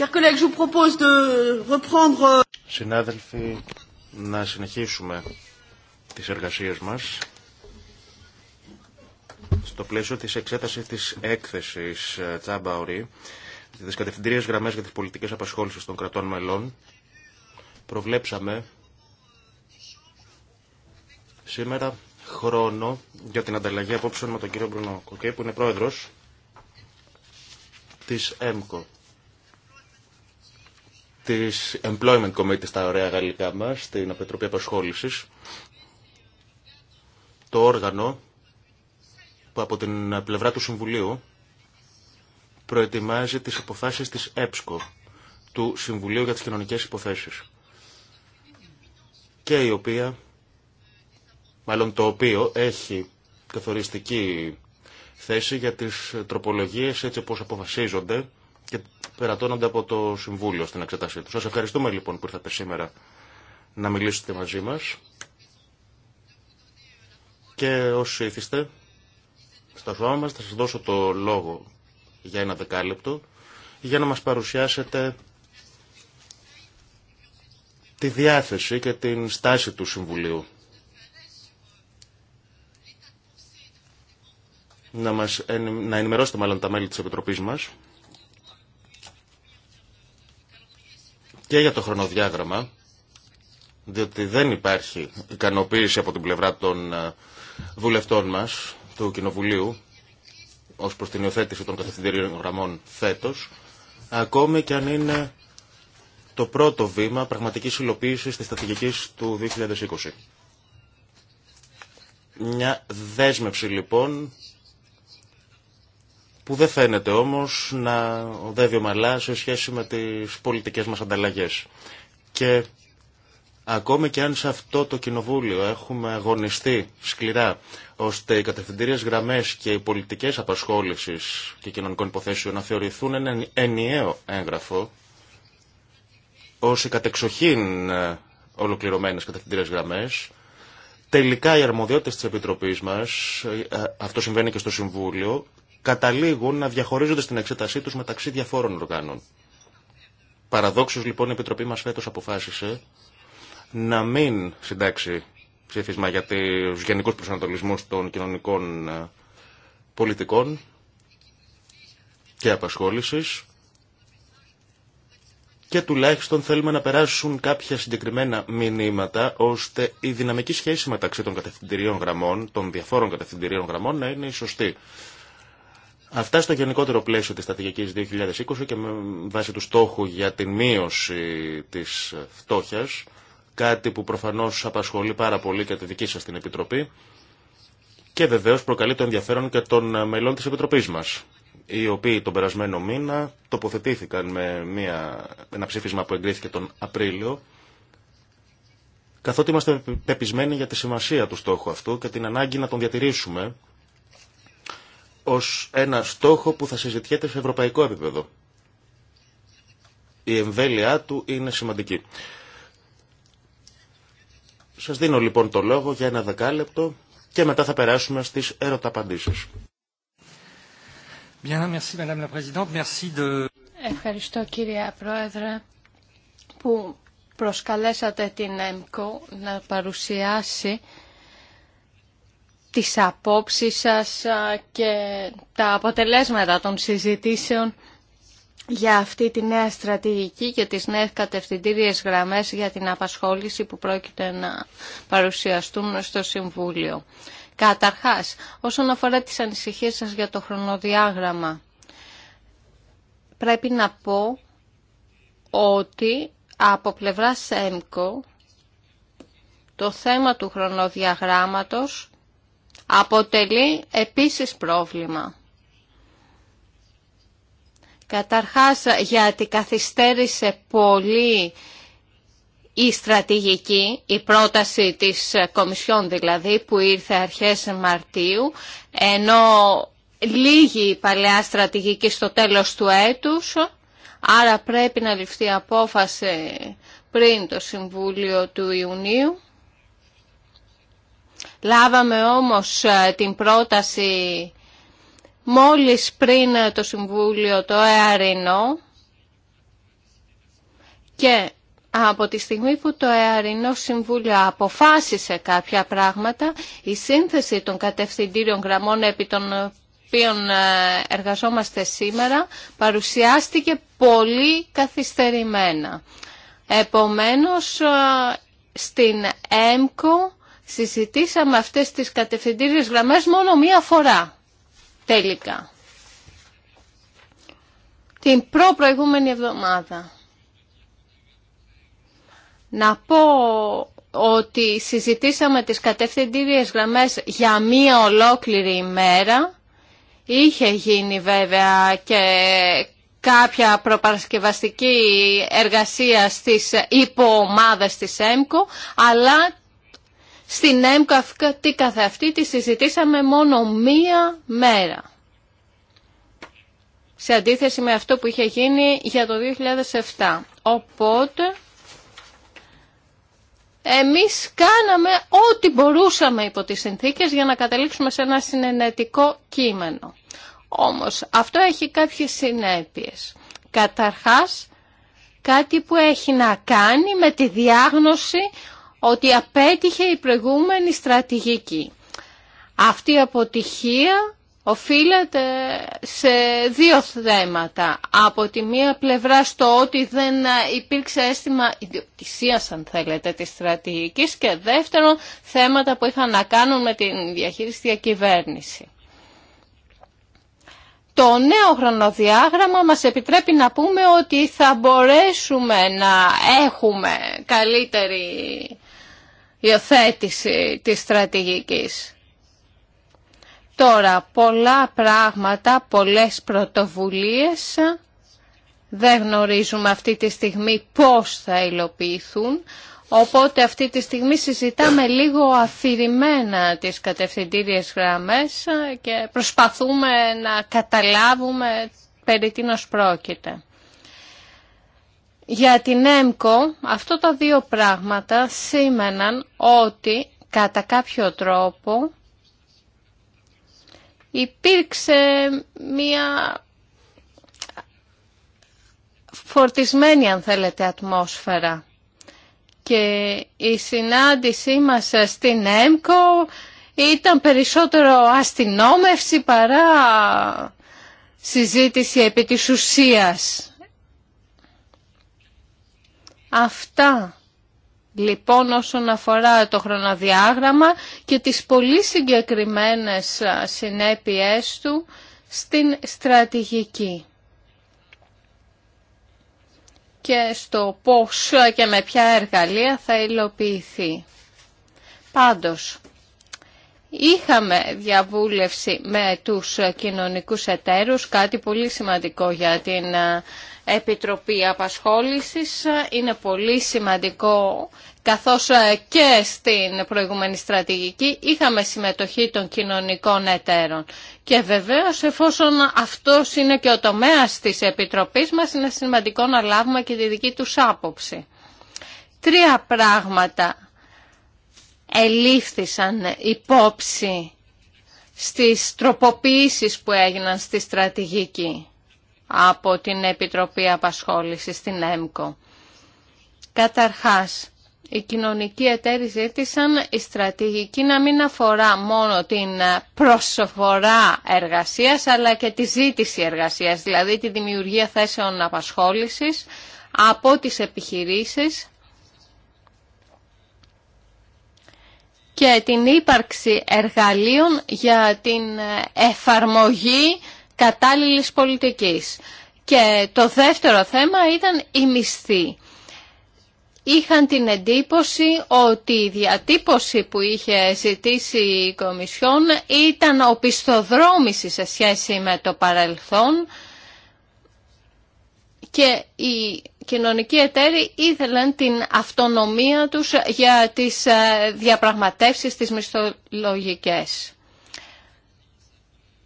Euh, Συνάδελφοι, να συνεχίσουμε τις εργασίες μας στο πλαίσιο της εξέτασης της έκθεσης ε, Τσάμπα Ορή τις κατευθυντήριες γραμμές για τις πολιτικές απασχόλησεις των κρατών μελών προβλέψαμε σήμερα χρόνο για την ανταλλαγή απόψεων με τον κύριο Μπρουνό Κοκέ που είναι πρόεδρος της ΕΜΚΟ της Employment Committee στα ωραία γαλλικά μας, στην Επιτροπή Απασχόλησης, το όργανο που από την πλευρά του Συμβουλίου προετοιμάζει τις αποφάσεις της ΕΠΣΚΟ, του Συμβουλίου για τις Κοινωνικές Υποθέσεις. Και η οποία, μάλλον το οποίο, έχει καθοριστική θέση για τις τροπολογίες έτσι όπως αποφασίζονται και περατώνονται από το Συμβούλιο στην εξετάσή του. Σας ευχαριστούμε λοιπόν που ήρθατε σήμερα να μιλήσετε μαζί μα. και όσοι ήθιστε στα ζώα μα, θα σας δώσω το λόγο για ένα δεκάλεπτο για να μας παρουσιάσετε τη διάθεση και την στάση του Συμβουλίου. Να, μας, να ενημερώσετε μάλλον τα μέλη της Επιτροπής μας και για το χρονοδιάγραμμα, διότι δεν υπάρχει ικανοποίηση από την πλευρά των ε, βουλευτών μας, του Κοινοβουλίου, ως προς την υιοθέτηση των καθευθυντηρίων γραμμών φέτος, ακόμη και αν είναι το πρώτο βήμα πραγματικής υλοποίησης της στρατηγικής του 2020. Μια δέσμευση λοιπόν που δεν φαίνεται όμως να οδεύει ομαλά σε σχέση με τις πολιτικές μας ανταλλαγές. Και ακόμη και αν σε αυτό το κοινοβούλιο έχουμε αγωνιστεί σκληρά ώστε οι κατευθυντήριε γραμμές και οι πολιτικές απασχόλησης και κοινωνικών υποθέσεων να θεωρηθούν ένα ενιαίο έγγραφο ως οι κατεξοχήν ε, ολοκληρωμένες κατευθυντήριες γραμμές, τελικά οι αρμοδιότητες της Επιτροπής μας, ε, ε, αυτό συμβαίνει και στο Συμβούλιο, καταλήγουν να διαχωρίζονται στην εξέτασή τους μεταξύ διαφόρων οργάνων. Παραδόξως λοιπόν η Επιτροπή μας φέτος αποφάσισε να μην συντάξει ψήφισμα για τους γενικούς προσανατολισμούς των κοινωνικών ε, πολιτικών και απασχόλησης και τουλάχιστον θέλουμε να περάσουν κάποια συγκεκριμένα μηνύματα ώστε η δυναμική σχέση μεταξύ των κατευθυντηρίων γραμμών, των διαφόρων κατευθυντηρίων γραμμών να είναι η σωστή. Αυτά στο γενικότερο πλαίσιο της στρατηγικής 2020 και με βάση του στόχου για την μείωση της φτώχειας, κάτι που προφανώς απασχολεί πάρα πολύ και τη δική σας την Επιτροπή και βεβαίως προκαλεί το ενδιαφέρον και των μελών της Επιτροπής μας, οι οποίοι τον περασμένο μήνα τοποθετήθηκαν με μια, ένα ψήφισμα που εγκρίθηκε τον Απρίλιο, καθότι είμαστε πεπισμένοι για τη σημασία του στόχου αυτού και την ανάγκη να τον διατηρήσουμε ως ένα στόχο που θα συζητιέται σε ευρωπαϊκό επίπεδο. Η εμβέλειά του είναι σημαντική. Σας δίνω λοιπόν το λόγο για ένα δεκάλεπτο και μετά θα περάσουμε στις ερωταπαντήσεις. Ευχαριστώ κύριε Πρόεδρε που προσκαλέσατε την ΕΜΚΟ να παρουσιάσει τις απόψεις σας και τα αποτελέσματα των συζητήσεων για αυτή τη νέα στρατηγική και τις νέες κατευθυντήριες γραμμές για την απασχόληση που πρόκειται να παρουσιαστούν στο Συμβούλιο. Καταρχάς, όσον αφορά τις ανησυχίες σας για το χρονοδιάγραμμα, πρέπει να πω ότι από πλευρά ΣΕΜΚΟ το θέμα του χρονοδιαγράμματος αποτελεί επίσης πρόβλημα. Καταρχάς γιατί καθυστέρησε πολύ η στρατηγική, η πρόταση της Κομισιόν δηλαδή που ήρθε αρχές Μαρτίου, ενώ λίγη η παλαιά στρατηγική στο τέλος του έτους, άρα πρέπει να ληφθεί απόφαση πριν το Συμβούλιο του Ιουνίου. Λάβαμε όμως ε, την πρόταση μόλις πριν ε, το Συμβούλιο το ΕΑΡΙΝΟ και από τη στιγμή που το Εαρινό Συμβούλιο αποφάσισε κάποια πράγματα, η σύνθεση των κατευθυντήριων γραμμών επί των οποίων ε, εργαζόμαστε σήμερα παρουσιάστηκε πολύ καθυστερημένα. Επομένως, στην ΕΜΚΟ συζητήσαμε αυτές τις κατευθυντήριες γραμμές μόνο μία φορά τελικά. Την προπροηγούμενη εβδομάδα. Να πω ότι συζητήσαμε τις κατευθυντήριες γραμμές για μία ολόκληρη ημέρα. Είχε γίνει βέβαια και κάποια προπαρασκευαστική εργασία στις υποομάδες της ΕΜΚΟ, αλλά στην ΕΜΚΑΦΚΑ τι καθεαυτή τη συζητήσαμε μόνο μία μέρα. Σε αντίθεση με αυτό που είχε γίνει για το 2007. Οπότε εμείς κάναμε ό,τι μπορούσαμε υπό τις συνθήκες για να καταλήξουμε σε ένα συνενετικό κείμενο. Όμως αυτό έχει κάποιες συνέπειες. Καταρχάς κάτι που έχει να κάνει με τη διάγνωση ότι απέτυχε η προηγούμενη στρατηγική. Αυτή η αποτυχία οφείλεται σε δύο θέματα. Από τη μία πλευρά στο ότι δεν υπήρξε αίσθημα ιδιοκτησίας, αν θέλετε, της στρατηγικής και δεύτερον θέματα που είχαν να κάνουν με την διαχείριση διακυβέρνηση. Το νέο χρονοδιάγραμμα μας επιτρέπει να πούμε ότι θα μπορέσουμε να έχουμε καλύτερη υιοθέτηση της στρατηγικής. Τώρα, πολλά πράγματα, πολλές πρωτοβουλίες δεν γνωρίζουμε αυτή τη στιγμή πώς θα υλοποιηθούν, οπότε αυτή τη στιγμή συζητάμε λίγο αφηρημένα τις κατευθυντήριες γραμμές και προσπαθούμε να καταλάβουμε περί τίνος πρόκειται για την ΕΜΚΟ αυτό τα δύο πράγματα σήμαιναν ότι κατά κάποιο τρόπο υπήρξε μία φορτισμένη αν θέλετε ατμόσφαιρα και η συνάντησή μας στην ΕΜΚΟ ήταν περισσότερο αστυνόμευση παρά συζήτηση επί της ουσίας Αυτά λοιπόν όσον αφορά το χρονοδιάγραμμα και τις πολύ συγκεκριμένες συνέπειές του στην στρατηγική και στο πώς και με ποια εργαλεία θα υλοποιηθεί. Πάντως, είχαμε διαβούλευση με τους κοινωνικούς εταίρους, κάτι πολύ σημαντικό για την Επιτροπή Απασχόλησης. Είναι πολύ σημαντικό, καθώς ε, και στην προηγούμενη στρατηγική είχαμε συμμετοχή των κοινωνικών εταίρων. Και βεβαίως, εφόσον αυτός είναι και ο τομέας της Επιτροπής μας, είναι σημαντικό να λάβουμε και τη δική τους άποψη. Τρία πράγματα ελήφθησαν υπόψη στις τροποποιήσεις που έγιναν στη στρατηγική από την Επιτροπή Απασχόλησης στην ΕΜΚΟ. Καταρχάς, οι κοινωνικοί εταίροι ζήτησαν η στρατηγική να μην αφορά μόνο την προσφορά εργασίας αλλά και τη ζήτηση εργασίας, δηλαδή τη δημιουργία θέσεων απασχόλησης από τις επιχειρήσεις και την ύπαρξη εργαλείων για την εφαρμογή κατάλληλης πολιτικής. Και το δεύτερο θέμα ήταν η μισθή. Είχαν την εντύπωση ότι η διατύπωση που είχε ζητήσει η Κομισιόν ήταν οπισθοδρόμηση σε σχέση με το παρελθόν και η κοινωνικοί εταίροι ήθελαν την αυτονομία τους για τις ε, διαπραγματεύσεις της μισθολογικές.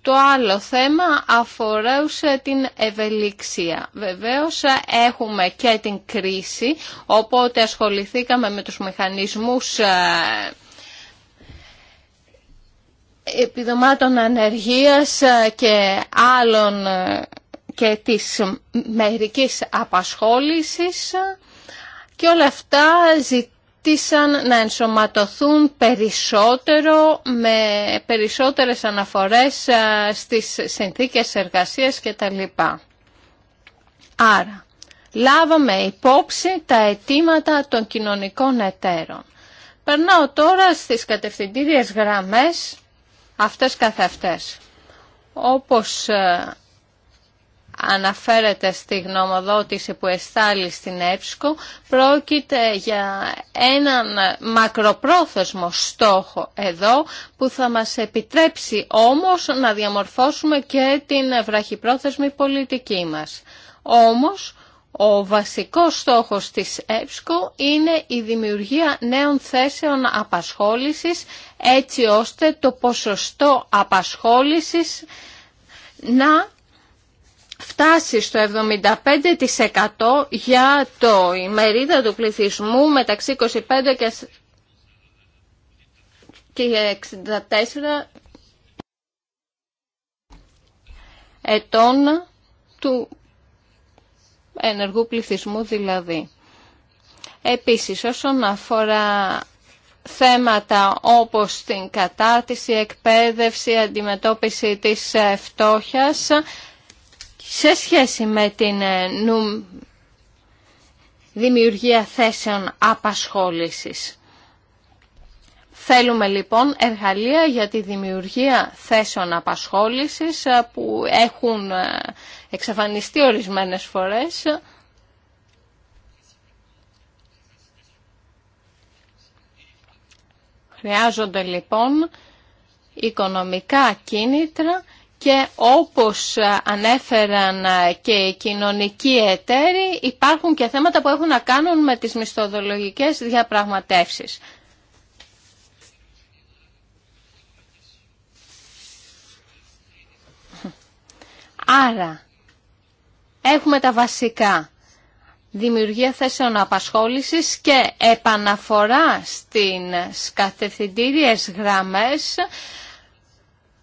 Το άλλο θέμα αφορούσε την ευελιξία. Βεβαίως έχουμε και την κρίση, οπότε ασχοληθήκαμε με τους μηχανισμούς ε, επιδομάτων ανεργίας ε, και άλλων ε, και της μερικής απασχόλησης και όλα αυτά ζήτησαν να ενσωματωθούν περισσότερο με περισσότερες αναφορές στις συνθήκες εργασίας κτλ. Άρα, λάβαμε υπόψη τα αιτήματα των κοινωνικών εταίρων. Περνάω τώρα στις κατευθυντήριες γραμμές αυτές καθ' αυτές. Όπως αναφέρεται στη γνωμοδότηση που εστάλει στην ΕΠΣΚΟ πρόκειται για έναν μακροπρόθεσμο στόχο εδώ που θα μας επιτρέψει όμως να διαμορφώσουμε και την βραχυπρόθεσμη πολιτική μας. Όμως, ο βασικός στόχος της ΕΠΣΚΟ είναι η δημιουργία νέων θέσεων απασχόλησης έτσι ώστε το ποσοστό απασχόλησης να φτάσει στο 75% για το ημερίδα του πληθυσμού μεταξύ 25 και 64 ετών του ενεργού πληθυσμού δηλαδή. Επίσης όσον αφορά θέματα όπως την κατάρτιση, εκπαίδευση, αντιμετώπιση της ε, φτώχειας, σε σχέση με την ε, δημιουργία θέσεων απασχόλησης. Θέλουμε λοιπόν εργαλεία για τη δημιουργία θέσεων απασχόλησης ε, που έχουν ε, εξαφανιστεί ορισμένες φορές. Χρειάζονται λοιπόν οικονομικά κίνητρα και όπως ανέφεραν και οι κοινωνικοί εταίροι υπάρχουν και θέματα που έχουν να κάνουν με τις μισθοδολογικές διαπραγματεύσεις. Άρα, έχουμε τα βασικά. Δημιουργία θέσεων απασχόλησης και επαναφορά στις κατευθυντήριες γραμμές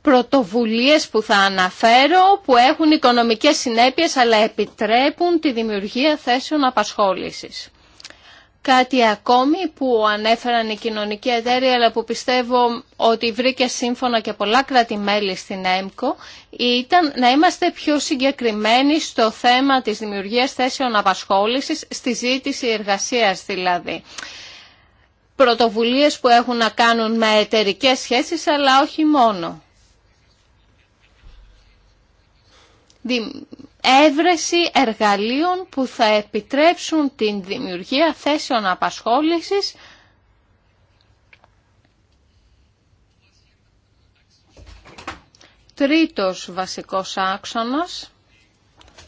πρωτοβουλίες που θα αναφέρω που έχουν οικονομικές συνέπειες αλλά επιτρέπουν τη δημιουργία θέσεων απασχόλησης. Κάτι ακόμη που ανέφεραν οι κοινωνικοί εταίροι αλλά που πιστεύω ότι βρήκε σύμφωνα και πολλά κράτη-μέλη στην ΕΜΚΟ ήταν να είμαστε πιο συγκεκριμένοι στο θέμα της δημιουργίας θέσεων απασχόλησης, στη ζήτηση εργασίας δηλαδή πρωτοβουλίες που έχουν να κάνουν με εταιρικέ σχέσεις αλλά όχι μόνο. έβρεση εργαλείων που θα επιτρέψουν την δημιουργία θέσεων απασχόλησης Τρίτος βασικός άξονας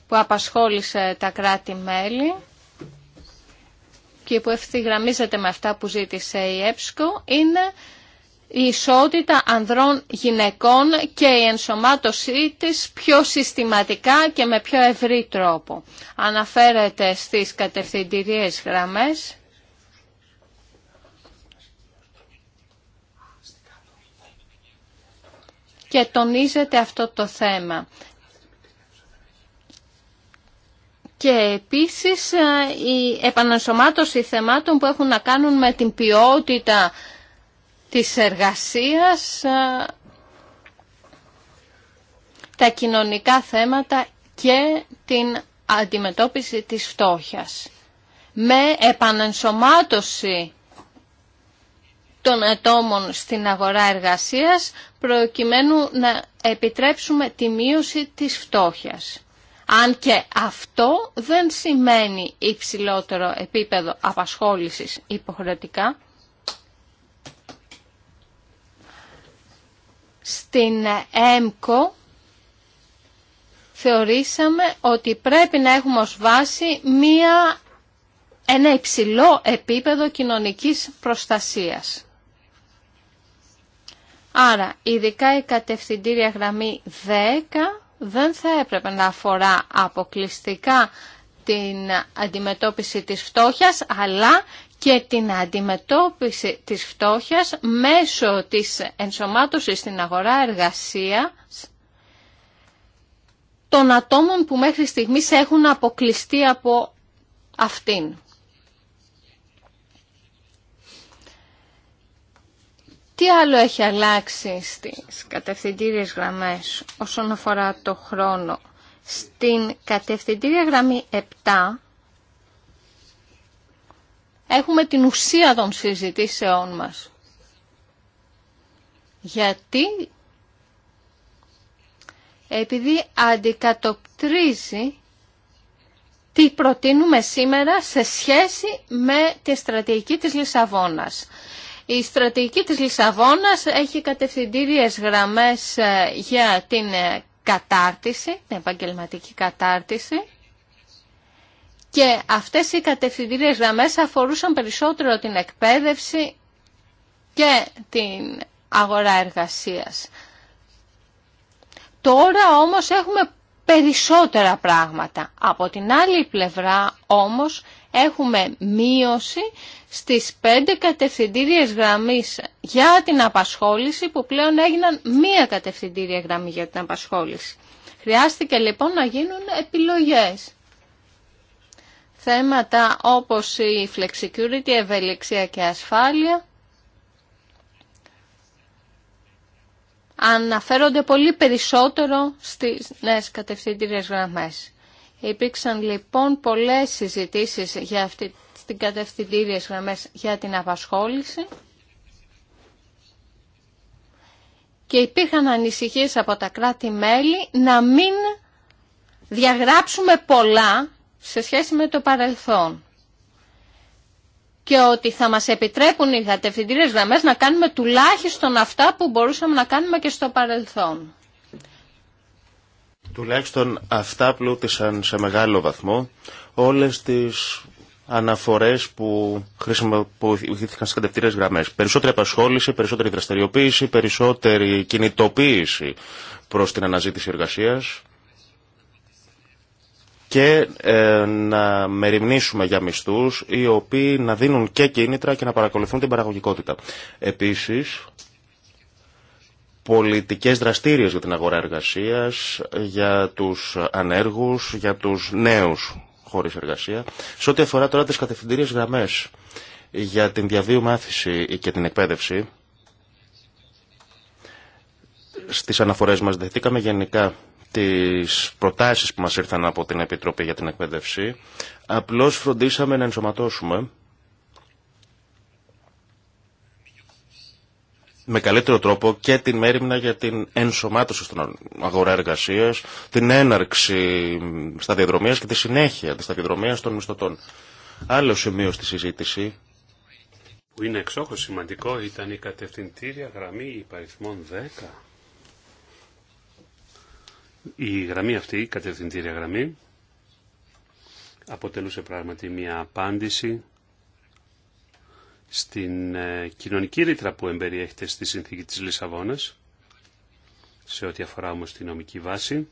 που απασχόλησε τα κράτη-μέλη και που ευθυγραμμίζεται με αυτά που ζήτησε η ΕΠΣΚΟ είναι η ισότητα ανδρών γυναικών και η ενσωμάτωσή της πιο συστηματικά και με πιο ευρύ τρόπο. Αναφέρεται στις κατευθυντηρίες γραμμές. Και τονίζεται αυτό το θέμα. Και επίσης ε, η επανασωμάτωση θεμάτων που έχουν να κάνουν με την ποιότητα της εργασίας, τα κοινωνικά θέματα και την αντιμετώπιση της φτώχειας. Με επανενσωμάτωση των ατόμων στην αγορά εργασίας προκειμένου να επιτρέψουμε τη μείωση της φτώχειας. Αν και αυτό δεν σημαίνει υψηλότερο επίπεδο απασχόλησης υποχρεωτικά, στην ΕΜΚΟ θεωρήσαμε ότι πρέπει να έχουμε ως βάση μία, ένα υψηλό επίπεδο κοινωνικής προστασίας. Άρα, ειδικά η κατευθυντήρια γραμμή 10 δεν θα έπρεπε να αφορά αποκλειστικά την αντιμετώπιση της φτώχειας, αλλά και την αντιμετώπιση της φτώχειας μέσω της ενσωμάτωσης στην αγορά εργασίας των ατόμων που μέχρι στιγμής έχουν αποκλειστεί από αυτήν. Τι άλλο έχει αλλάξει στις κατευθυντήριες γραμμές όσον αφορά το χρόνο. Στην κατευθυντήρια γραμμή 7 έχουμε την ουσία των συζητήσεών μας. Γιατί επειδή αντικατοπτρίζει τι προτείνουμε σήμερα σε σχέση με τη στρατηγική της Λισαβόνας. Η στρατηγική της Λισαβόνας έχει κατευθυντήριες γραμμές ε, για την ε, κατάρτιση, την επαγγελματική κατάρτιση. Και αυτές οι κατευθυντήριες γραμμές αφορούσαν περισσότερο την εκπαίδευση και την αγορά εργασίας. Τώρα όμως έχουμε περισσότερα πράγματα. Από την άλλη πλευρά όμως έχουμε μείωση στις πέντε κατευθυντήριες γραμμής για την απασχόληση που πλέον έγιναν μία κατευθυντήρια γραμμή για την απασχόληση. Χρειάστηκε λοιπόν να γίνουν επιλογές θέματα όπως η flexicurity, ευελιξία και ασφάλεια αναφέρονται πολύ περισσότερο στις νέες κατευθυντήριες γραμμές. Υπήρξαν λοιπόν πολλές συζητήσεις για αυτή την κατευθυντήριες γραμμές για την απασχόληση και υπήρχαν ανησυχίες από τα κράτη-μέλη να μην διαγράψουμε πολλά σε σχέση με το παρελθόν και ότι θα μας επιτρέπουν οι κατευθυντήριες γραμμές να κάνουμε τουλάχιστον αυτά που μπορούσαμε να κάνουμε και στο παρελθόν. Τουλάχιστον αυτά πλούτησαν σε μεγάλο βαθμό όλες τις αναφορές που, χρησιμοποιήθηκαν στις κατευθυντήριες γραμμές. Περισσότερη απασχόληση, περισσότερη δραστηριοποίηση, περισσότερη κινητοποίηση προς την αναζήτηση εργασίας και ε, να μεριμνήσουμε για μισθούς οι οποίοι να δίνουν και κίνητρα και να παρακολουθούν την παραγωγικότητα. Επίσης, πολιτικές δραστήριες για την αγορά εργασίας, για τους ανέργους, για τους νέους χωρίς εργασία. Σε ό,τι αφορά τώρα τις κατευθυντήριες γραμμές για την διαβίου μάθηση και την εκπαίδευση, στις αναφορές μας δεχτήκαμε γενικά τις προτάσεις που μας ήρθαν από την Επιτροπή για την Εκπαίδευση, απλώς φροντίσαμε να ενσωματώσουμε με καλύτερο τρόπο και την μέρημνα για την ενσωμάτωση στον αγορά εργασία, την έναρξη σταδιοδρομία και τη συνέχεια τη σταδιοδρομία των μισθωτών. Άλλο σημείο στη συζήτηση. Που είναι εξόχως σημαντικό ήταν η κατευθυντήρια γραμμή υπαριθμών 10 η γραμμή αυτή, η κατευθυντήρια γραμμή, αποτελούσε πράγματι μια απάντηση στην ε, κοινωνική ρήτρα που εμπεριέχεται στη συνθήκη της Λισαβόνας, σε ό,τι αφορά όμως τη νομική βάση,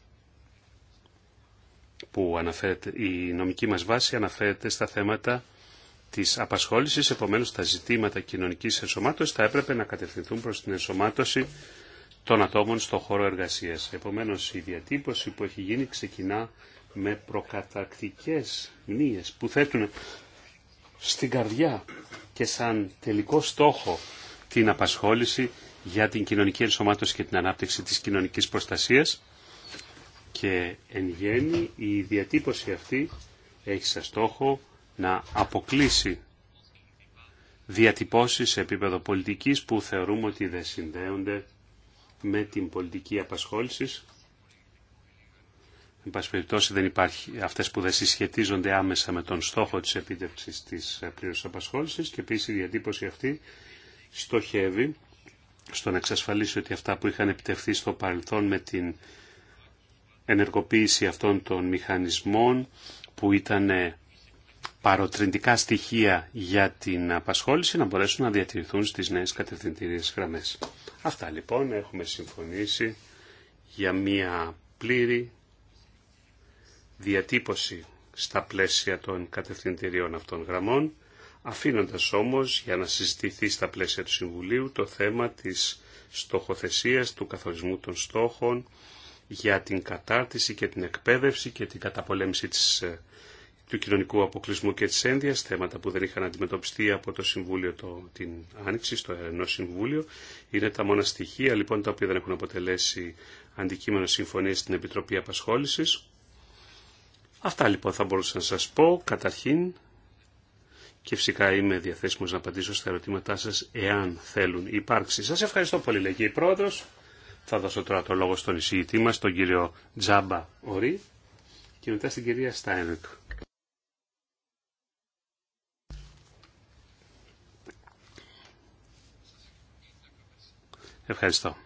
που η νομική μας βάση αναφέρεται στα θέματα της απασχόλησης, επομένως τα ζητήματα κοινωνικής ενσωμάτωσης θα έπρεπε να κατευθυνθούν προς την ενσωμάτωση των ατόμων στο χώρο εργασίας. Επομένως, η διατύπωση που έχει γίνει ξεκινά με προκατακτικές μνήες που θέτουν στην καρδιά και σαν τελικό στόχο την απασχόληση για την κοινωνική ενσωμάτωση και την ανάπτυξη της κοινωνικής προστασίας και εν γέννη η διατύπωση αυτή έχει σαν στόχο να αποκλείσει διατυπώσεις σε επίπεδο πολιτικής που θεωρούμε ότι δεν συνδέονται με την πολιτική απασχόλησης. Εν πάση περιπτώσει δεν υπάρχει αυτές που δεν συσχετίζονται άμεσα με τον στόχο της επίτευξης της ε, πλήρους απασχόλησης και επίσης η διατύπωση αυτή στοχεύει στο να εξασφαλίσει ότι αυτά που είχαν επιτευχθεί στο παρελθόν με την ενεργοποίηση αυτών των μηχανισμών που ήταν ε, παροτρυντικά στοιχεία για την απασχόληση να μπορέσουν να διατηρηθούν στις νέες κατευθυντήριες γραμμές. Αυτά λοιπόν έχουμε συμφωνήσει για μια πλήρη διατύπωση στα πλαίσια των κατευθυντηριών αυτών γραμμών, αφήνοντας όμως για να συζητηθεί στα πλαίσια του Συμβουλίου το θέμα της στοχοθεσίας, του καθορισμού των στόχων, για την κατάρτιση και την εκπαίδευση και την καταπολέμηση της ε, του κοινωνικού αποκλεισμού και της ένδυας, θέματα που δεν είχαν αντιμετωπιστεί από το Συμβούλιο το, την Άνοιξη, στο Ερενό Συμβούλιο. Είναι τα μόνα στοιχεία λοιπόν τα οποία δεν έχουν αποτελέσει αντικείμενο συμφωνία στην Επιτροπή Απασχόλησης. Αυτά λοιπόν θα μπορούσα να σας πω καταρχήν και φυσικά είμαι διαθέσιμος να απαντήσω στα ερωτήματά σας εάν θέλουν υπάρξει. Σας ευχαριστώ πολύ λέγει η Πρόεδρος. Θα δώσω τώρα το λόγο στον εισηγητή μας, τον κύριο Τζάμπα Ορί και μετά στην κυρία Στάινεκ. Ευχαριστώ.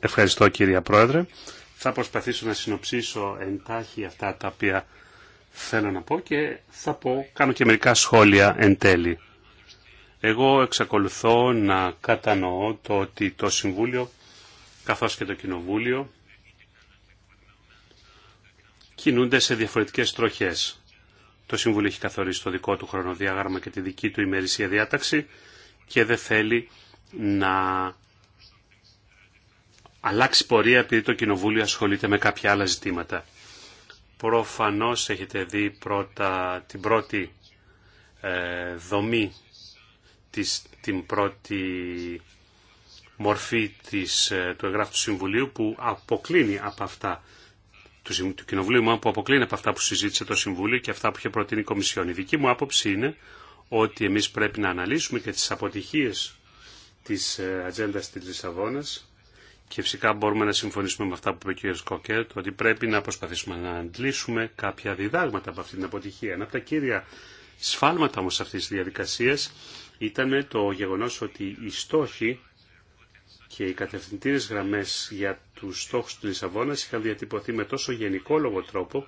Ευχαριστώ κυρία Πρόεδρε. Θα προσπαθήσω να συνοψίσω εντάχει αυτά τα οποία θέλω να πω και θα πω, κάνω και μερικά σχόλια εν τέλει. Εγώ εξακολουθώ να κατανοώ το ότι το Συμβούλιο καθώς και το Κοινοβούλιο κινούνται σε διαφορετικές τροχές. Το Συμβούλιο έχει καθορίσει το δικό του χρονοδιάγραμμα και τη δική του ημερησία διάταξη και δεν θέλει να αλλάξει πορεία επειδή το Κοινοβούλιο ασχολείται με κάποια άλλα ζητήματα. Προφανώς έχετε δει πρώτα, την πρώτη ε, δομή, της, την πρώτη μορφή ε, του εγγράφου του Συμβουλίου που αποκλίνει από αυτά του, του Κοινοβουλίου μου που αποκλίνει από αυτά που συζήτησε το Συμβούλιο και αυτά που είχε προτείνει η Κομισιόν. Η δική μου άποψη είναι ότι εμείς πρέπει να αναλύσουμε και τις αποτυχίες της ε, ατζέντα της Λισαβόνας και φυσικά μπορούμε να συμφωνήσουμε με αυτά που είπε ο κ. Κοκέτ ότι πρέπει να προσπαθήσουμε να αντλήσουμε κάποια διδάγματα από αυτή την αποτυχία. Ένα από τα κύρια σφάλματα όμως αυτής της διαδικασίας ήταν το γεγονός ότι οι στόχοι και οι κατευθυντήρε γραμμές για του στόχου του Λισαβόνα είχαν διατυπωθεί με τόσο γενικόλογο τρόπο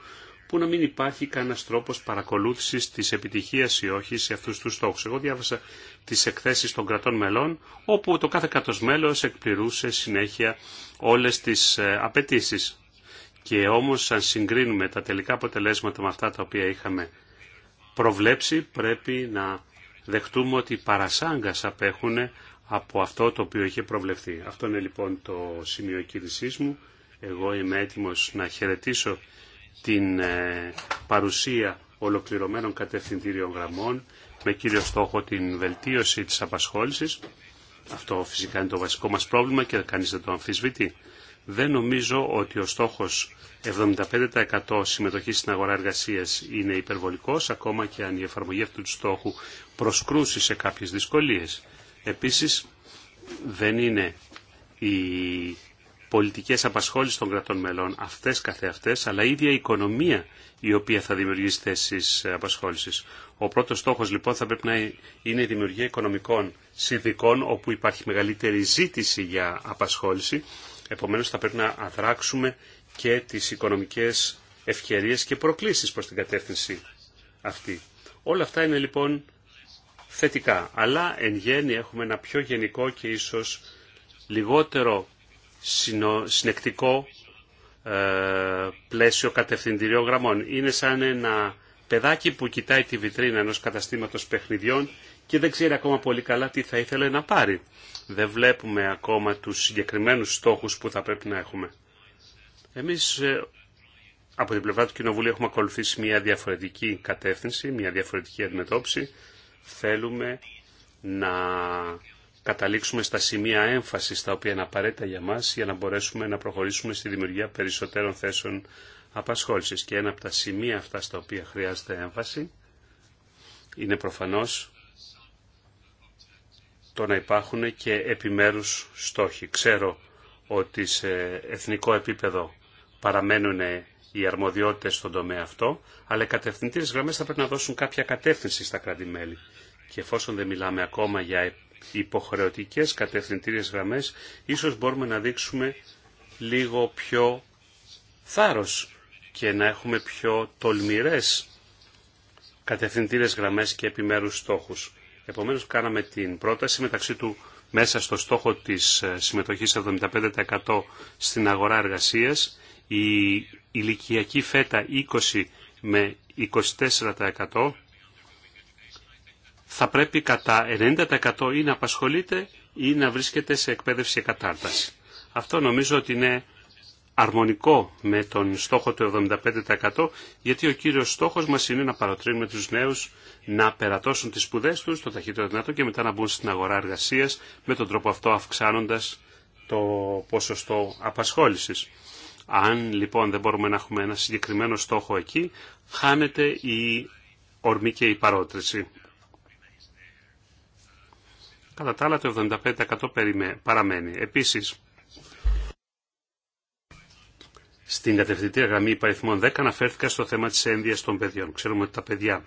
που να μην υπάρχει κανένα τρόπο παρακολούθηση τη επιτυχία ή όχι σε αυτού του στόχου. Εγώ διάβασα τι εκθέσει των κρατών μελών, όπου το κάθε κράτο μέλο εκπληρούσε συνέχεια όλε τι ε, απαιτήσει. Και όμω, αν συγκρίνουμε τα τελικά αποτελέσματα με αυτά τα οποία είχαμε προβλέψει, πρέπει να δεχτούμε ότι παρασάγκα απέχουν από αυτό το οποίο είχε προβλεφθεί. Αυτό είναι λοιπόν το σημείο κίνησή μου. Εγώ είμαι έτοιμος να χαιρετήσω την ε, παρουσία ολοκληρωμένων κατευθυντήριων γραμμών με κύριο στόχο την βελτίωση της απασχόλησης. Αυτό φυσικά είναι το βασικό μας πρόβλημα και κανείς δεν το αμφισβητεί. Δεν νομίζω ότι ο στόχος 75% συμμετοχή στην αγορά εργασίας είναι υπερβολικός, ακόμα και αν η εφαρμογή αυτού του στόχου προσκρούσει σε κάποιες δυσκολίες. Επίσης δεν είναι οι πολιτικές απασχόλησης των κρατών μελών αυτές καθεαυτές, αλλά η ίδια η οικονομία η οποία θα δημιουργήσει θέσεις απασχόλησης. Ο πρώτος στόχος λοιπόν θα πρέπει να είναι η δημιουργία οικονομικών συνδικών όπου υπάρχει μεγαλύτερη ζήτηση για απασχόληση. Επομένως θα πρέπει να αδράξουμε και τις οικονομικές ευκαιρίες και προκλήσεις προς την κατεύθυνση αυτή. Όλα αυτά είναι λοιπόν θετικά. Αλλά εν γέννη έχουμε ένα πιο γενικό και ίσως λιγότερο συνεκτικό ε, πλαίσιο κατευθυντηριών γραμμών. Είναι σαν ένα παιδάκι που κοιτάει τη βιτρίνα ενός καταστήματος παιχνιδιών και δεν ξέρει ακόμα πολύ καλά τι θα ήθελε να πάρει. Δεν βλέπουμε ακόμα τους συγκεκριμένους στόχους που θα πρέπει να έχουμε. Εμείς ε, από την πλευρά του Κοινοβουλίου έχουμε ακολουθήσει μια διαφορετική κατεύθυνση, μια διαφορετική αντιμετώπιση θέλουμε να καταλήξουμε στα σημεία έμφασης τα οποία είναι απαραίτητα για μας για να μπορέσουμε να προχωρήσουμε στη δημιουργία περισσότερων θέσεων απασχόλησης. Και ένα από τα σημεία αυτά στα οποία χρειάζεται έμφαση είναι προφανώς το να υπάρχουν και επιμέρους στόχοι. Ξέρω ότι σε εθνικό επίπεδο παραμένουν οι αρμοδιότητε στον τομέα αυτό, αλλά οι κατευθυντήρε γραμμέ θα πρέπει να δώσουν κάποια κατεύθυνση στα κράτη-μέλη. Και εφόσον δεν μιλάμε ακόμα για υποχρεωτικέ κατευθυντήρε γραμμέ, ίσω μπορούμε να δείξουμε λίγο πιο θάρρο και να έχουμε πιο τολμηρέ κατευθυντήρε γραμμέ και επιμέρου στόχου. Επομένω, κάναμε την πρόταση μεταξύ του μέσα στο στόχο της συμμετοχής 75% στην αγορά εργασίας ηλικιακή φέτα 20 με 24% θα πρέπει κατά 90% ή να απασχολείται ή να βρίσκεται σε εκπαίδευση και κατάρταση. Αυτό νομίζω ότι είναι αρμονικό με τον στόχο του 75% γιατί ο κύριος στόχος μας είναι να παροτρύνουμε τους νέους να περατώσουν τις σπουδέ τους το ταχύτερο δυνατό και μετά να μπουν στην αγορά εργασίας με τον τρόπο αυτό αυξάνοντας το ποσοστό απασχόλησης. Αν λοιπόν δεν μπορούμε να έχουμε ένα συγκεκριμένο στόχο εκεί, χάνεται η ορμή και η παρότριση. Κατά τα άλλα το 75% παραμένει. Επίσης, στην κατευθυντήρια γραμμή υπαριθμών 10 αναφέρθηκα στο θέμα της ένδυας των παιδιών. Ξέρουμε ότι τα παιδιά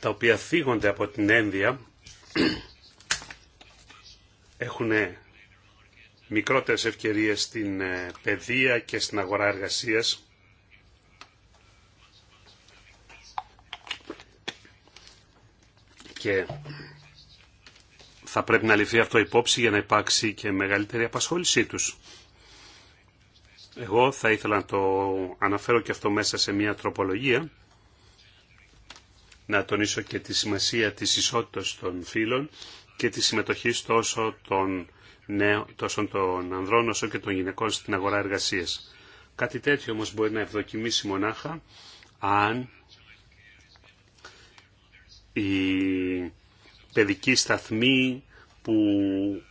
τα οποία θίγονται από την ένδυα έχουν μικρότερες ευκαιρίες στην ε, παιδεία και στην αγορά εργασίας. Και θα πρέπει να ληφθεί αυτό υπόψη για να υπάρξει και μεγαλύτερη απασχόλησή τους. Εγώ θα ήθελα να το αναφέρω και αυτό μέσα σε μια τροπολογία, να τονίσω και τη σημασία της ισότητας των φίλων και τη συμμετοχή τόσο των νέο ναι, τόσο των ανδρών όσο και των γυναικών στην αγορά εργασίας. Κάτι τέτοιο όμως μπορεί να ευδοκιμήσει μονάχα αν η παιδική σταθμή που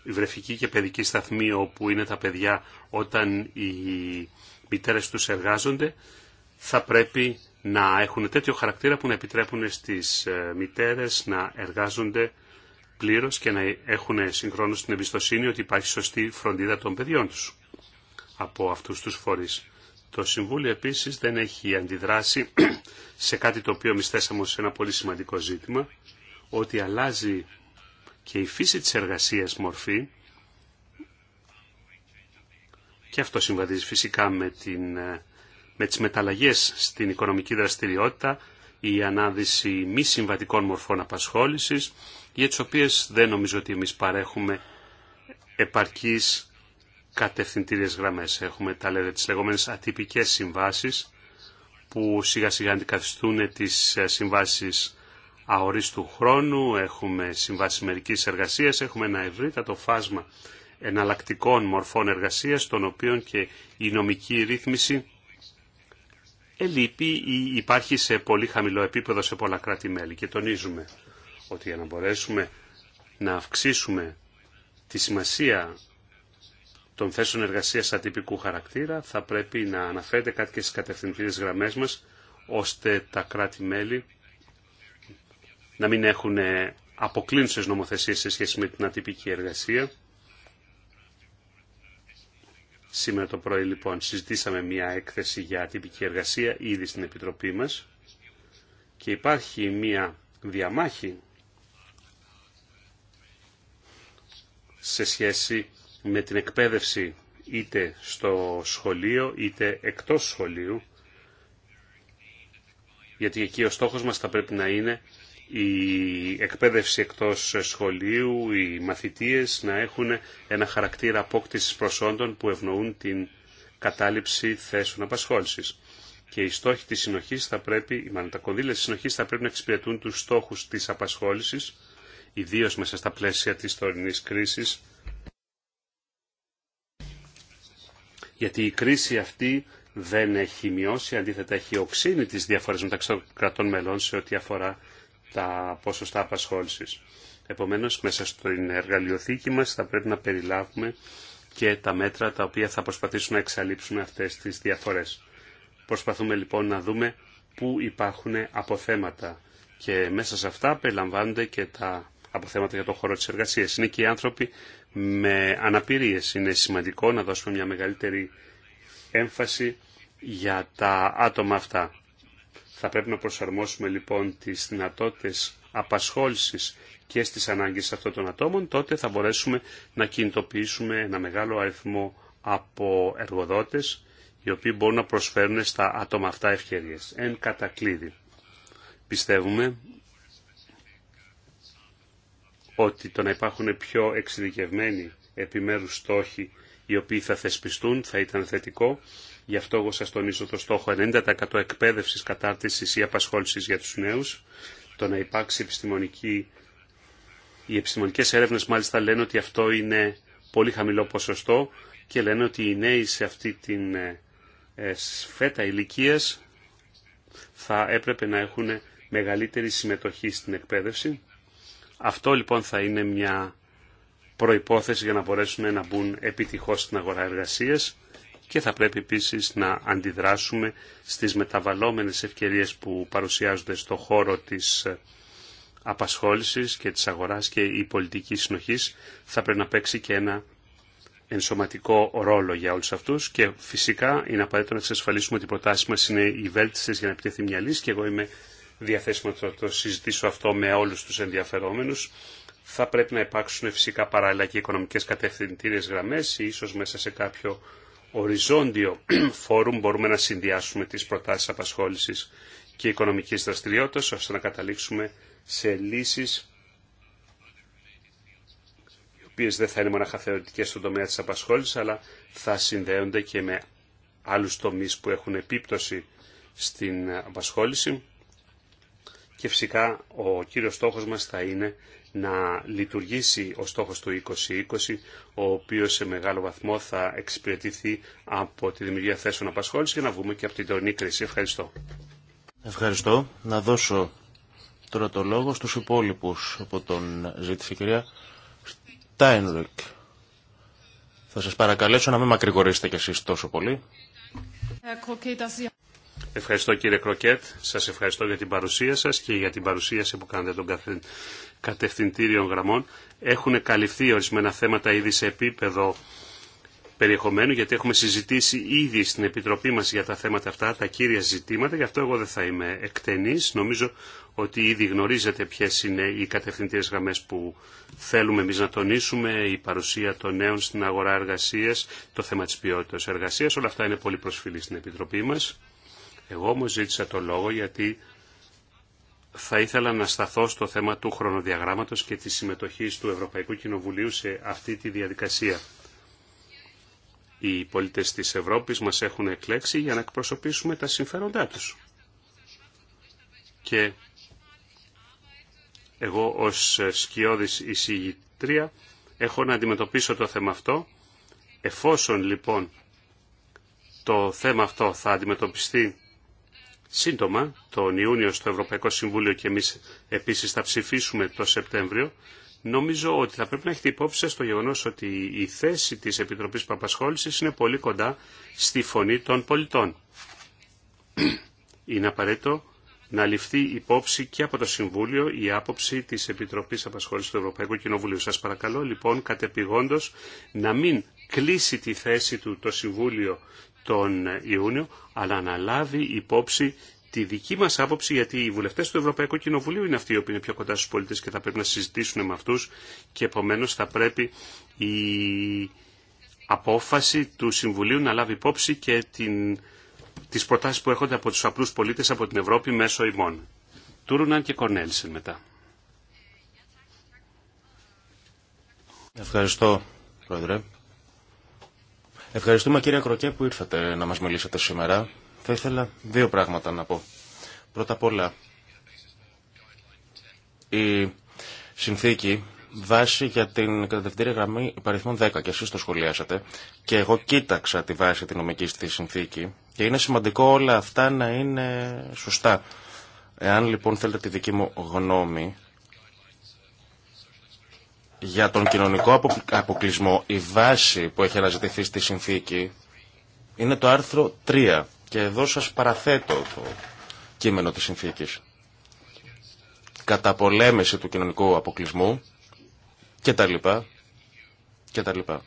η βρεφική και παιδική σταθμή όπου είναι τα παιδιά όταν οι μητέρες τους εργάζονται θα πρέπει να έχουν τέτοιο χαρακτήρα που να επιτρέπουν στις ε, μητέρες να εργάζονται πλήρως και να έχουν συγχρόνω την εμπιστοσύνη ότι υπάρχει σωστή φροντίδα των παιδιών τους από αυτούς τους φορεί. Το Συμβούλιο επίσης δεν έχει αντιδράσει σε κάτι το οποίο μισθέσαμε σε ένα πολύ σημαντικό ζήτημα, ότι αλλάζει και η φύση τη εργασία μορφή και αυτό συμβαδίζει φυσικά με, την, ε, με τις μεταλλαγές στην οικονομική δραστηριότητα, η ανάδυση μη συμβατικών μορφών απασχόλησης, για τις οποίες δεν νομίζω ότι εμείς παρέχουμε επαρκείς κατευθυντήριες γραμμές. Έχουμε τα λέτε, τις λεγόμενες ατυπικές συμβάσεις που σιγά σιγά αντικαθιστούν τις ε, συμβάσεις αορίστου χρόνου, έχουμε συμβάσεις μερικής εργασίας, έχουμε ένα ευρύτατο φάσμα εναλλακτικών μορφών εργασίας, των οποίων και η νομική ρύθμιση ελείπει ή υπάρχει σε πολύ χαμηλό επίπεδο σε πολλά κράτη-μέλη και τονίζουμε ότι για να μπορέσουμε να αυξήσουμε τη σημασία των θέσεων εργασίας ατυπικού χαρακτήρα θα πρέπει να αναφέρεται κάτι και στις κατευθυντικές γραμμές μας ώστε τα κράτη-μέλη να μην έχουν ε, αποκλίνουσες νομοθεσίες σε σχέση με την ατυπική εργασία. Σήμερα το πρωί λοιπόν συζητήσαμε μια έκθεση για ατυπική εργασία ήδη στην Επιτροπή μας και υπάρχει μια διαμάχη σε σχέση με την εκπαίδευση είτε στο σχολείο είτε εκτός σχολείου γιατί εκεί ο στόχος μας θα πρέπει να είναι η εκπαίδευση εκτός σχολείου, οι μαθητείες να έχουν ένα χαρακτήρα απόκτησης προσόντων που ευνοούν την κατάληψη θέσεων απασχόλησης. Και οι στόχοι της συνοχής θα πρέπει, μάλλον τα κονδύλια της συνοχής θα πρέπει να εξυπηρετούν τους στόχους της απασχόλησης Ιδίως μέσα στα πλαίσια της τωρινής κρίσης. Γιατί η κρίση αυτή δεν έχει μειώσει, αντίθετα έχει οξύνει τις διαφορές μεταξύ των κρατών μελών σε ό,τι αφορά τα ποσοστά απασχόλησης. Επομένως, μέσα στην εργαλειοθήκη μας θα πρέπει να περιλάβουμε και τα μέτρα τα οποία θα προσπαθήσουν να εξαλείψουν αυτές τις διαφορές. Προσπαθούμε λοιπόν να δούμε πού υπάρχουν αποθέματα και μέσα σε αυτά περιλαμβάνονται και τα από θέματα για τον χώρο της εργασίας. Είναι και οι άνθρωποι με αναπηρίες. Είναι σημαντικό να δώσουμε μια μεγαλύτερη έμφαση για τα άτομα αυτά. Θα πρέπει να προσαρμόσουμε λοιπόν τις δυνατότητες απασχόλησης και στις ανάγκες αυτών των ατόμων, τότε θα μπορέσουμε να κινητοποιήσουμε ένα μεγάλο αριθμό από εργοδότες, οι οποίοι μπορούν να προσφέρουν στα άτομα αυτά ευκαιρίες. Εν κατακλείδη. Πιστεύουμε ότι το να υπάρχουν πιο εξειδικευμένοι επιμέρους στόχοι οι οποίοι θα θεσπιστούν θα ήταν θετικό. Γι' αυτό εγώ σας τονίζω το στόχο 90% εκπαίδευσης, κατάρτισης ή απασχόλησης για τους νέους. Το να υπάρξει επιστημονική... Οι επιστημονικές έρευνες μάλιστα λένε ότι αυτό είναι πολύ χαμηλό ποσοστό και λένε ότι οι νέοι σε αυτή την ε, ε, φέτα ηλικία θα έπρεπε να έχουν μεγαλύτερη συμμετοχή στην εκπαίδευση. Αυτό λοιπόν θα είναι μια προϋπόθεση για να μπορέσουν να μπουν επιτυχώς στην αγορά εργασίας και θα πρέπει επίσης να αντιδράσουμε στις μεταβαλλόμενες ευκαιρίες που παρουσιάζονται στο χώρο της ε, απασχόλησης και της αγοράς και η πολιτική συνοχής θα πρέπει να παίξει και ένα ενσωματικό ρόλο για όλους αυτούς και φυσικά είναι απαραίτητο να εξασφαλίσουμε ότι οι προτάσεις μας είναι οι βέλτιστες για να επιτεθεί μια λύση και εγώ είμαι διαθέσιμο να το συζητήσω αυτό με όλους τους ενδιαφερόμενους. Θα πρέπει να υπάρξουν φυσικά παράλληλα και οικονομικές κατευθυντήριες γραμμές ή ίσως μέσα σε κάποιο οριζόντιο φόρουμ μπορούμε να συνδυάσουμε τις προτάσεις απασχόλησης και οικονομικής δραστηριότητας ώστε να καταλήξουμε σε λύσεις οι οποίες δεν θα είναι μόνο θεωρητικές στον τομέα της απασχόλησης αλλά θα συνδέονται και με άλλους τομείς που έχουν επίπτωση στην απασχόληση και φυσικά ο κύριος στόχος μας θα είναι να λειτουργήσει ο στόχος του 2020, ο οποίος σε μεγάλο βαθμό θα εξυπηρετηθεί από τη δημιουργία θέσεων απασχόλησης και να βγούμε και από την τωρινή κρίση. Ευχαριστώ. Ευχαριστώ. Να δώσω τώρα το λόγο στους υπόλοιπους από τον ζήτηση κυρία Στάινρουκ. Θα σας παρακαλέσω να μην μακρηγορήσετε κι εσείς τόσο πολύ. Ευχαριστώ κύριε Κροκέτ, σας ευχαριστώ για την παρουσία σας και για την παρουσίαση που κάνετε των κατευθυντήριων γραμμών. Έχουν καλυφθεί ορισμένα θέματα ήδη σε επίπεδο περιεχομένου, γιατί έχουμε συζητήσει ήδη στην Επιτροπή μας για τα θέματα αυτά, τα κύρια ζητήματα, γι' αυτό εγώ δεν θα είμαι εκτενής. Νομίζω ότι ήδη γνωρίζετε ποιε είναι οι κατευθυντήριες γραμμές που θέλουμε εμείς να τονίσουμε, η παρουσία των νέων στην αγορά εργασίας, το θέμα της ποιότητας εργασίας, όλα αυτά είναι πολύ προσφυλή στην Επιτροπή μας. Εγώ όμω ζήτησα το λόγο γιατί θα ήθελα να σταθώ στο θέμα του χρονοδιαγράμματος και της συμμετοχής του Ευρωπαϊκού Κοινοβουλίου σε αυτή τη διαδικασία. Οι πολίτες της Ευρώπης μας έχουν εκλέξει για να εκπροσωπήσουμε τα συμφέροντά τους. Και εγώ ως σκιώδης εισηγητρία έχω να αντιμετωπίσω το θέμα αυτό. Εφόσον λοιπόν το θέμα αυτό θα αντιμετωπιστεί σύντομα, τον Ιούνιο στο Ευρωπαϊκό Συμβούλιο και εμείς επίσης θα ψηφίσουμε το Σεπτέμβριο, νομίζω ότι θα πρέπει να έχετε υπόψη στο γεγονός ότι η θέση της Επιτροπής Παπασχόλησης είναι πολύ κοντά στη φωνή των πολιτών. Είναι απαραίτητο να ληφθεί υπόψη και από το Συμβούλιο η άποψη της Επιτροπής Απασχόλησης του Ευρωπαϊκού Κοινοβουλίου. Σας παρακαλώ λοιπόν κατεπηγόντως να μην κλείσει τη θέση του το Συμβούλιο τον Ιούνιο, αλλά να λάβει υπόψη τη δική μας άποψη, γιατί οι βουλευτές του Ευρωπαϊκού Κοινοβουλίου είναι αυτοί οι οποίοι είναι πιο κοντά στους πολίτες και θα πρέπει να συζητήσουν με αυτούς και επομένως θα πρέπει η απόφαση του Συμβουλίου να λάβει υπόψη και την, τις προτάσεις που έρχονται από τους απλούς πολίτες από την Ευρώπη μέσω ημών. Τούρουναν και Κορνέλσεν μετά. Ευχαριστώ, Πρόεδρε. Ευχαριστούμε κύριε Κροκέ που ήρθατε να μας μιλήσετε σήμερα. Θα ήθελα δύο πράγματα να πω. Πρώτα απ' όλα, η συνθήκη βάση για την κατευθυντήρια γραμμή υπαριθμών 10 και εσείς το σχολιάσατε και εγώ κοίταξα τη βάση τη νομική στη συνθήκη και είναι σημαντικό όλα αυτά να είναι σωστά. Εάν λοιπόν θέλετε τη δική μου γνώμη για τον κοινωνικό αποκλεισμό, η βάση που έχει αναζητηθεί στη συνθήκη είναι το άρθρο 3. Και εδώ σας παραθέτω το κείμενο της συνθήκης. Καταπολέμηση του κοινωνικού αποκλεισμού και τα λοιπά. Και, τα λοιπά.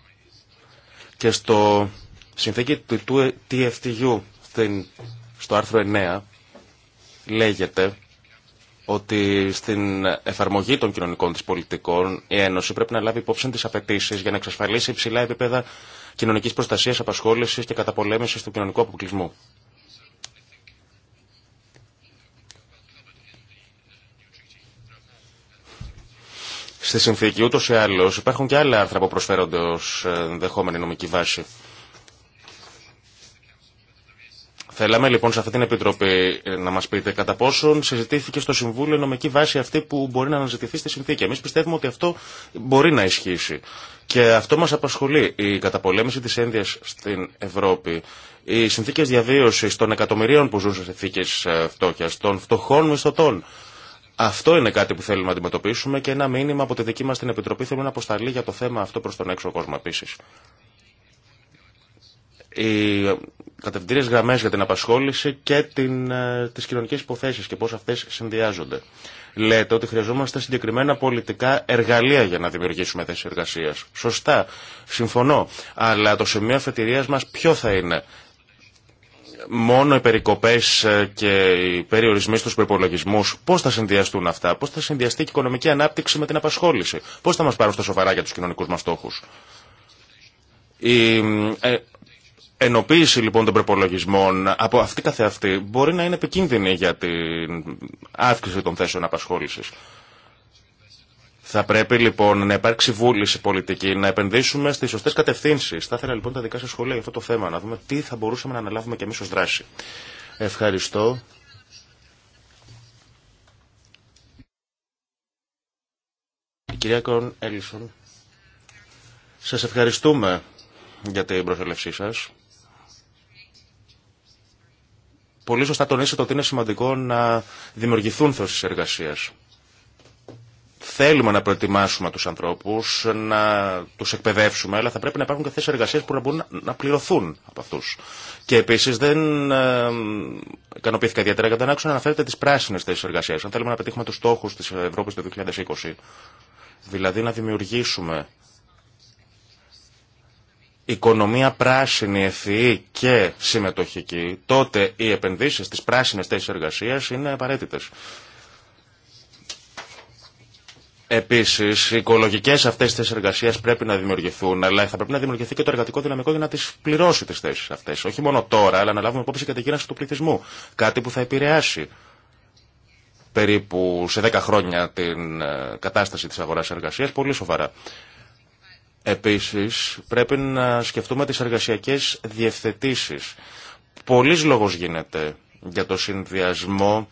και στο συνθήκη του TFTU στο άρθρο 9 λέγεται ότι στην εφαρμογή των κοινωνικών της πολιτικών η Ένωση πρέπει να λάβει υπόψη τις απαιτήσει για να εξασφαλίσει υψηλά επίπεδα κοινωνικής προστασίας, απασχόλησης και καταπολέμησης του κοινωνικού αποκλεισμού. Στη συνθήκη ούτως ή άλλως υπάρχουν και άλλα άρθρα που προσφέρονται ως δεχόμενη νομική βάση. Θέλαμε λοιπόν σε αυτή την Επιτροπή ε, να μα πείτε κατά πόσον συζητήθηκε στο Συμβούλιο νομική βάση αυτή που μπορεί να αναζητηθεί στη συνθήκη. Εμεί πιστεύουμε ότι αυτό μπορεί να ισχύσει. Και αυτό μα απασχολεί. Η καταπολέμηση τη ένδυα στην Ευρώπη, οι συνθήκε διαβίωση των εκατομμυρίων που ζουν σε συνθήκε φτώχεια, των φτωχών μισθωτών. Αυτό είναι κάτι που θέλουμε να αντιμετωπίσουμε και ένα μήνυμα από τη δική μα την Επιτροπή θέλουμε να αποσταλεί για το θέμα αυτό προ τον έξω κόσμο επίση οι κατευθυντήριες γραμμές για την απασχόληση και την, ε, τις κοινωνικές υποθέσεις και πώς αυτές συνδυάζονται. Λέτε ότι χρειαζόμαστε συγκεκριμένα πολιτικά εργαλεία για να δημιουργήσουμε θέσει εργασία. Σωστά. Συμφωνώ. Αλλά το σημείο αφετηρία μα ποιο θα είναι. Μόνο οι περικοπέ ε, και οι περιορισμοί στου προπολογισμού, πώ θα συνδυαστούν αυτά, πώ θα συνδυαστεί η οικονομική ανάπτυξη με την απασχόληση, πώ θα μα πάρουν στα σοβαρά για του κοινωνικού μα στόχου. Η ε, ενοποίηση λοιπόν των προπολογισμών από αυτή καθεαυτή μπορεί να είναι επικίνδυνη για την αύξηση των θέσεων απασχόληση. Θα πρέπει λοιπόν να υπάρξει βούληση πολιτική, να επενδύσουμε στι σωστέ κατευθύνσει. Θα ήθελα λοιπόν τα δικά σα σχόλια για αυτό το θέμα, να δούμε τι θα μπορούσαμε να αναλάβουμε κι εμεί ω δράση. Ευχαριστώ. κυρία Κον Έλισον, σας ευχαριστούμε για την προσελευσή σας. πολύ σωστά τονίσατε ότι είναι σημαντικό να δημιουργηθούν θέσεις εργασία. Θέλουμε να προετοιμάσουμε τους ανθρώπους, να τους εκπαιδεύσουμε, αλλά θα πρέπει να υπάρχουν και θέσει εργασία που να μπορούν να πληρωθούν από αυτού. Και επίσης δεν ε, ικανοποιήθηκα ιδιαίτερα για να άκουσα να αναφέρετε τις πράσινες θέσει εργασία. Αν θέλουμε να πετύχουμε του στόχου τη Ευρώπη το 2020, δηλαδή να δημιουργήσουμε οικονομία πράσινη, ευθύη και συμμετοχική, τότε οι επενδύσεις στις πράσινες θέσεις εργασίας είναι απαραίτητες. Επίσης, οι οικολογικές αυτές τις εργασίας πρέπει να δημιουργηθούν, αλλά θα πρέπει να δημιουργηθεί και το εργατικό δυναμικό για να τις πληρώσει τις θέσεις αυτές. Όχι μόνο τώρα, αλλά να λάβουμε υπόψη και την γύρανση του πληθυσμού. Κάτι που θα επηρεάσει περίπου σε 10 χρόνια την ε, κατάσταση της αγοράς εργασίας πολύ σοβαρά. Επίσης, πρέπει να σκεφτούμε τις εργασιακές διευθετήσεις. Πολλής λόγος γίνεται για το συνδυασμό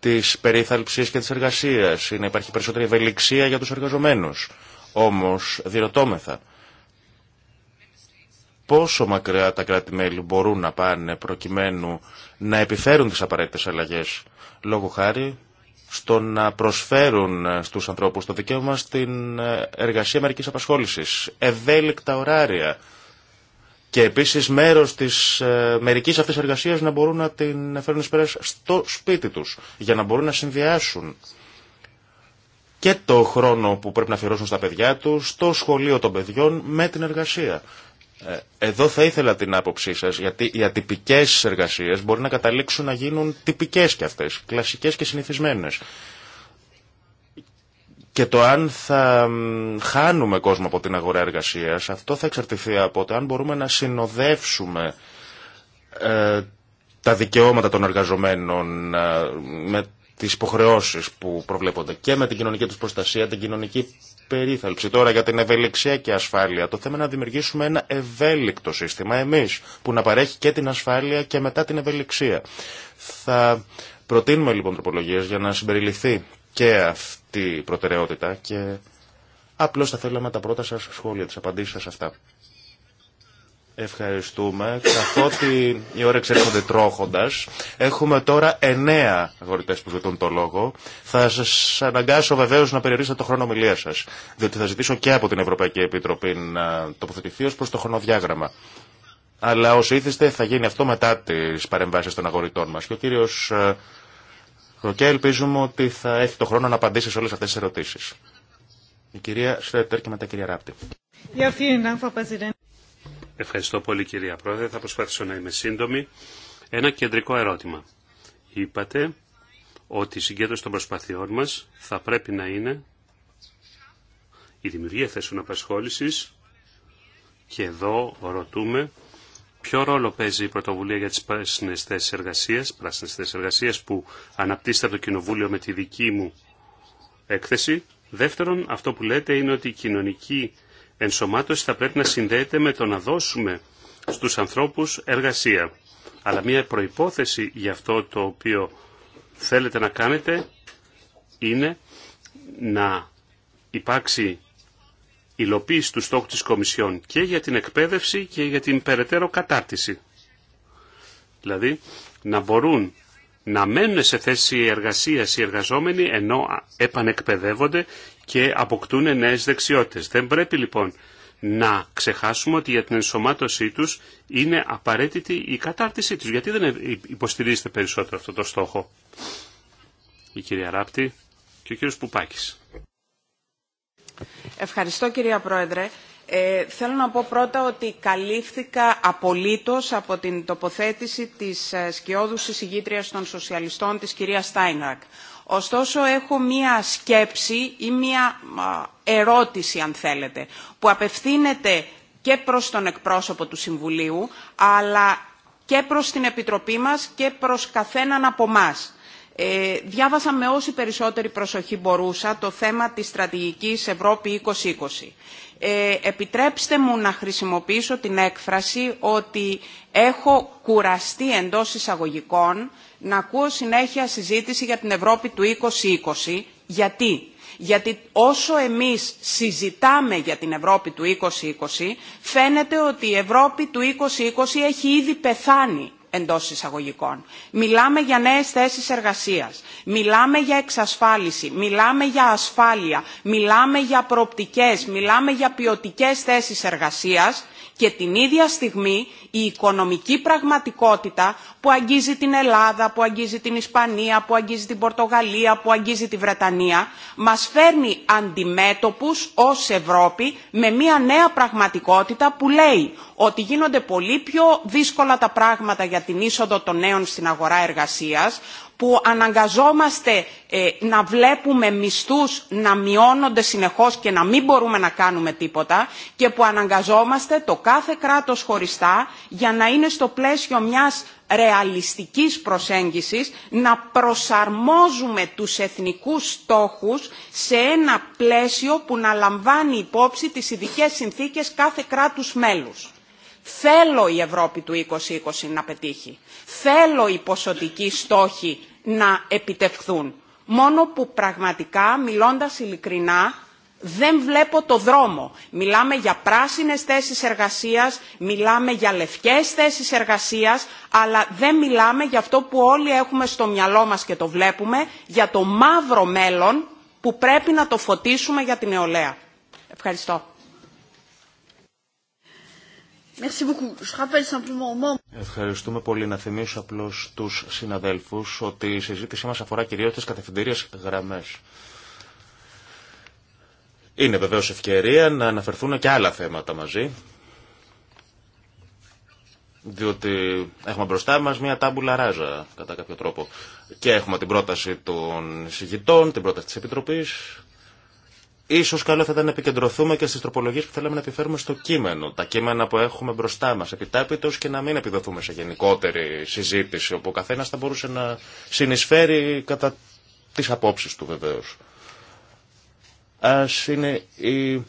της περίθαλψης και της εργασίας, να υπάρχει περισσότερη ευελιξία για τους εργαζομένους. Όμως, διερωτώμεθα, πόσο μακριά τα κράτη-μέλη μπορούν να πάνε προκειμένου να επιφέρουν τις απαραίτητες αλλαγές. Λόγω χάρη, στο να προσφέρουν ε, στους ανθρώπους το δικαίωμα στην ε, εργασία μερικής απασχόλησης, ευέλικτα ωράρια και επίσης μέρος της ε, μερικής αυτή εργασίας να μπορούν να την φέρουν εις στο σπίτι τους για να μπορούν να συνδυάσουν και το χρόνο που πρέπει να αφιερώσουν στα παιδιά τους, το σχολείο των παιδιών με την εργασία. Ε, εδώ θα ήθελα την άποψή σα, γιατί οι ατυπικέ εργασίε μπορεί να καταλήξουν να γίνουν τυπικέ και αυτέ, κλασικέ και συνηθισμένε. Και το αν θα χάνουμε κόσμο από την αγορά εργασία, αυτό θα εξαρτηθεί από το αν μπορούμε να συνοδεύσουμε ε, τα δικαιώματα των εργαζομένων ε, με τις υποχρεώσεις που προβλέπονται και με την κοινωνική τους προστασία, την κοινωνική περίθαλψη. Τώρα για την ευελιξία και ασφάλεια. Το θέμα είναι να δημιουργήσουμε ένα ευέλικτο σύστημα εμείς που να παρέχει και την ασφάλεια και μετά την ευελιξία. Θα προτείνουμε λοιπόν τροπολογίες για να συμπεριληφθεί και αυτή η προτεραιότητα και απλώς θα θέλαμε τα πρώτα σας σχόλια, τις απαντήσεις σας αυτά. Ευχαριστούμε. Καθότι οι ώρες έρχονται τρόχοντας, έχουμε τώρα εννέα αγορητές που ζητούν το λόγο. Θα σας αναγκάσω βεβαίως να περιορίσετε το χρόνο ομιλία σας, διότι θα ζητήσω και από την Ευρωπαϊκή Επιτροπή να τοποθετηθεί ως προς το χρονοδιάγραμμα. Αλλά όσο ήθεστε, θα γίνει αυτό μετά τις παρεμβάσεις των αγορητών μας. Και ο κύριος ε, Ροκέ ελπίζουμε ότι θα έχει το χρόνο να απαντήσει σε όλες αυτές τις ερωτήσεις. Η κυρία Σρέτερ και μετά η κυρία Ράπτη. Ευχαριστώ πολύ κυρία Πρόεδρε. Θα προσπαθήσω να είμαι σύντομη. Ένα κεντρικό ερώτημα. Είπατε ότι η συγκέντρωση των προσπαθειών μας θα πρέπει να είναι η δημιουργία θέσεων απασχόλησης και εδώ ρωτούμε ποιο ρόλο παίζει η πρωτοβουλία για τις πράσινες θέσεις εργασίας, πράσινες που αναπτύσσεται από το Κοινοβούλιο με τη δική μου έκθεση. Δεύτερον, αυτό που λέτε είναι ότι η κοινωνική ενσωμάτωση θα πρέπει να συνδέεται με το να δώσουμε στους ανθρώπους εργασία. Αλλά μια προϋπόθεση για αυτό το οποίο θέλετε να κάνετε είναι να υπάρξει υλοποίηση του στόχου της Κομισιόν και για την εκπαίδευση και για την περαιτέρω κατάρτιση. Δηλαδή να μπορούν να μένουν σε θέση εργασίας οι εργαζόμενοι ενώ επανεκπαιδεύονται και αποκτούν νέες δεξιότητες. Δεν πρέπει λοιπόν να ξεχάσουμε ότι για την ενσωμάτωσή τους είναι απαραίτητη η κατάρτισή τους. Γιατί δεν υποστηρίζετε περισσότερο αυτό το στόχο. Η κυρία Ράπτη και ο κύριος Πουπάκης. Ευχαριστώ κυρία Πρόεδρε. Ε, θέλω να πω πρώτα ότι καλύφθηκα απολύτως από την τοποθέτηση της ε, σκιώδους εισηγήτριας των σοσιαλιστών της κυρία Στάινακ. Ωστόσο έχω μία σκέψη ή μία ερώτηση αν θέλετε που απευθύνεται και προς τον εκπρόσωπο του Συμβουλίου αλλά και προς την Επιτροπή μας και προς καθέναν από εμά. Διάβασα με όση περισσότερη προσοχή μπορούσα το θέμα της στρατηγικής Ευρώπη 2020. Ε, επιτρέψτε μου να χρησιμοποιήσω την έκφραση ότι έχω κουραστεί εντός εισαγωγικών να ακούω συνέχεια συζήτηση για την Ευρώπη του 2020. Γιατί? Γιατί όσο εμείς συζητάμε για την Ευρώπη του 2020, φαίνεται ότι η Ευρώπη του 2020 έχει ήδη πεθάνει εντός εισαγωγικών. Μιλάμε για νέες θέσεις εργασίας, μιλάμε για εξασφάλιση, μιλάμε για ασφάλεια, μιλάμε για προοπτικές, μιλάμε για ποιοτικές θέσεις εργασίας και την ίδια στιγμή η οικονομική πραγματικότητα που αγγίζει την Ελλάδα, που αγγίζει την Ισπανία, που αγγίζει την Πορτογαλία, που αγγίζει τη Βρετανία, μας φέρνει αντιμέτωπους ως Ευρώπη με μια νέα πραγματικότητα που λέει ότι γίνονται πολύ πιο δύσκολα τα πράγματα για την είσοδο των νέων στην αγορά εργασίας, που αναγκαζόμαστε ε, να βλέπουμε μισθούς να μειώνονται συνεχώς και να μην μπορούμε να κάνουμε τίποτα και που αναγκαζόμαστε το κάθε κράτος χωριστά για να είναι στο πλαίσιο μιας ρεαλιστικής προσέγγισης να προσαρμόζουμε τους εθνικούς στόχους σε ένα πλαίσιο που να λαμβάνει υπόψη τις ειδικές συνθήκες κάθε κράτους μέλους. Θέλω η Ευρώπη του 2020 να πετύχει. Θέλω οι ποσοτικοί στόχοι να επιτευχθούν. Μόνο που πραγματικά, μιλώντας ειλικρινά, δεν βλέπω το δρόμο. Μιλάμε για πράσινες θέσεις εργασίας, μιλάμε για λευκές θέσεις εργασίας, αλλά δεν μιλάμε για αυτό που όλοι έχουμε στο μυαλό μας και το βλέπουμε, για το μαύρο μέλλον που πρέπει να το φωτίσουμε για την νεολαία. Ευχαριστώ. Ευχαριστούμε πολύ. Να θυμίσω απλώ του συναδέλφου ότι η συζήτησή μα αφορά κυρίω τι κατευθυντήριε γραμμέ. Είναι βεβαίω ευκαιρία να αναφερθούν και άλλα θέματα μαζί. Διότι έχουμε μπροστά μα μια τάμπουλα ράζα κατά κάποιο τρόπο. Και έχουμε την πρόταση των συγητών, την πρόταση τη Επιτροπής... Ίσως καλό θα ήταν να επικεντρωθούμε και στις τροπολογίες που θέλαμε να επιφέρουμε στο κείμενο, τα κείμενα που έχουμε μπροστά μας, επιτάπητος και να μην επιδοθούμε σε γενικότερη συζήτηση, όπου ο καθένας θα μπορούσε να συνεισφέρει κατά τις απόψεις του βεβαίως. Ας είναι η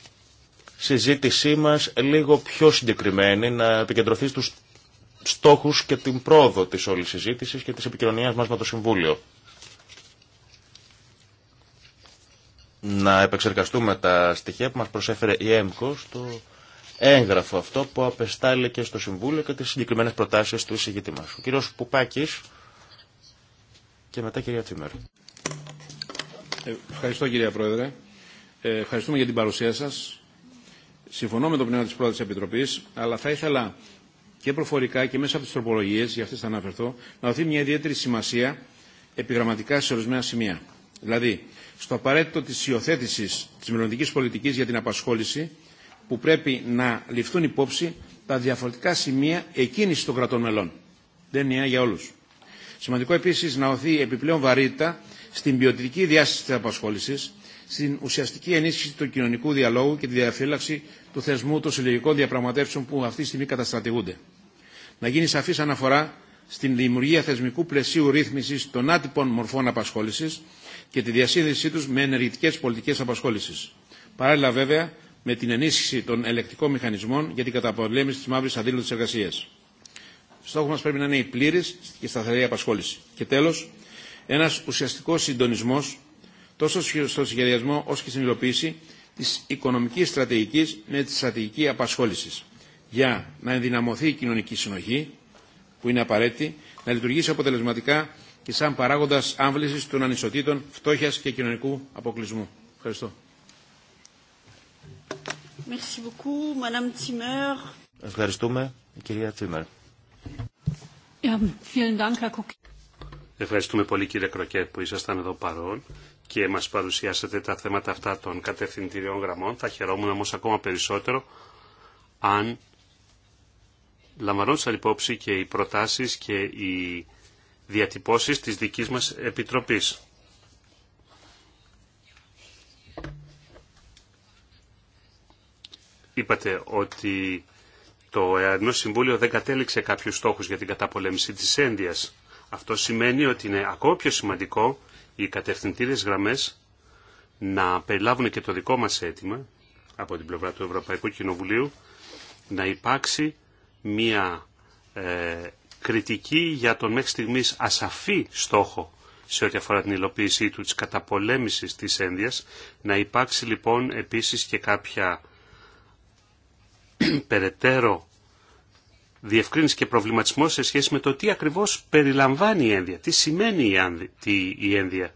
συζήτησή μας λίγο πιο συγκεκριμένη, να επικεντρωθεί στους στόχους και την πρόοδο της όλης συζήτησης και της επικοινωνίας μας με το Συμβούλιο. να επεξεργαστούμε τα στοιχεία που μας προσέφερε η ΕΜΚΟ στο έγγραφο αυτό που απεστάλλει και στο Συμβούλιο και τις συγκεκριμένες προτάσεις του εισηγητή μας. Ο κύριος Πουπάκης και μετά κυρία Τσιμέρ. Ε, ευχαριστώ κυρία Πρόεδρε. Ε, ευχαριστούμε για την παρουσία σας. Συμφωνώ με το πνεύμα της πρώτης Επιτροπής, αλλά θα ήθελα και προφορικά και μέσα από τις τροπολογίες, για αυτές θα αναφερθώ, να δοθεί μια ιδιαίτερη σημασία επιγραμματικά σε ορισμένα σημεία. Δηλαδή, στο απαραίτητο της υιοθέτηση της μελλοντική πολιτικής για την απασχόληση που πρέπει να ληφθούν υπόψη τα διαφορετικά σημεία εκκίνηση των κρατών μελών. Δεν είναι για όλους. Σημαντικό επίσης να οθεί επιπλέον βαρύτητα στην ποιοτική διάσταση της απασχόλησης, στην ουσιαστική ενίσχυση του κοινωνικού διαλόγου και τη διαφύλαξη του θεσμού των συλλογικών διαπραγματεύσεων που αυτή τη στιγμή καταστρατηγούνται. Να γίνει σαφής αναφορά στην δημιουργία θεσμικού πλαισίου ρύθμιση των άτυπων μορφών απασχόλησης, και τη διασύνδεσή τους με ενεργητικές πολιτικές απασχόλησης. Παράλληλα βέβαια με την ενίσχυση των ελεκτικών μηχανισμών για την καταπολέμηση της μαύρης αδήλωτης εργασίας. Στόχο μας πρέπει να είναι η πλήρης και σταθερή απασχόληση. Και τέλος, ένας ουσιαστικός συντονισμός τόσο στο σχεδιασμό όσο και στην υλοποίηση της οικονομικής στρατηγικής με τη στρατηγική απασχόλησης για να ενδυναμωθεί η κοινωνική συνοχή που είναι απαραίτητη, να λειτουργήσει αποτελεσματικά και σαν παράγοντας άμβλησης των ανισοτήτων, φτώχειας και κοινωνικού αποκλεισμού. Ευχαριστώ. Ευχαριστούμε, κυρία Τσίμερ. Ευχαριστούμε πολύ κύριε Κροκέ που ήσασταν εδώ παρόν και μας παρουσιάσατε τα θέματα αυτά των κατευθυντηριών γραμμών. Θα χαιρόμουν όμως ακόμα περισσότερο αν λαμβανόντουσαν υπόψη και οι προτάσεις και οι διατυπώσεις της δικής μας Επιτροπής. Είπατε ότι το Εαρνό Συμβούλιο δεν κατέληξε κάποιους στόχους για την καταπολέμηση της ένδυας. Αυτό σημαίνει ότι είναι ακόμα πιο σημαντικό οι κατευθυντήριες γραμμές να περιλάβουν και το δικό μας αίτημα από την πλευρά του Ευρωπαϊκού Κοινοβουλίου να υπάρξει μια ε, κριτική για τον μέχρι στιγμής ασαφή στόχο σε ό,τι αφορά την υλοποίησή του της καταπολέμησης της ένδειας, Να υπάρξει λοιπόν επίσης και κάποια περαιτέρω διευκρίνηση και προβληματισμό σε σχέση με το τι ακριβώς περιλαμβάνει η ένδεια, τι σημαίνει η ένδεια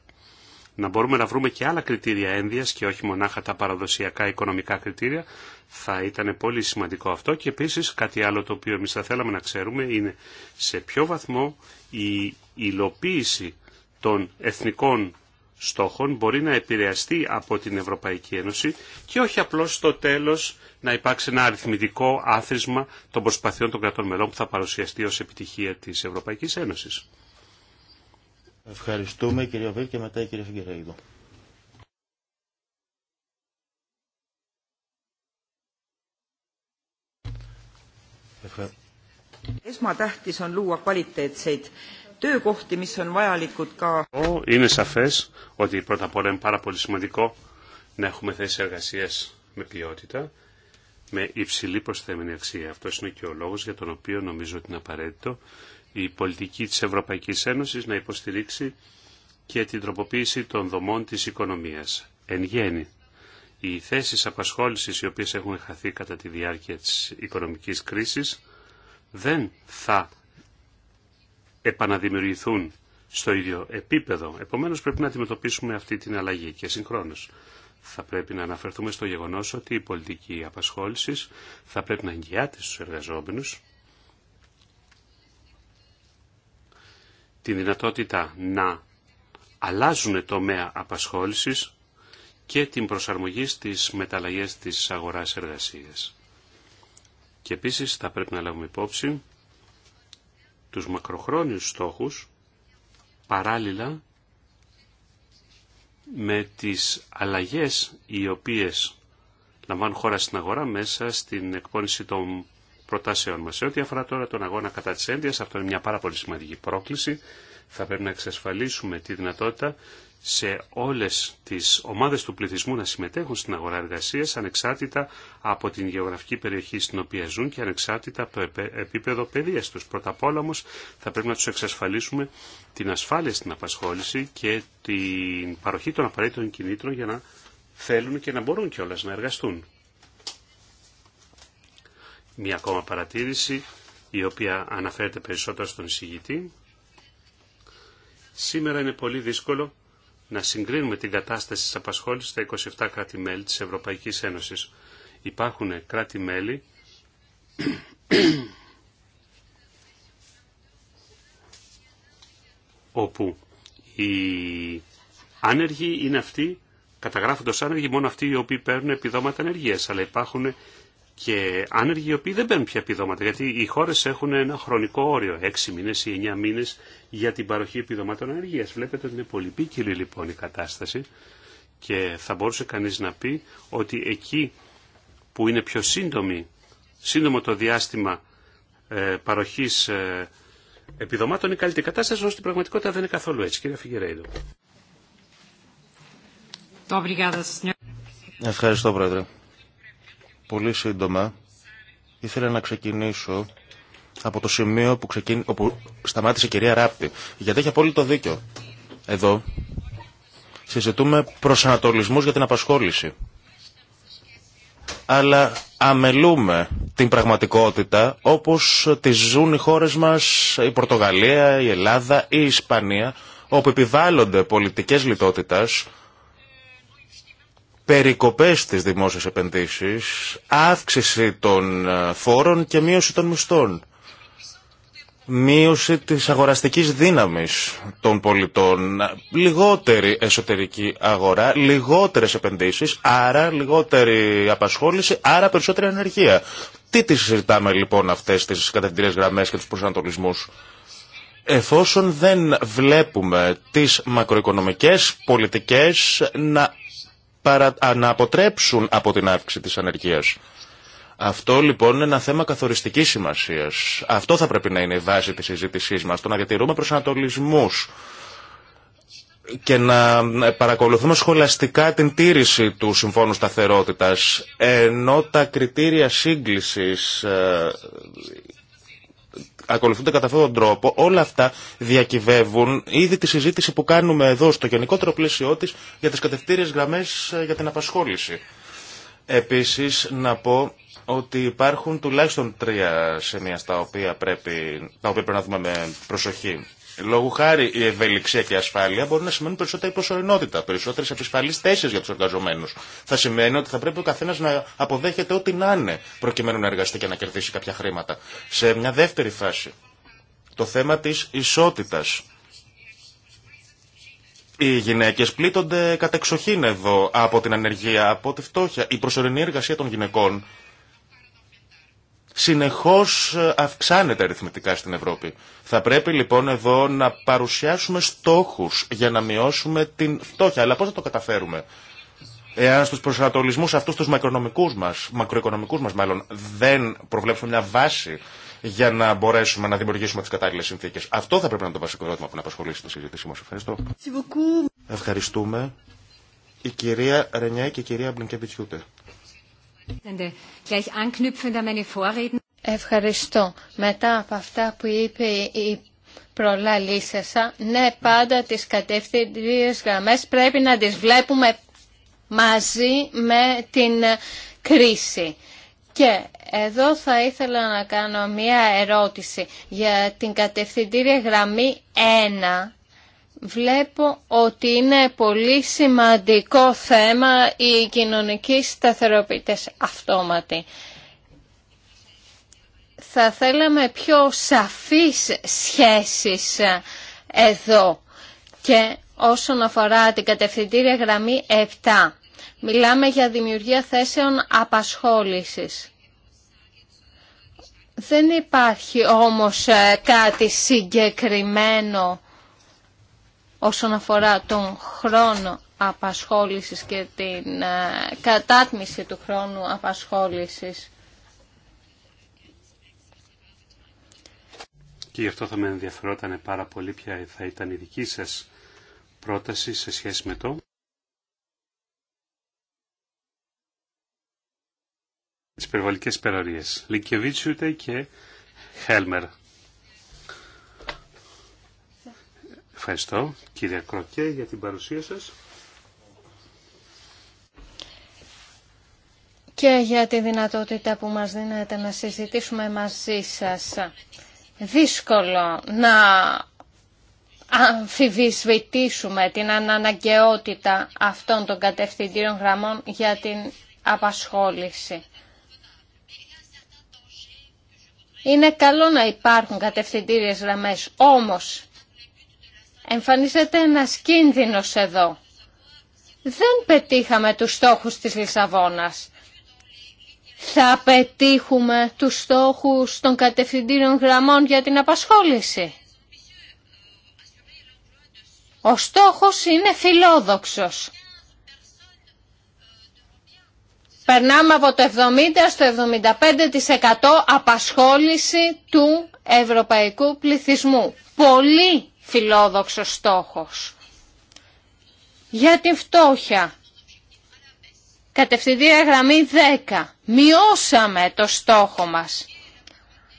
να μπορούμε να βρούμε και άλλα κριτήρια ένδυας και όχι μονάχα τα παραδοσιακά οικονομικά κριτήρια. Θα ήταν πολύ σημαντικό αυτό και επίσης κάτι άλλο το οποίο εμείς θα θέλαμε να ξέρουμε είναι σε ποιο βαθμό η υλοποίηση των εθνικών στόχων μπορεί να επηρεαστεί από την Ευρωπαϊκή Ένωση και όχι απλώς στο τέλος να υπάρξει ένα αριθμητικό άθροισμα των προσπαθειών των κρατών μελών που θα παρουσιαστεί ως επιτυχία της Ευρωπαϊκής Ένωσης. Ευχαριστούμε κύριε Βιλ και μετά κύριε κυρία Είναι σαφέ ότι πρώτα απ' όλα είναι πάρα πολύ σημαντικό να έχουμε θέσει εργασία με ποιότητα, με υψηλή προσθέμενη αξία. Αυτό είναι και ο λόγο για τον οποίο νομίζω ότι είναι απαραίτητο η πολιτική της Ευρωπαϊκής Ένωσης να υποστηρίξει και την τροποποίηση των δομών της οικονομίας. Εν γέννη, οι θέσεις απασχόλησης οι οποίες έχουν χαθεί κατά τη διάρκεια της οικονομικής κρίσης δεν θα επαναδημιουργηθούν στο ίδιο επίπεδο. Επομένως πρέπει να αντιμετωπίσουμε αυτή την αλλαγή και συγχρόνως. Θα πρέπει να αναφερθούμε στο γεγονός ότι η πολιτική απασχόλησης θα πρέπει να εγγυάται στους εργαζόμενους τη δυνατότητα να αλλάζουν τομέα απασχόλησης και την προσαρμογή στις μεταλλαγές της αγοράς εργασίας. Και επίσης θα πρέπει να λάβουμε υπόψη τους μακροχρόνιους στόχους παράλληλα με τις αλλαγές οι οποίες λαμβάνουν χώρα στην αγορά μέσα στην εκπόνηση των προτάσεών Σε ό,τι αφορά τώρα τον αγώνα κατά της ένδυας, αυτό είναι μια πάρα πολύ σημαντική πρόκληση. Θα πρέπει να εξασφαλίσουμε τη δυνατότητα σε όλες τις ομάδες του πληθυσμού να συμμετέχουν στην αγορά εργασίας ανεξάρτητα από την γεωγραφική περιοχή στην οποία ζουν και ανεξάρτητα από το επίπεδο παιδείας τους. Πρώτα απ' όλα όμως θα πρέπει να τους εξασφαλίσουμε την ασφάλεια στην απασχόληση και την παροχή των απαραίτητων κινήτρων για να θέλουν και να μπορούν κιόλα να εργαστούν. Μία ακόμα παρατήρηση, η οποία αναφέρεται περισσότερο στον εισηγητή. Σήμερα είναι πολύ δύσκολο να συγκρίνουμε την κατάσταση της απασχόλησης στα 27 κράτη-μέλη της Ευρωπαϊκής Ένωσης. Υπάρχουν κράτη-μέλη όπου οι άνεργοι είναι αυτοί, καταγράφοντας άνεργοι μόνο αυτοί οι οποίοι παίρνουν επιδόματα ενεργείας, αλλά υπάρχουν και άνεργοι οι οποίοι δεν παίρνουν πια επιδόματα, γιατί οι χώρες έχουν ένα χρονικό όριο, 6 μήνες ή 9 μήνες για την παροχή επιδομάτων ανεργίας. Βλέπετε ότι είναι πολύ πίκυλη λοιπόν η κατάσταση και θα μπορούσε κανείς να πει ότι εκεί που είναι πιο σύντομη, σύντομο το διάστημα ε, παροχής ε, επιδομάτων είναι καλύτερη κατάσταση, όσο στην πραγματικότητα δεν είναι καθόλου έτσι. Κύριε Φιγερέιδο. Ευχαριστώ, Πρόεδρε. Πολύ σύντομα, ήθελα να ξεκινήσω από το σημείο που ξεκίν... όπου σταμάτησε η κυρία Ράπτη. Γιατί έχει απόλυτο δίκιο. Εδώ συζητούμε προσανατολισμούς για την απασχόληση. Αλλά αμελούμε την πραγματικότητα όπως τη ζουν οι χώρες μας, η Πορτογαλία, η Ελλάδα, η Ισπανία, όπου επιβάλλονται πολιτικές λιτότητας περικοπές στις δημόσιες επενδύσεις, αύξηση των ε, φόρων και μείωση των μισθών. Μείωση της αγοραστικής δύναμης των πολιτών, λιγότερη εσωτερική αγορά, λιγότερες επενδύσεις, άρα λιγότερη απασχόληση, άρα περισσότερη ανεργία. Τι τις συζητάμε λοιπόν αυτές τις κατευθυντήριες γραμμές και τους προσανατολισμούς. Εφόσον δεν βλέπουμε τις μακροοικονομικές πολιτικές να παρα... να αποτρέψουν από την αύξηση της ανεργίας. Αυτό λοιπόν είναι ένα θέμα καθοριστικής σημασίας. Αυτό θα πρέπει να είναι η βάση της συζήτησή μας, το να διατηρούμε προσανατολισμούς και να παρακολουθούμε σχολαστικά την τήρηση του Συμφώνου Σταθερότητας, ενώ τα κριτήρια σύγκλησης ε, ακολουθούνται κατά αυτόν τον τρόπο, όλα αυτά διακυβεύουν ήδη τη συζήτηση που κάνουμε εδώ στο γενικότερο πλαίσιό τη για τι κατευθύνε γραμμέ ε, για την απασχόληση. Επίση, να πω ότι υπάρχουν τουλάχιστον τρία σημεία στα οποία πρέπει, τα οποία πρέπει να δούμε με προσοχή Λόγω χάρη η ευελιξία και η ασφάλεια μπορεί να σημαίνουν περισσότερη προσωρινότητα, περισσότερε επισφαλεί θέσει για του εργαζομένου. Θα σημαίνει ότι θα πρέπει ο καθένα να αποδέχεται ό,τι να είναι προκειμένου να εργαστεί και να κερδίσει κάποια χρήματα. Σε μια δεύτερη φάση, το θέμα τη ισότητα. Οι γυναίκε πλήττονται κατεξοχήν εδώ από την ανεργία, από τη φτώχεια. Η προσωρινή εργασία των γυναικών συνεχώς ε, αυξάνεται αριθμητικά στην Ευρώπη. Θα πρέπει λοιπόν εδώ να παρουσιάσουμε στόχους για να μειώσουμε την φτώχεια. Αλλά πώς θα το καταφέρουμε εάν στους προσανατολισμούς αυτούς τους μακροοικονομικούς μας, μακροοικονομικούς μας μάλλον, δεν προβλέψουμε μια βάση για να μπορέσουμε να δημιουργήσουμε τις κατάλληλες συνθήκες. Αυτό θα πρέπει να είναι το βασικό ερώτημα που να απασχολήσει τη συζήτησή μας. Ευχαριστώ. Ευχαριστούμε. Η κυρία Ρενιά και η κυρία Μπλινκεβιτσιούτε. Ευχαριστώ. Μετά από αυτά που είπε η προλαλήσεσα, ναι πάντα τις κατευθυντήριες γραμμές πρέπει να τις βλέπουμε μαζί με την κρίση. Και εδώ θα ήθελα να κάνω μία ερώτηση για την κατευθυντήρια γραμμή 1 Βλέπω ότι είναι πολύ σημαντικό θέμα η κοινωνική σταθεροποιητές αυτόματη. Θα θέλαμε πιο σαφείς σχέσεις εδώ και όσον αφορά την κατευθυντήρια γραμμή 7. Μιλάμε για δημιουργία θέσεων απασχόλησης. Δεν υπάρχει όμως ε, κάτι συγκεκριμένο όσον αφορά τον χρόνο απασχόλησης και την ε, κατάτμιση του χρόνου απασχόλησης. Και γι' αυτό θα με ενδιαφερόταν πάρα πολύ ποια θα ήταν η δική σας πρόταση σε σχέση με το... Τις περιβολικές περορίες. Λικεβίτσιουτε και Χέλμερ. Ευχαριστώ κύριε Κροκέ για την παρουσία σας. και για τη δυνατότητα που μας δίνετε να συζητήσουμε μαζί σας. Δύσκολο να αμφιβησβητήσουμε την αναγκαιότητα αυτών των κατευθυντήριων γραμμών για την απασχόληση. Είναι καλό να υπάρχουν κατευθυντήριες γραμμές, όμως εμφανίζεται ένας κίνδυνος εδώ. Δεν πετύχαμε τους στόχους της Λισαβόνας. Θα πετύχουμε τους στόχους των κατευθυντήριων γραμμών για την απασχόληση. Ο στόχος είναι φιλόδοξος. Περνάμε από το 70% στο 75% απασχόληση του ευρωπαϊκού πληθυσμού. Πολύ φιλόδοξος στόχος. Για την φτώχεια. Κατευθυντήρια γραμμή 10. Μειώσαμε το στόχο μας.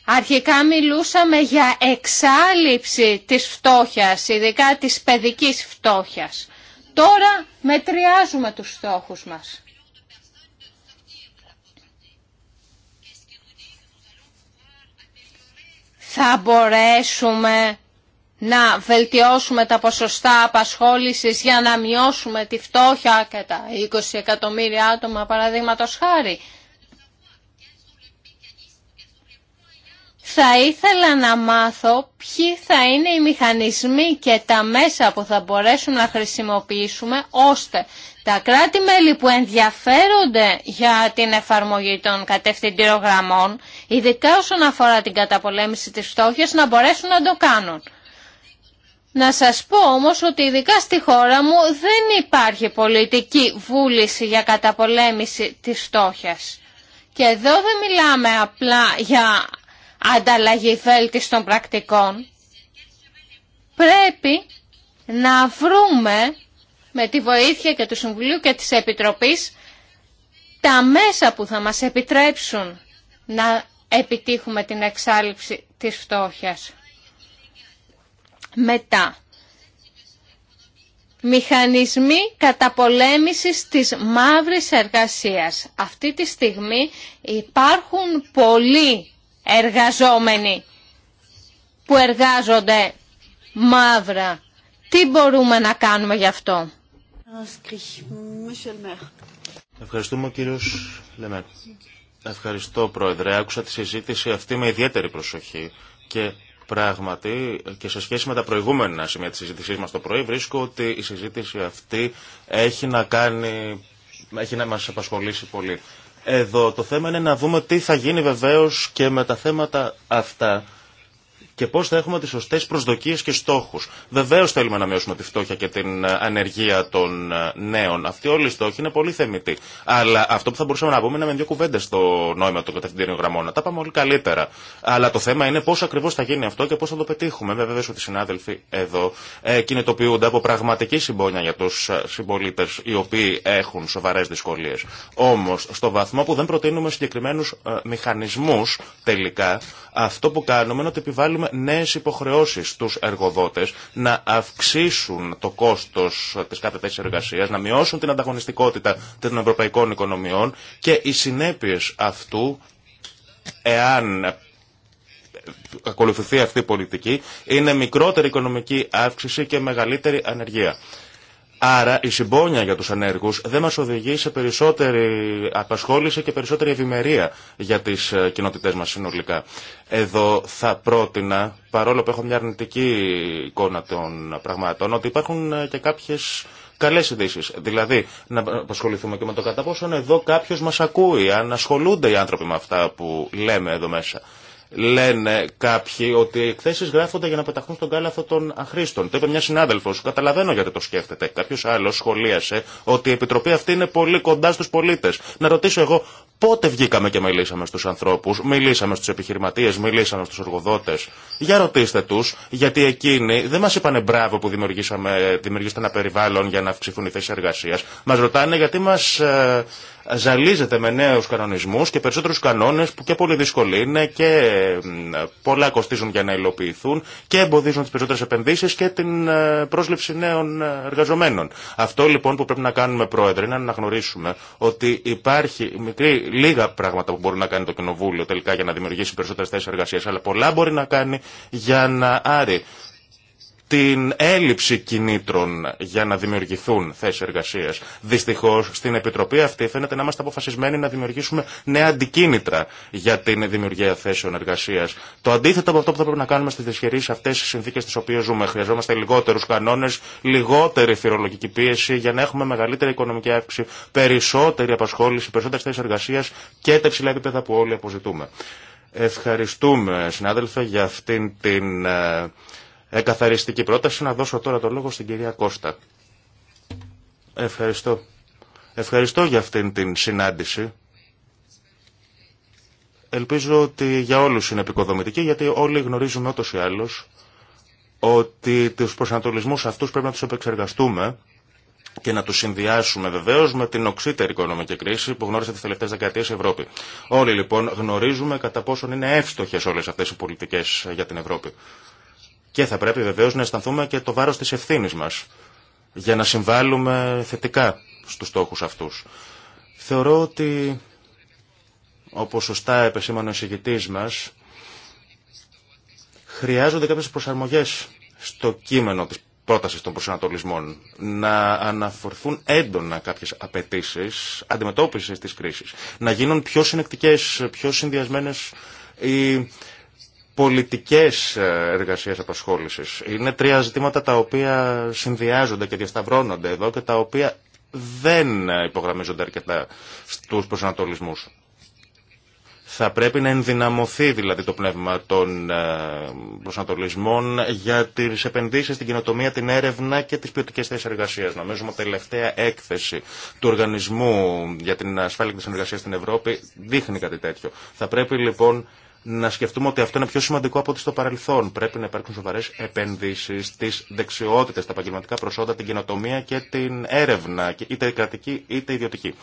Αρχικά μιλούσαμε για εξάλληψη της φτώχειας, ειδικά της παιδικής φτώχειας. Τώρα μετριάζουμε τους στόχους μας. Θα μπορέσουμε να βελτιώσουμε τα ποσοστά απασχόλησης για να μειώσουμε τη φτώχεια και τα 20 εκατομμύρια άτομα παραδείγματο χάρη. Θα ήθελα να μάθω ποιοι θα είναι οι μηχανισμοί και τα μέσα που θα μπορέσουν να χρησιμοποιήσουμε ώστε τα κράτη-μέλη που ενδιαφέρονται για την εφαρμογή των κατευθυντήρων γραμμών, ειδικά όσον αφορά την καταπολέμηση της φτώχειας, να μπορέσουν να το κάνουν. Να σας πω όμως ότι ειδικά στη χώρα μου δεν υπάρχει πολιτική βούληση για καταπολέμηση της στόχιας. Και εδώ δεν μιλάμε απλά για ανταλλαγή βέλτιστων πρακτικών. Πρέπει να βρούμε με τη βοήθεια και του Συμβουλίου και της Επιτροπής τα μέσα που θα μας επιτρέψουν να επιτύχουμε την εξάλληψη της φτώχειας. Μετά, μηχανισμοί καταπολέμησης της μαύρης εργασίας. Αυτή τη στιγμή υπάρχουν πολλοί εργαζόμενοι που εργάζονται μαύρα. Τι μπορούμε να κάνουμε γι' αυτό. Ευχαριστούμε κύριος Λεμέρ. Ευχαριστώ πρόεδρε. Άκουσα τη συζήτηση αυτή με ιδιαίτερη προσοχή και Πράγματι και σε σχέση με τα προηγούμενα σημεία της συζήτησής μας το πρωί βρίσκω ότι η συζήτηση αυτή έχει να, κάνει, έχει να μας απασχολήσει πολύ. Εδώ το θέμα είναι να δούμε τι θα γίνει βεβαίως και με τα θέματα αυτά και πώ θα έχουμε τι σωστέ προσδοκίε και στόχου. Βεβαίω θέλουμε να μειώσουμε τη φτώχεια και την ε, ανεργία των ε, νέων. Αυτή όλοι οι στόχη είναι πολύ θεμητοί. Αλλά αυτό που θα μπορούσαμε να πούμε είναι με δύο κουβέντε στο νόημα των κατευθυντήριων γραμμών. τα πάμε όλοι καλύτερα. Αλλά το θέμα είναι πώ ακριβώ θα γίνει αυτό και πώ θα το πετύχουμε. Βεβαίω ότι οι συνάδελφοι εδώ ε, κινητοποιούνται από πραγματική συμπόνια για του ε, συμπολίτε οι οποίοι έχουν σοβαρέ δυσκολίε. Όμω, στο βαθμό που δεν προτείνουμε συγκεκριμένου μηχανισμού τελικά, αυτό που κάνουμε είναι ότι επιβάλλουμε νέες υποχρεώσεις στους εργοδότες να αυξήσουν το κόστος της κάθε θέση εργασίας, να μειώσουν την ανταγωνιστικότητα των ευρωπαϊκών οικονομιών και οι συνέπειες αυτού, εάν ακολουθηθεί αυτή η πολιτική, είναι μικρότερη οικονομική αύξηση και μεγαλύτερη ανεργία. Άρα η συμπόνια για τους ανέργους δεν μας οδηγεί σε περισσότερη απασχόληση και περισσότερη ευημερία για τις ε, κοινότητές μας συνολικά. Εδώ θα πρότεινα, παρόλο που έχω μια αρνητική εικόνα των πραγμάτων, ότι υπάρχουν ε, και κάποιες καλές ειδήσει. Δηλαδή, να απασχοληθούμε και με το κατά πόσον εδώ κάποιος μας ακούει, αν ασχολούνται οι άνθρωποι με αυτά που λέμε εδώ μέσα λένε κάποιοι ότι οι εκθέσει γράφονται για να πεταχθούν στον κάλαθο των αχρήστων. Το είπε μια συνάδελφο. Καταλαβαίνω γιατί το σκέφτεται. Κάποιο άλλο σχολίασε ότι η επιτροπή αυτή είναι πολύ κοντά στου πολίτε. Να ρωτήσω εγώ πότε βγήκαμε και μιλήσαμε στου ανθρώπου, μιλήσαμε στου επιχειρηματίε, μιλήσαμε στου εργοδότε. Για ρωτήστε του, γιατί εκείνοι δεν μα είπανε μπράβο που δημιουργήσαμε, δημιουργήσαμε ένα περιβάλλον για να αυξηθούν οι θέσει εργασία. Μα ρωτάνε γιατί μα ε, ζαλίζεται με νέους κανονισμούς και περισσότερους κανόνες που και πολύ δύσκολοι είναι και πολλά κοστίζουν για να υλοποιηθούν και εμποδίζουν τις περισσότερες επενδύσεις και την ε, πρόσληψη νέων ε, εργαζομένων. Αυτό λοιπόν που πρέπει να κάνουμε πρόεδρε είναι να αναγνωρίσουμε ότι υπάρχει μικρή, λίγα πράγματα που μπορεί να κάνει το Κοινοβούλιο τελικά για να δημιουργήσει περισσότερες θέσεις εργασίας αλλά πολλά μπορεί να κάνει για να άρει την έλλειψη κινήτρων για να δημιουργηθούν θέσει εργασία. Δυστυχώ στην Επιτροπή αυτή φαίνεται να είμαστε αποφασισμένοι να δημιουργήσουμε νέα αντικίνητρα για την δημιουργία θέσεων εργασία. Το αντίθετο από αυτό που θα πρέπει να κάνουμε στι δυσχερεί αυτέ τι συνθήκε τι οποίε ζούμε. Χρειαζόμαστε λιγότερου κανόνε, λιγότερη φυρολογική πίεση για να έχουμε μεγαλύτερη οικονομική αύξηση, περισσότερη απασχόληση, περισσότερε θέσει εργασία και τα υψηλά επίπεδα που όλοι αποζητούμε. Ευχαριστούμε συνάδελφε για αυτήν την ε, εκαθαριστική πρόταση. Να δώσω τώρα το λόγο στην κυρία Κώστα. Ευχαριστώ. Ευχαριστώ για αυτήν την συνάντηση. Ελπίζω ότι για όλους είναι επικοδομητική, γιατί όλοι γνωρίζουμε ότως ή άλλως ότι τους προσανατολισμούς αυτούς πρέπει να τους επεξεργαστούμε και να τους συνδυάσουμε βεβαίω με την οξύτερη οικονομική κρίση που γνώρισε τι τελευταίε δεκαετίες η Ευρώπη. Όλοι λοιπόν γνωρίζουμε κατά πόσον είναι εύστοχες όλες αυτές οι πολιτικές για την Ευρώπη. Και θα πρέπει βεβαίω να αισθανθούμε και το βάρο τη ευθύνη μα για να συμβάλλουμε θετικά στου στόχου αυτού. Θεωρώ ότι, όπω σωστά επεσήμανε ο εισηγητή μα, χρειάζονται κάποιε προσαρμογέ στο κείμενο τη πρόταση των προσανατολισμών, να αναφορθούν έντονα κάποιε απαιτήσει αντιμετώπιση τη κρίση, να γίνουν πιο συνεκτικέ, πιο συνδυασμένε οι πολιτικές ε, εργασίες απασχόλησης. Είναι τρία ζητήματα τα οποία συνδυάζονται και διασταυρώνονται εδώ και τα οποία δεν υπογραμμίζονται αρκετά στους προσανατολισμούς. Θα πρέπει να ενδυναμωθεί δηλαδή το πνεύμα των ε, προσανατολισμών για τις επενδύσεις στην κοινοτομία, την έρευνα και τις ποιοτικές θέσεις εργασίας. Νομίζουμε ότι η τελευταία έκθεση του Οργανισμού για την Ασφάλεια και τη Συνεργασία στην Ευρώπη δείχνει κάτι τέτοιο. Θα πρέπει λοιπόν να σκεφτούμε ότι αυτό είναι πιο σημαντικό από ό,τι στο παρελθόν. Πρέπει να υπάρχουν σοβαρέ επενδύσει στι δεξιότητε, τα επαγγελματικά προσόντα, την κοινοτομία και την έρευνα, είτε κρατική είτε ιδιωτική.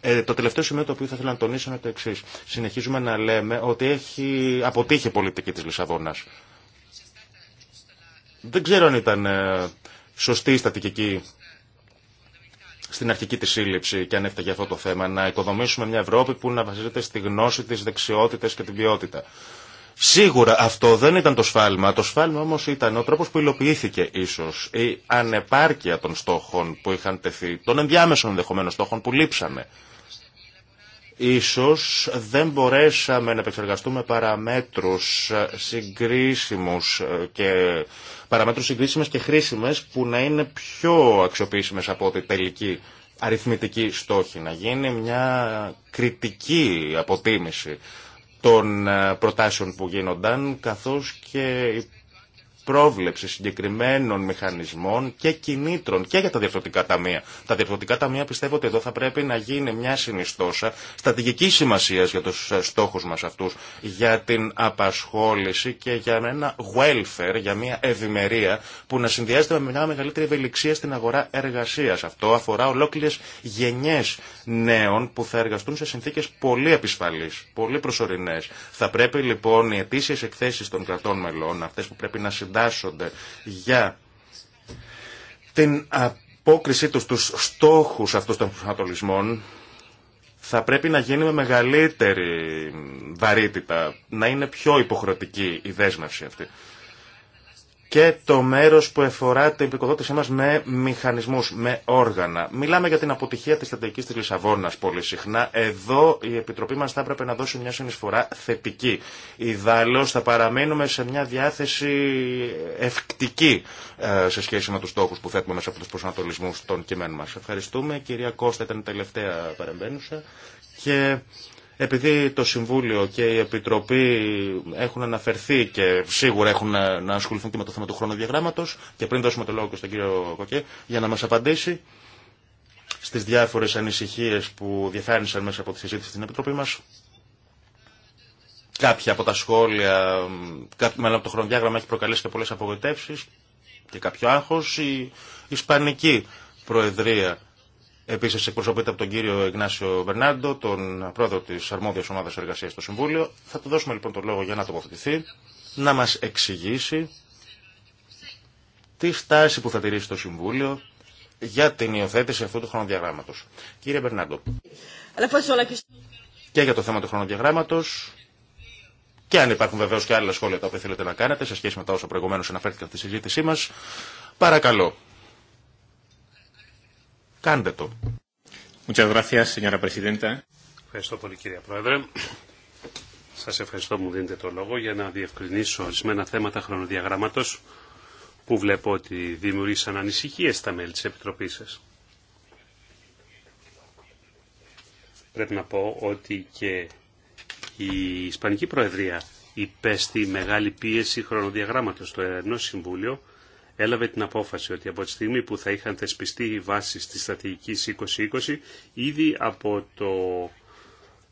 Ε, το τελευταίο σημείο το οποίο θα ήθελα να τονίσω είναι το εξή. Συνεχίζουμε να λέμε ότι έχει αποτύχει η πολιτική τη Λισαβόνα. Δεν ξέρω αν ήταν ε, σωστή η στατικική στην αρχική τη σύλληψη και αν έφταγε αυτό το θέμα. Να οικοδομήσουμε μια Ευρώπη που να βασίζεται στη γνώση, τι δεξιότητε και την ποιότητα. Σίγουρα αυτό δεν ήταν το σφάλμα. Το σφάλμα όμω ήταν ο τρόπο που υλοποιήθηκε ίσω. Η ανεπάρκεια των στόχων που είχαν τεθεί, των ενδιάμεσων ενδεχομένων στόχων που λείψαμε. Ίσως δεν μπορέσαμε να επεξεργαστούμε παραμέτρους συγκρίσιμους και παραμέτρους συγκρίσιμες και χρήσιμες που να είναι πιο αξιοποιήσιμες από ό,τι τελική αριθμητική στόχη. Να γίνει μια κριτική αποτίμηση των προτάσεων που γίνονταν καθώς και πρόβλεψη συγκεκριμένων μηχανισμών και κινήτρων και για τα διευθυντικά ταμεία. Τα διευθυντικά ταμεία πιστεύω ότι εδώ θα πρέπει να γίνει μια συνιστόσα στρατηγική σημασία για του ε, στόχου μα αυτού, για την απασχόληση και για ένα welfare, για μια ευημερία που να συνδυάζεται με μια μεγαλύτερη ευελιξία στην αγορά εργασία. Αυτό αφορά ολόκληρε γενιέ νέων που θα εργαστούν σε συνθήκε πολύ επισφαλεί, πολύ προσωρινέ. Θα πρέπει λοιπόν οι ετήσιε εκθέσει των κρατών μελών, αυτέ που πρέπει να εντάσσονται για την απόκρισή τους στους στόχους αυτούς των προσανατολισμών θα πρέπει να γίνει με μεγαλύτερη βαρύτητα, να είναι πιο υποχρεωτική η δέσμευση αυτή και το μέρος που εφορά την υπηκοδότησή μας με μηχανισμούς, με όργανα. Μιλάμε για την αποτυχία της στρατηγικής της Λισαβόνας πολύ συχνά. Εδώ η Επιτροπή μας θα έπρεπε να δώσει μια συνεισφορά θετική. Ιδάλλως θα παραμένουμε σε μια διάθεση ευκτική ε, σε σχέση με τους στόχους που θέτουμε μέσα από τους προσανατολισμούς των κειμένων μας. Ευχαριστούμε. Κυρία Κώστα ήταν η τελευταία παρεμβαίνουσα. Και... Επειδή το Συμβούλιο και η Επιτροπή έχουν αναφερθεί και σίγουρα έχουν να ασχοληθούν και με το θέμα του χρονοδιαγράμματος και πριν δώσουμε το λόγο και στον κύριο Κοκέ για να μας απαντήσει στις διάφορες ανησυχίες που διαφάνησαν μέσα από τη συζήτηση στην Επιτροπή μας κάποια από τα σχόλια, μέλλον από το χρονοδιάγραμμα έχει προκαλέσει και πολλές απογοητεύσεις και κάποιο άγχος. Η Ισπανική Προεδρία Επίση, εκπροσωπείται από τον κύριο Ιγνάσιο Μπερνάντο, τον πρόεδρο τη αρμόδια ομάδα εργασία στο Συμβούλιο. Θα του δώσουμε λοιπόν τον λόγο για να τοποθετηθεί, να μα εξηγήσει τη στάση που θα τηρήσει το Συμβούλιο για την υιοθέτηση αυτού του χρονοδιαγράμματο. Κύριε Μπερνάντο. Και για το θέμα του χρονοδιαγράμματο. Και αν υπάρχουν βεβαίω και άλλα σχόλια τα οποία θέλετε να κάνετε σε σχέση με τα όσα προηγουμένω αναφέρθηκαν στη συζήτησή μα, παρακαλώ. Κάντε το. Ευχαριστώ πολύ κύριε Πρόεδρε. Σας ευχαριστώ που μου δίνετε το λόγο για να διευκρινίσω ορισμένα θέματα χρονοδιαγράμματο, που βλέπω ότι δημιουργήσαν ανησυχίε στα μέλη τη Επιτροπής σα. Πρέπει να πω ότι και η Ισπανική Προεδρία υπέστη μεγάλη πίεση χρονοδιαγράμματος στο Ερνό Συμβούλιο έλαβε την απόφαση ότι από τη στιγμή που θα είχαν θεσπιστεί οι βάσει τη στρατηγικής 2020, ήδη από το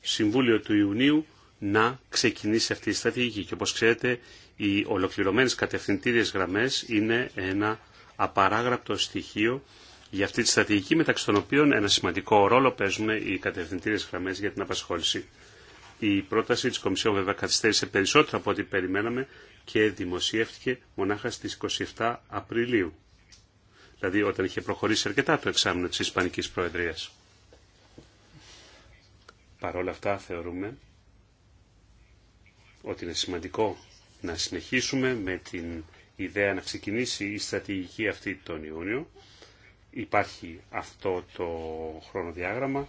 Συμβούλιο του Ιουνίου να ξεκινήσει αυτή η στρατηγική. Και όπως ξέρετε, οι ολοκληρωμένες κατευθυντήριες γραμμές είναι ένα απαράγραπτο στοιχείο για αυτή τη στρατηγική, μεταξύ των οποίων ένα σημαντικό ρόλο παίζουν οι κατευθυντήριες γραμμές για την απασχόληση. Η πρόταση της Κομισιόν βέβαια καθυστέρησε περισσότερο από ό,τι περιμέναμε, και δημοσιεύτηκε μονάχα στις 27 Απριλίου. Δηλαδή όταν είχε προχωρήσει αρκετά το εξάμεινο της Ισπανικής Προεδρίας. Παρ' όλα αυτά θεωρούμε ότι είναι σημαντικό να συνεχίσουμε με την ιδέα να ξεκινήσει η στρατηγική αυτή τον Ιούνιο. Υπάρχει αυτό το χρονοδιάγραμμα.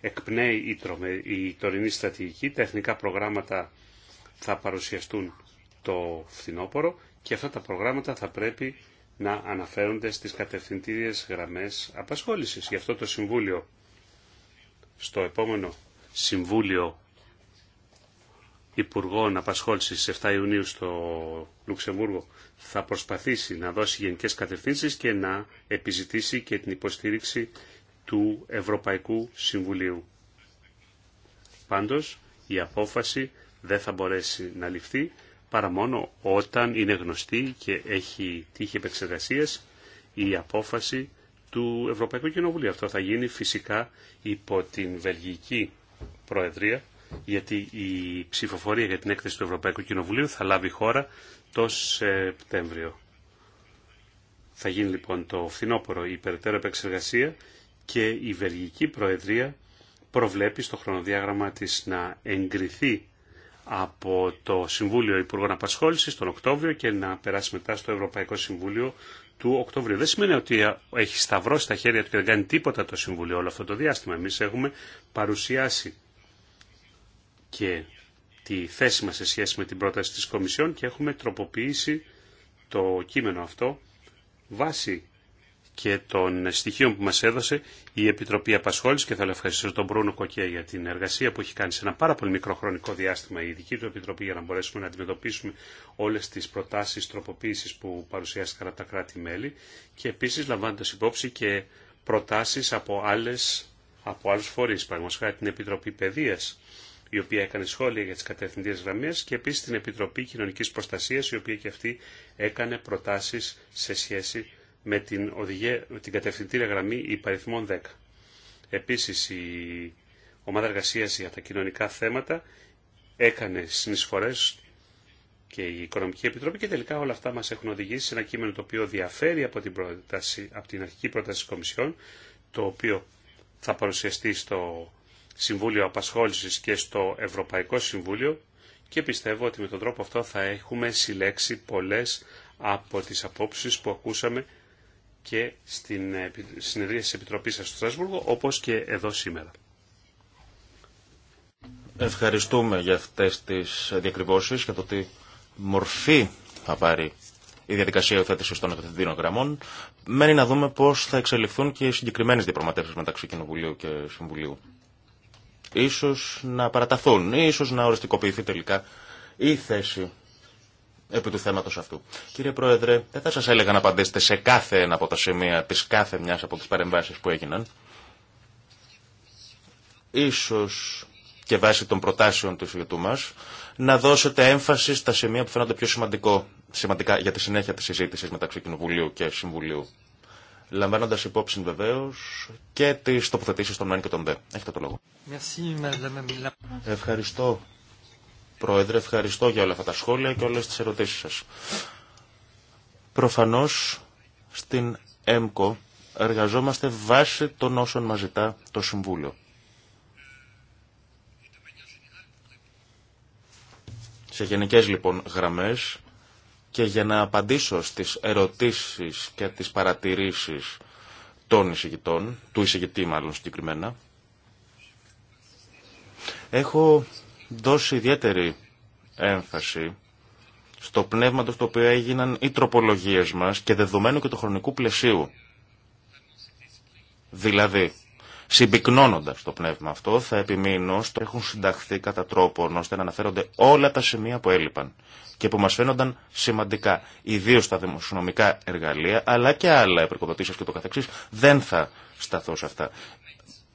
Εκπνέει η, τωρινή στρατηγική. Τα εθνικά προγράμματα θα παρουσιαστούν το φθινόπωρο και αυτά τα προγράμματα θα πρέπει να αναφέρονται στις κατευθυντήριες γραμμές απασχόλησης. Γι' αυτό το Συμβούλιο, στο επόμενο Συμβούλιο Υπουργών Απασχόλησης 7 Ιουνίου στο Λουξεμβούργο, θα προσπαθήσει να δώσει γενικές κατευθύνσεις και να επιζητήσει και την υποστήριξη του Ευρωπαϊκού Συμβουλίου. Πάντως, η απόφαση δεν θα μπορέσει να ληφθεί παρά μόνο όταν είναι γνωστή και έχει τύχει επεξεργασία η απόφαση του Ευρωπαϊκού Κοινοβουλίου. Αυτό θα γίνει φυσικά υπό την Βελγική Προεδρία, γιατί η ψηφοφορία για την έκθεση του Ευρωπαϊκού Κοινοβουλίου θα λάβει χώρα το Σεπτέμβριο. Θα γίνει λοιπόν το φθινόπωρο η περαιτέρω επεξεργασία και η Βελγική Προεδρία προβλέπει στο χρονοδιάγραμμα της να εγκριθεί από το Συμβούλιο Υπουργών Απασχόλησης τον Οκτώβριο και να περάσει μετά στο Ευρωπαϊκό Συμβούλιο του Οκτωβρίου. Δεν σημαίνει ότι έχει σταυρώσει τα χέρια του και δεν κάνει τίποτα το Συμβούλιο όλο αυτό το διάστημα. Εμείς έχουμε παρουσιάσει και τη θέση μας σε σχέση με την πρόταση της Κομισιόν και έχουμε τροποποιήσει το κείμενο αυτό βάσει και των στοιχείων που μας έδωσε η Επιτροπή Απασχόληση και θέλω ευχαριστήσω τον Μπρούνο Κοκέ για την εργασία που έχει κάνει σε ένα πάρα πολύ μικρό διάστημα η δική του Επιτροπή για να μπορέσουμε να αντιμετωπίσουμε όλες τις προτάσεις τροποποίησης που παρουσιάστηκαν από τα κράτη-μέλη και επίσης λαμβάνοντας υπόψη και προτάσεις από, άλλες, από φορεί, φορείς, χάρη την Επιτροπή Παιδεία, η οποία έκανε σχόλια για τι κατευθυντήρες γραμμέ και επίση την Επιτροπή Κοινωνική Προστασία, η οποία και αυτή έκανε προτάσει σε σχέση με την, οδηγία, την κατευθυντήρια γραμμή υπαριθμών 10. Επίσης η ομάδα εργασία για τα κοινωνικά θέματα έκανε συνεισφορές και η Οικονομική Επιτροπή και τελικά όλα αυτά μας έχουν οδηγήσει σε ένα κείμενο το οποίο διαφέρει από την, πρόταση, από την αρχική πρόταση της Κομισιόν, το οποίο θα παρουσιαστεί στο Συμβούλιο Απασχόλησης και στο Ευρωπαϊκό Συμβούλιο και πιστεύω ότι με τον τρόπο αυτό θα έχουμε συλλέξει πολλές από τις απόψεις που ακούσαμε και ε, στην συνεδρία της Επιτροπής σας στο Στρασβούργο, όπως και εδώ σήμερα. Ευχαριστούμε για αυτές τις διακριβώσεις και το τι μορφή θα πάρει η διαδικασία υιοθέτηση των εθνικών γραμμών. Μένει να δούμε πώς θα εξελιχθούν και οι συγκεκριμένε διαπραγματεύσεις μεταξύ Κοινοβουλίου και Συμβουλίου. Ίσως να παραταθούν, ίσως να οριστικοποιηθεί τελικά η θέση επί του θέματος αυτού. Κύριε Πρόεδρε, δεν θα σας έλεγα να απαντήσετε σε κάθε ένα από τα σημεία της κάθε μιας από τις παρεμβάσεις που έγιναν. Ίσως και βάσει των προτάσεων του Ισηγητού μας, να δώσετε έμφαση στα σημεία που φαίνονται πιο σημαντικό, σημαντικά για τη συνέχεια της συζήτησης μεταξύ Κοινοβουλίου και Συμβουλίου. Λαμβάνοντα υπόψη βεβαίω και τι τοποθετήσει των ΜΕΝ και των ΔΕ. Έχετε το λόγο. Ευχαριστώ, Πρόεδρε, ευχαριστώ για όλα αυτά τα σχόλια και όλες τις ερωτήσεις σας. Προφανώς στην ΕΜΚΟ εργαζόμαστε βάσει των όσων μας ζητά το Συμβούλιο. Σε γενικές λοιπόν γραμμές και για να απαντήσω στις ερωτήσεις και τις παρατηρήσεις των εισηγητών, του εισηγητή μάλλον συγκεκριμένα, έχω δώσει ιδιαίτερη έμφαση στο πνεύμα το οποίο έγιναν οι τροπολογίες μας και δεδομένου και του χρονικού πλαισίου. Δηλαδή, Συμπυκνώνοντα το πνεύμα αυτό, θα επιμείνω στο έχουν συνταχθεί κατά τρόπο ώστε να αναφέρονται όλα τα σημεία που έλειπαν και που μας φαίνονταν σημαντικά, ιδίω τα δημοσιονομικά εργαλεία, αλλά και άλλα επικοδοτήσει και το καθεξής, δεν θα σταθώ σε αυτά.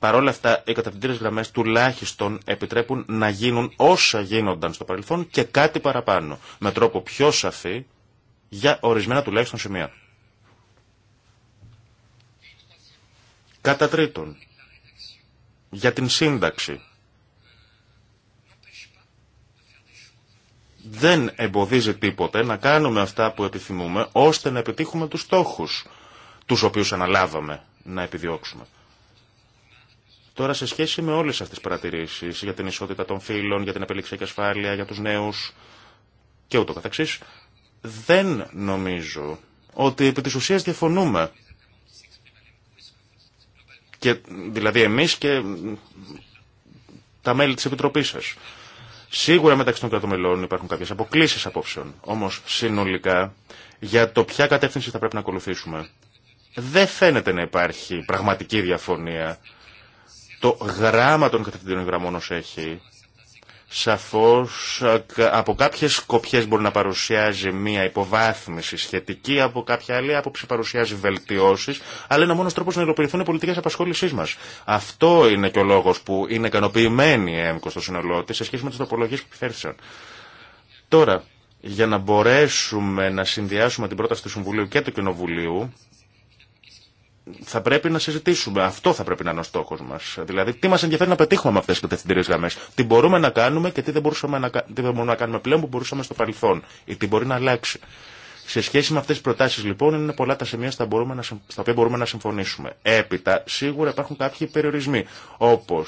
Παρόλα αυτά, οι κατευθυντήρες γραμμέ τουλάχιστον επιτρέπουν να γίνουν όσα γίνονταν στο παρελθόν και κάτι παραπάνω, με τρόπο πιο σαφή για ορισμένα τουλάχιστον σημεία. Κατά τρίτον, για την σύνταξη. Δεν εμποδίζει τίποτε να κάνουμε αυτά που επιθυμούμε, ώστε να επιτύχουμε τους στόχους τους οποίους αναλάβαμε να επιδιώξουμε. Τώρα, σε σχέση με όλε αυτέ τι παρατηρήσει για την ισότητα των φύλων, για την και ασφάλεια, για του νέου και ούτω καθεξής, δεν νομίζω ότι επί της ουσίας διαφωνούμε. Και, δηλαδή εμείς και τα μέλη της Επιτροπής σας. Σίγουρα μεταξύ των κρατομελών υπάρχουν κάποιες αποκλήσεις απόψεων. Όμως συνολικά για το ποια κατεύθυνση θα πρέπει να ακολουθήσουμε. Δεν φαίνεται να υπάρχει πραγματική διαφωνία το γράμμα των κατευθυντήριων γραμμών ως έχει, σαφώς ε, από κάποιες σκοπιές μπορεί να παρουσιάζει μία υποβάθμιση σχετική, από κάποια άλλη άποψη παρουσιάζει βελτιώσεις, αλλά είναι ο μόνος τρόπος να υλοποιηθούν οι πολιτικές απασχόλησής μας. Αυτό είναι και ο λόγος που είναι ικανοποιημένη η ΕΜΚΟ στο σύνολό της σε σχέση με τις τροπολογίες που επιφέρθησαν. Τώρα, για να μπορέσουμε να συνδυάσουμε την πρόταση του Συμβουλίου και του Κοινοβουλίου, θα πρέπει να συζητήσουμε. Αυτό θα πρέπει να είναι ο στόχο μα. Δηλαδή, τι μα ενδιαφέρει να πετύχουμε με αυτέ τι κατευθυντήριε γραμμέ. Τι μπορούμε να κάνουμε και τι δεν, μπορούσαμε να, δεν μπορούμε να κάνουμε πλέον που μπορούσαμε στο παρελθόν. Ή τι μπορεί να αλλάξει. Σε σχέση με αυτέ τι προτάσει, λοιπόν, είναι πολλά τα σημεία στα, να, στα οποία μπορούμε να συμφωνήσουμε. Έπειτα, σίγουρα υπάρχουν κάποιοι περιορισμοί. Όπω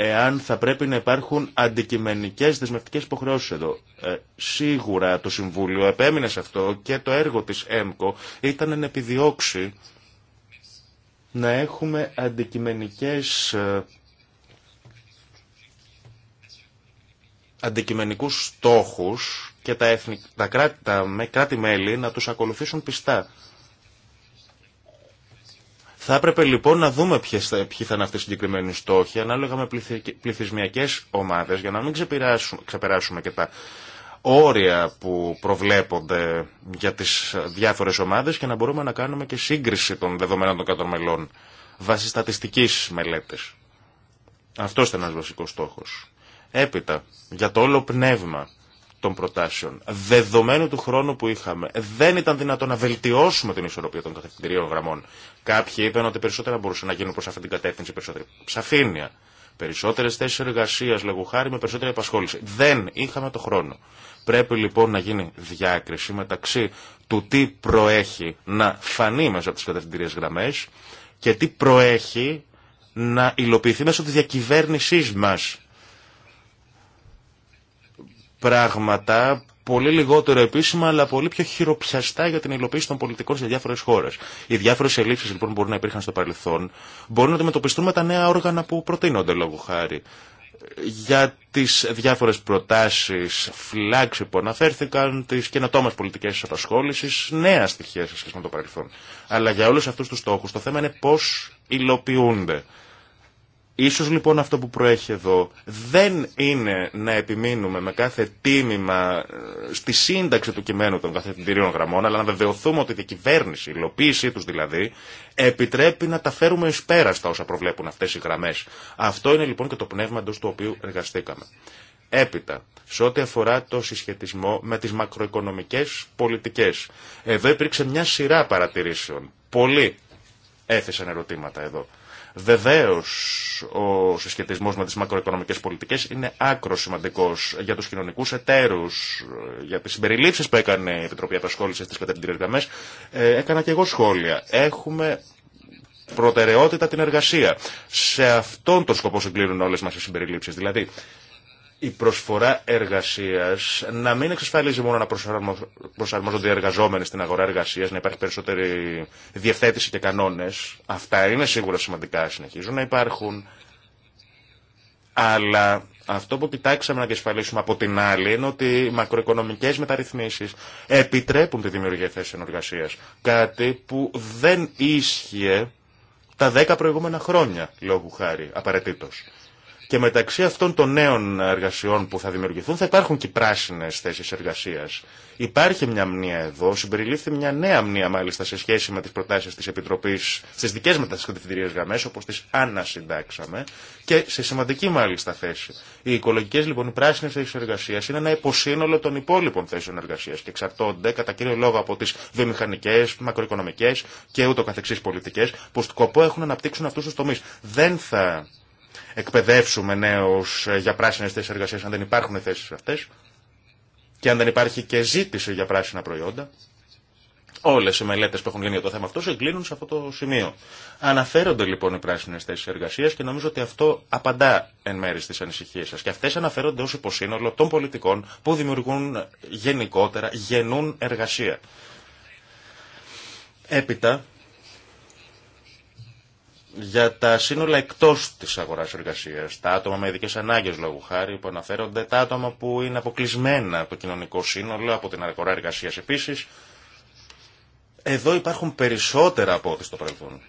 εάν θα πρέπει να υπάρχουν αντικειμενικές δεσμευτικές υποχρεώσεις εδώ. Ε, σίγουρα το Συμβούλιο επέμεινε σε αυτό και το έργο της ΕΜΚΟ ήταν να επιδιώξει να έχουμε αντικειμενικές ε, αντικειμενικούς στόχους και τα, εθνικ... τα, κράτη... τα κράτη-μέλη να τους ακολουθήσουν πιστά. Θα έπρεπε λοιπόν να δούμε ποιες θα, ποιοι θα είναι αυτοί οι συγκεκριμένοι στόχοι ανάλογα με πληθυσμιακές ομάδες για να μην ξεπεράσουμε και τα όρια που προβλέπονται για τις διάφορες ομάδες και να μπορούμε να κάνουμε και σύγκριση των δεδομένων των κατομελών βάσει στατιστικής μελέτης. Αυτό ήταν ένας βασικός στόχος. Έπειτα, για το όλο πνεύμα των προτάσεων. Δεδομένου του χρόνου που είχαμε, δεν ήταν δυνατό να βελτιώσουμε την ισορροπία των κατευθυντηρίων γραμμών. Κάποιοι είπαν ότι περισσότερα μπορούσαν να γίνουν προ αυτή την κατεύθυνση, περισσότερη σαφήνεια, περισσότερε θέσει εργασία, λέγω με περισσότερη απασχόληση. Δεν είχαμε το χρόνο. Πρέπει λοιπόν να γίνει διάκριση μεταξύ του τι προέχει να φανεί μέσα από τι κατευθυντηρίε γραμμέ και τι προέχει να υλοποιηθεί μέσω τη διακυβέρνησή μα πράγματα πολύ λιγότερο επίσημα, αλλά πολύ πιο χειροπιαστά για την υλοποίηση των πολιτικών σε διάφορε χώρε. Οι διάφορε ελλείψει λοιπόν που μπορούν να υπήρχαν στο παρελθόν, μπορούν να αντιμετωπιστούν με τα νέα όργανα που προτείνονται λόγω χάρη. Για τι διάφορε προτάσει φυλάξη που αναφέρθηκαν, τι καινοτόμε πολιτικέ απασχόληση, νέα στοιχεία σε σχέση με το παρελθόν. Αλλά για όλου αυτού του στόχου το θέμα είναι πώ υλοποιούνται. Ίσως λοιπόν αυτό που προέχει εδώ δεν είναι να επιμείνουμε με κάθε τίμημα ε, στη σύνταξη του κειμένου των καθετηρίων γραμμών, αλλά να βεβαιωθούμε ότι η κυβέρνηση, η υλοποίησή τους δηλαδή, επιτρέπει να τα φέρουμε εις πέρα στα όσα προβλέπουν αυτές οι γραμμές. Αυτό είναι λοιπόν και το πνεύμα εντός του οποίου εργαστήκαμε. Έπειτα, σε ό,τι αφορά το συσχετισμό με τις μακροοικονομικές πολιτικές. Εδώ υπήρξε μια σειρά παρατηρήσεων. Πολλοί έθεσαν ερωτήματα εδώ. Βεβαίω, ο συσχετισμό με τι μακροοικονομικέ πολιτικέ είναι άκρο σημαντικό για του κοινωνικού εταίρου, για τι συμπεριλήψει που έκανε η Επιτροπή Απασχόληση στι κατευθυντήρε γραμμέ. Ε, έκανα και εγώ σχόλια. Έχουμε προτεραιότητα την εργασία. Σε αυτόν τον σκοπό συγκλίνουν όλε μα οι συμπεριλήψει. Δηλαδή, η προσφορά εργασία να μην εξασφαλίζει μόνο να προσαρμόζονται οι εργαζόμενοι στην αγορά εργασία, να υπάρχει περισσότερη διευθέτηση και κανόνε. Αυτά είναι σίγουρα σημαντικά, συνεχίζουν να υπάρχουν. Αλλά αυτό που κοιτάξαμε να διασφαλίσουμε από την άλλη είναι ότι οι μακροοικονομικές μεταρρυθμίσει επιτρέπουν τη δημιουργία θέσεων εργασία, Κάτι που δεν ίσχυε τα δέκα προηγούμενα χρόνια, λόγου χάρη, απαραίτητο. Και μεταξύ αυτών των νέων εργασιών που θα δημιουργηθούν θα υπάρχουν και πράσινε θέσει εργασία. Υπάρχει μια μνήμα εδώ, συμπεριλήφθη μια νέα μνήμα μάλιστα σε σχέση με τι προτάσει τη Επιτροπή, στι δικέ μα κατευθυντηρίε γραμμέ, όπω τι ανασυντάξαμε, και σε σημαντική μάλιστα θέση. Οι οικολογικέ λοιπόν οι πράσινε θέσει εργασία είναι ένα υποσύνολο των υπόλοιπων θέσεων εργασία και εξαρτώνται κατά κύριο λόγο από τι βιομηχανικέ, μακροοικονομικέ και ούτω καθεξή πολιτικέ που σκοπό έχουν να αναπτύξουν αυτού του τομεί. Δεν θα εκπαιδεύσουμε νέους ε, για πράσινες θέσεις εργασίας αν δεν υπάρχουν θέσεις αυτές και αν δεν υπάρχει και ζήτηση για πράσινα προϊόντα. Όλε οι μελέτε που έχουν γίνει για το θέμα αυτό εγκλίνουν σε αυτό το σημείο. Αναφέρονται λοιπόν οι πράσινε θέσει εργασία και νομίζω ότι αυτό απαντά εν μέρη στι ανησυχίε σα. Και αυτέ αναφέρονται ω υποσύνολο των πολιτικών που δημιουργούν γενικότερα, γεννούν εργασία. Έπειτα, για τα σύνολα εκτό της αγοράς εργασία, τα άτομα με ειδικέ ανάγκες λόγου χάρη που αναφέρονται, τα άτομα που είναι αποκλεισμένα από το κοινωνικό σύνολο, από την αγορά εργασία. Επίση, Εδώ υπάρχουν περισσότερα από ό,τι στο παρελθόν.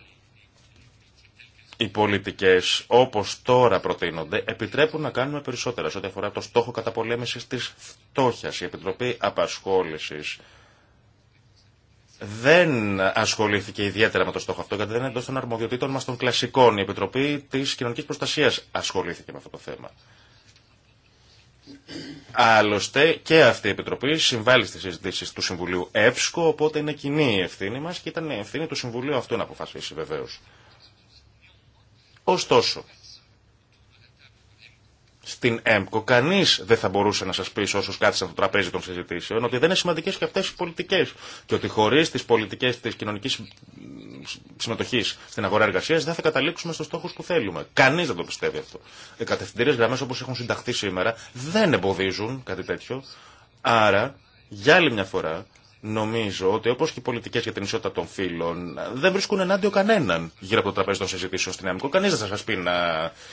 Οι πολιτικές όπως τώρα προτείνονται επιτρέπουν να κάνουμε περισσότερα σε ό,τι αφορά το στόχο καταπολέμηση τη φτώχεια, Η Επιτροπή απασχόληση δεν ασχολήθηκε ιδιαίτερα με το στόχο αυτό, γιατί δεν είναι εντό των αρμοδιοτήτων μα των κλασικών. Η Επιτροπή τη Κοινωνική Προστασία ασχολήθηκε με αυτό το θέμα. Άλλωστε και αυτή η Επιτροπή συμβάλλει στι συζητήσει του Συμβουλίου Εύσκο οπότε είναι κοινή η ευθύνη μα και ήταν η ευθύνη του Συμβουλίου αυτού να αποφασίσει βεβαίω. Ωστόσο, στην ΕΜΚΟ, κανεί δεν θα μπορούσε να σα πει, όσου κάθισαν στο τραπέζι των συζητήσεων, ότι δεν είναι σημαντικέ και αυτέ οι πολιτικέ. Και ότι χωρί τι πολιτικέ τη κοινωνική συμμετοχή στην αγορά εργασία δεν θα καταλήξουμε στου στόχου που θέλουμε. Κανεί δεν το πιστεύει αυτό. Οι κατευθυντήριε γραμμέ όπω έχουν συνταχθεί σήμερα δεν εμποδίζουν κάτι τέτοιο. Άρα, για άλλη μια φορά, νομίζω ότι όπω και οι πολιτικέ για την ισότητα των φύλων δεν βρίσκουν ενάντια κανέναν γύρω από το τραπέζι των συζητήσεων στην ΕΜΚΟ. Κανεί δεν θα σα πει να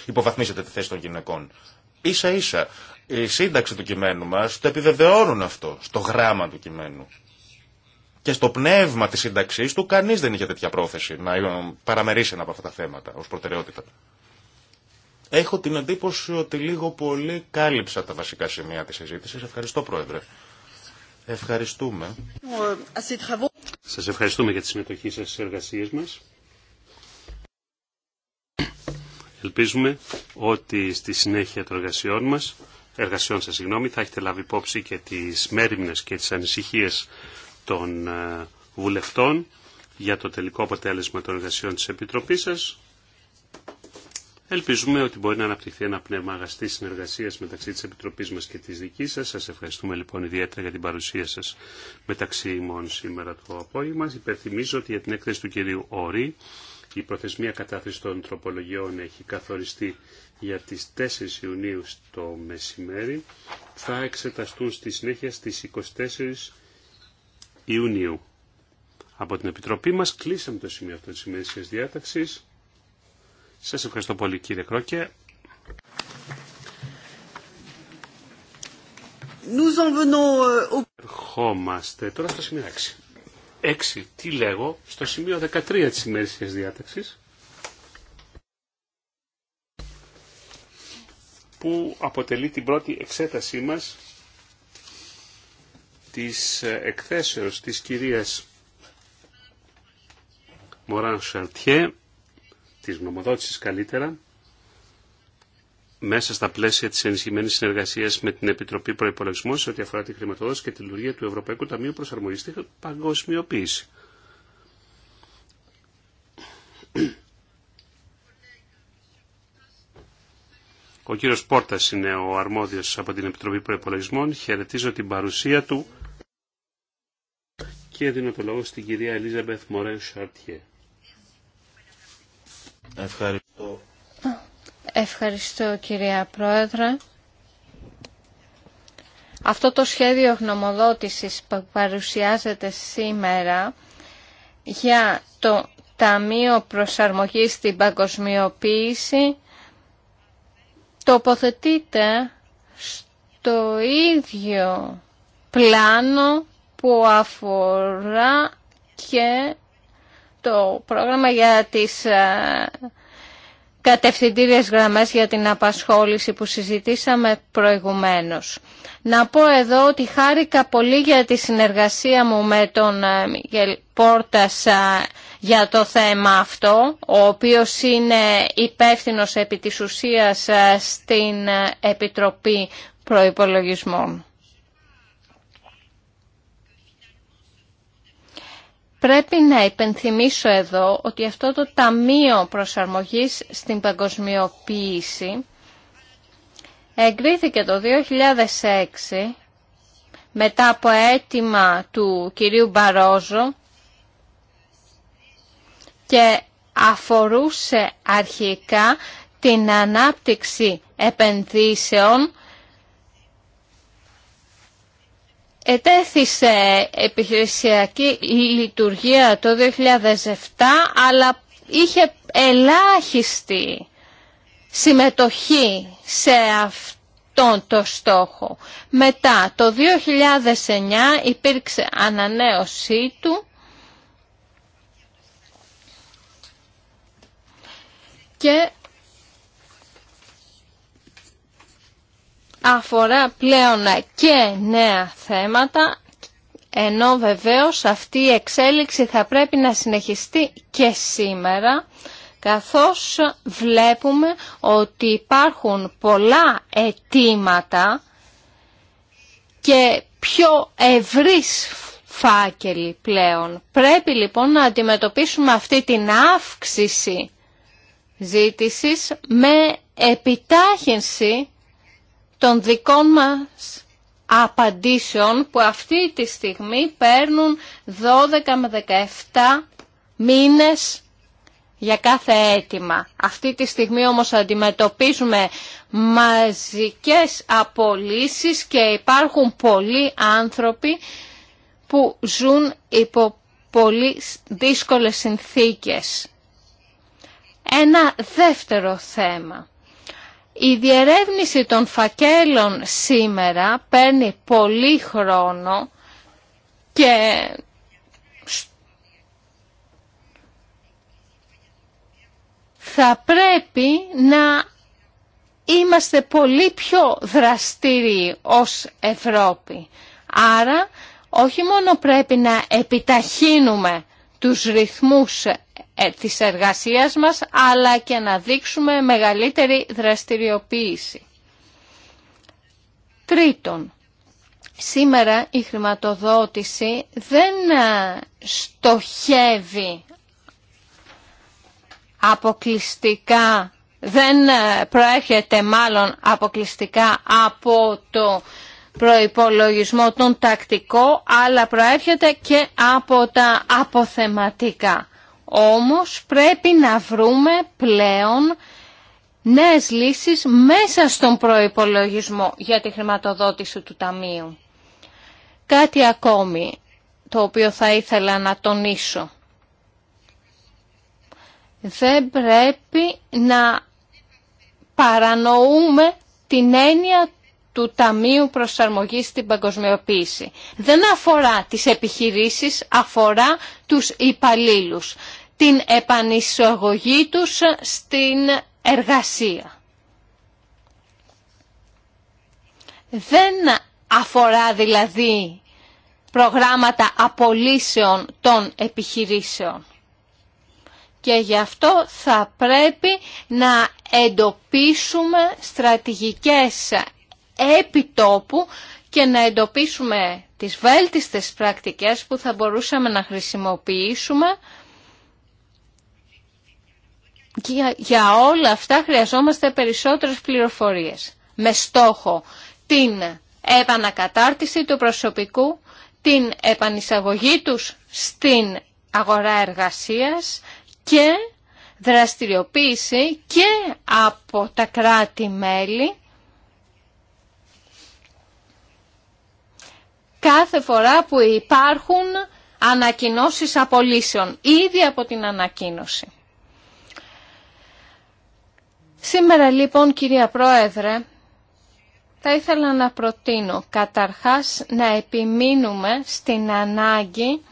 υποβαθμίσετε τη θέση των γυναικών. Ίσα ίσα. Η σύνταξη του κειμένου μας το επιβεβαιώνουν αυτό στο γράμμα του κειμένου. Και στο πνεύμα της σύνταξής του κανείς δεν είχε τέτοια πρόθεση να ε, παραμερίσει ένα από αυτά τα θέματα ως προτεραιότητα. Έχω την εντύπωση ότι λίγο πολύ κάλυψα τα βασικά σημεία της συζήτησης. Ευχαριστώ Πρόεδρε. Ευχαριστούμε. Σας ευχαριστούμε για τη συμμετοχή σας στις εργασίες μας. Ελπίζουμε ότι στη συνέχεια των εργασιών μας, εργασιών σας συγγνώμη, θα έχετε λάβει υπόψη και τις μέρημνες και τις ανησυχίες των ε, βουλευτών για το τελικό αποτέλεσμα των εργασιών της Επιτροπής σας. Ελπίζουμε ότι μπορεί να αναπτυχθεί ένα πνεύμα αγαστής συνεργασίας μεταξύ της Επιτροπής μας και της δικής σας. Σας ευχαριστούμε λοιπόν ιδιαίτερα για την παρουσία σας μεταξύ ημών σήμερα το απόγευμα. Υπενθυμίζω ότι για την έκθεση του κυρίου Όρη η προθεσμία κατάθεση των τροπολογιών έχει καθοριστεί για τις 4 Ιουνίου στο μεσημέρι, θα εξεταστούν στη συνέχεια στις 24 Ιουνίου. Από την Επιτροπή μας κλείσαμε το σημείο αυτό της τη διάταξης. Σας ευχαριστώ πολύ κύριε Κρόκε. Euh, Ερχόμαστε τώρα στο σημείο 6. 6 τι λέγω στο σημείο 13 της ημερήσιας διάταξης που αποτελεί την πρώτη εξέτασή μας της ε, εκθέσεως της κυρίας Μωράν Σαρτιέ της γνωμοδότησης καλύτερα μέσα στα πλαίσια της ενισχυμένης συνεργασίας με την Επιτροπή Προϋπολογισμών σε ό,τι αφορά τη χρηματοδότηση και τη λειτουργία του Ευρωπαϊκού Ταμείου προσαρμογής στην παγκοσμιοποίηση. Ο κύριος Πόρτας είναι ο αρμόδιος από την Επιτροπή Προϋπολογισμών. Χαιρετίζω την παρουσία του και δίνω το λόγο στην κυρία Μπεθ Μωρέου Σαρτιέ. Ευχαριστώ. Ευχαριστώ κυρία Πρόεδρε. Αυτό το σχέδιο γνωμοδότησης που παρουσιάζεται σήμερα για το Ταμείο Προσαρμογής στην Παγκοσμιοποίηση τοποθετείται στο ίδιο πλάνο που αφορά και το πρόγραμμα για τις ε, κατευθυντήριες γραμμές για την απασχόληση που συζητήσαμε προηγουμένως. Να πω εδώ ότι χάρηκα πολύ για τη συνεργασία μου με τον ε, Πόρτας ε, για το θέμα αυτό, ο οποίος είναι υπεύθυνος επί της ουσίας ε, στην Επιτροπή Προϋπολογισμών. Πρέπει να υπενθυμίσω εδώ ότι αυτό το Ταμείο Προσαρμογής στην Παγκοσμιοποίηση εγκρίθηκε το 2006 μετά από αίτημα του κυρίου Μπαρόζο και αφορούσε αρχικά την ανάπτυξη επενδύσεων ετέθησε επιχειρησιακή λειτουργία το 2007, αλλά είχε ελάχιστη συμμετοχή σε αυτόν το στόχο. Μετά το 2009 υπήρξε ανανέωσή του και αφορά πλέον και νέα θέματα, ενώ βεβαίως αυτή η εξέλιξη θα πρέπει να συνεχιστεί και σήμερα, καθώς βλέπουμε ότι υπάρχουν πολλά αιτήματα και πιο ευρύς φάκελοι πλέον. Πρέπει λοιπόν να αντιμετωπίσουμε αυτή την αύξηση ζήτησης με επιτάχυνση των δικών μας απαντήσεων που αυτή τη στιγμή παίρνουν 12 με 17 μήνες για κάθε αίτημα. Αυτή τη στιγμή όμως αντιμετωπίζουμε μαζικές απολύσεις και υπάρχουν πολλοί άνθρωποι που ζουν υπό πολύ δύσκολες συνθήκες. Ένα δεύτερο θέμα. Η διερεύνηση των φακέλων σήμερα παίρνει πολύ χρόνο και θα πρέπει να είμαστε πολύ πιο δραστήριοι ως Ευρώπη. Άρα όχι μόνο πρέπει να επιταχύνουμε τους ρυθμούς ε, της εργασίας μας, αλλά και να δείξουμε μεγαλύτερη δραστηριοποίηση. Τρίτον, σήμερα η χρηματοδότηση δεν ε, στοχεύει αποκλειστικά, δεν ε, προέρχεται μάλλον αποκλειστικά από το προϋπολογισμό των τακτικό, αλλά προέρχεται και από τα αποθεματικά. Όμως πρέπει να βρούμε πλέον νέες λύσεις μέσα στον προϋπολογισμό για τη χρηματοδότηση του Ταμείου. Κάτι ακόμη το οποίο θα ήθελα να τονίσω. Δεν πρέπει να παρανοούμε την έννοια του Ταμείου Προσαρμογής στην Παγκοσμιοποίηση. Δεν αφορά τις επιχειρήσεις, αφορά τους υπαλλήλους την επανεισογωγή τους στην εργασία. Δεν αφορά δηλαδή προγράμματα απολύσεων των επιχειρήσεων. Και γι' αυτό θα πρέπει να εντοπίσουμε στρατηγικές επιτόπου και να εντοπίσουμε τις βέλτιστες πρακτικές που θα μπορούσαμε να χρησιμοποιήσουμε για όλα αυτά χρειαζόμαστε περισσότερες πληροφορίες με στόχο την επανακατάρτιση του προσωπικού, την επανεισαγωγή τους στην αγορά εργασίας και δραστηριοποίηση και από τα κράτη-μέλη κάθε φορά που υπάρχουν ανακοινώσεις απολύσεων, ήδη από την ανακοίνωση. Σήμερα λοιπόν κυρία Πρόεδρε θα ήθελα να προτείνω καταρχάς να επιμείνουμε στην ανάγκη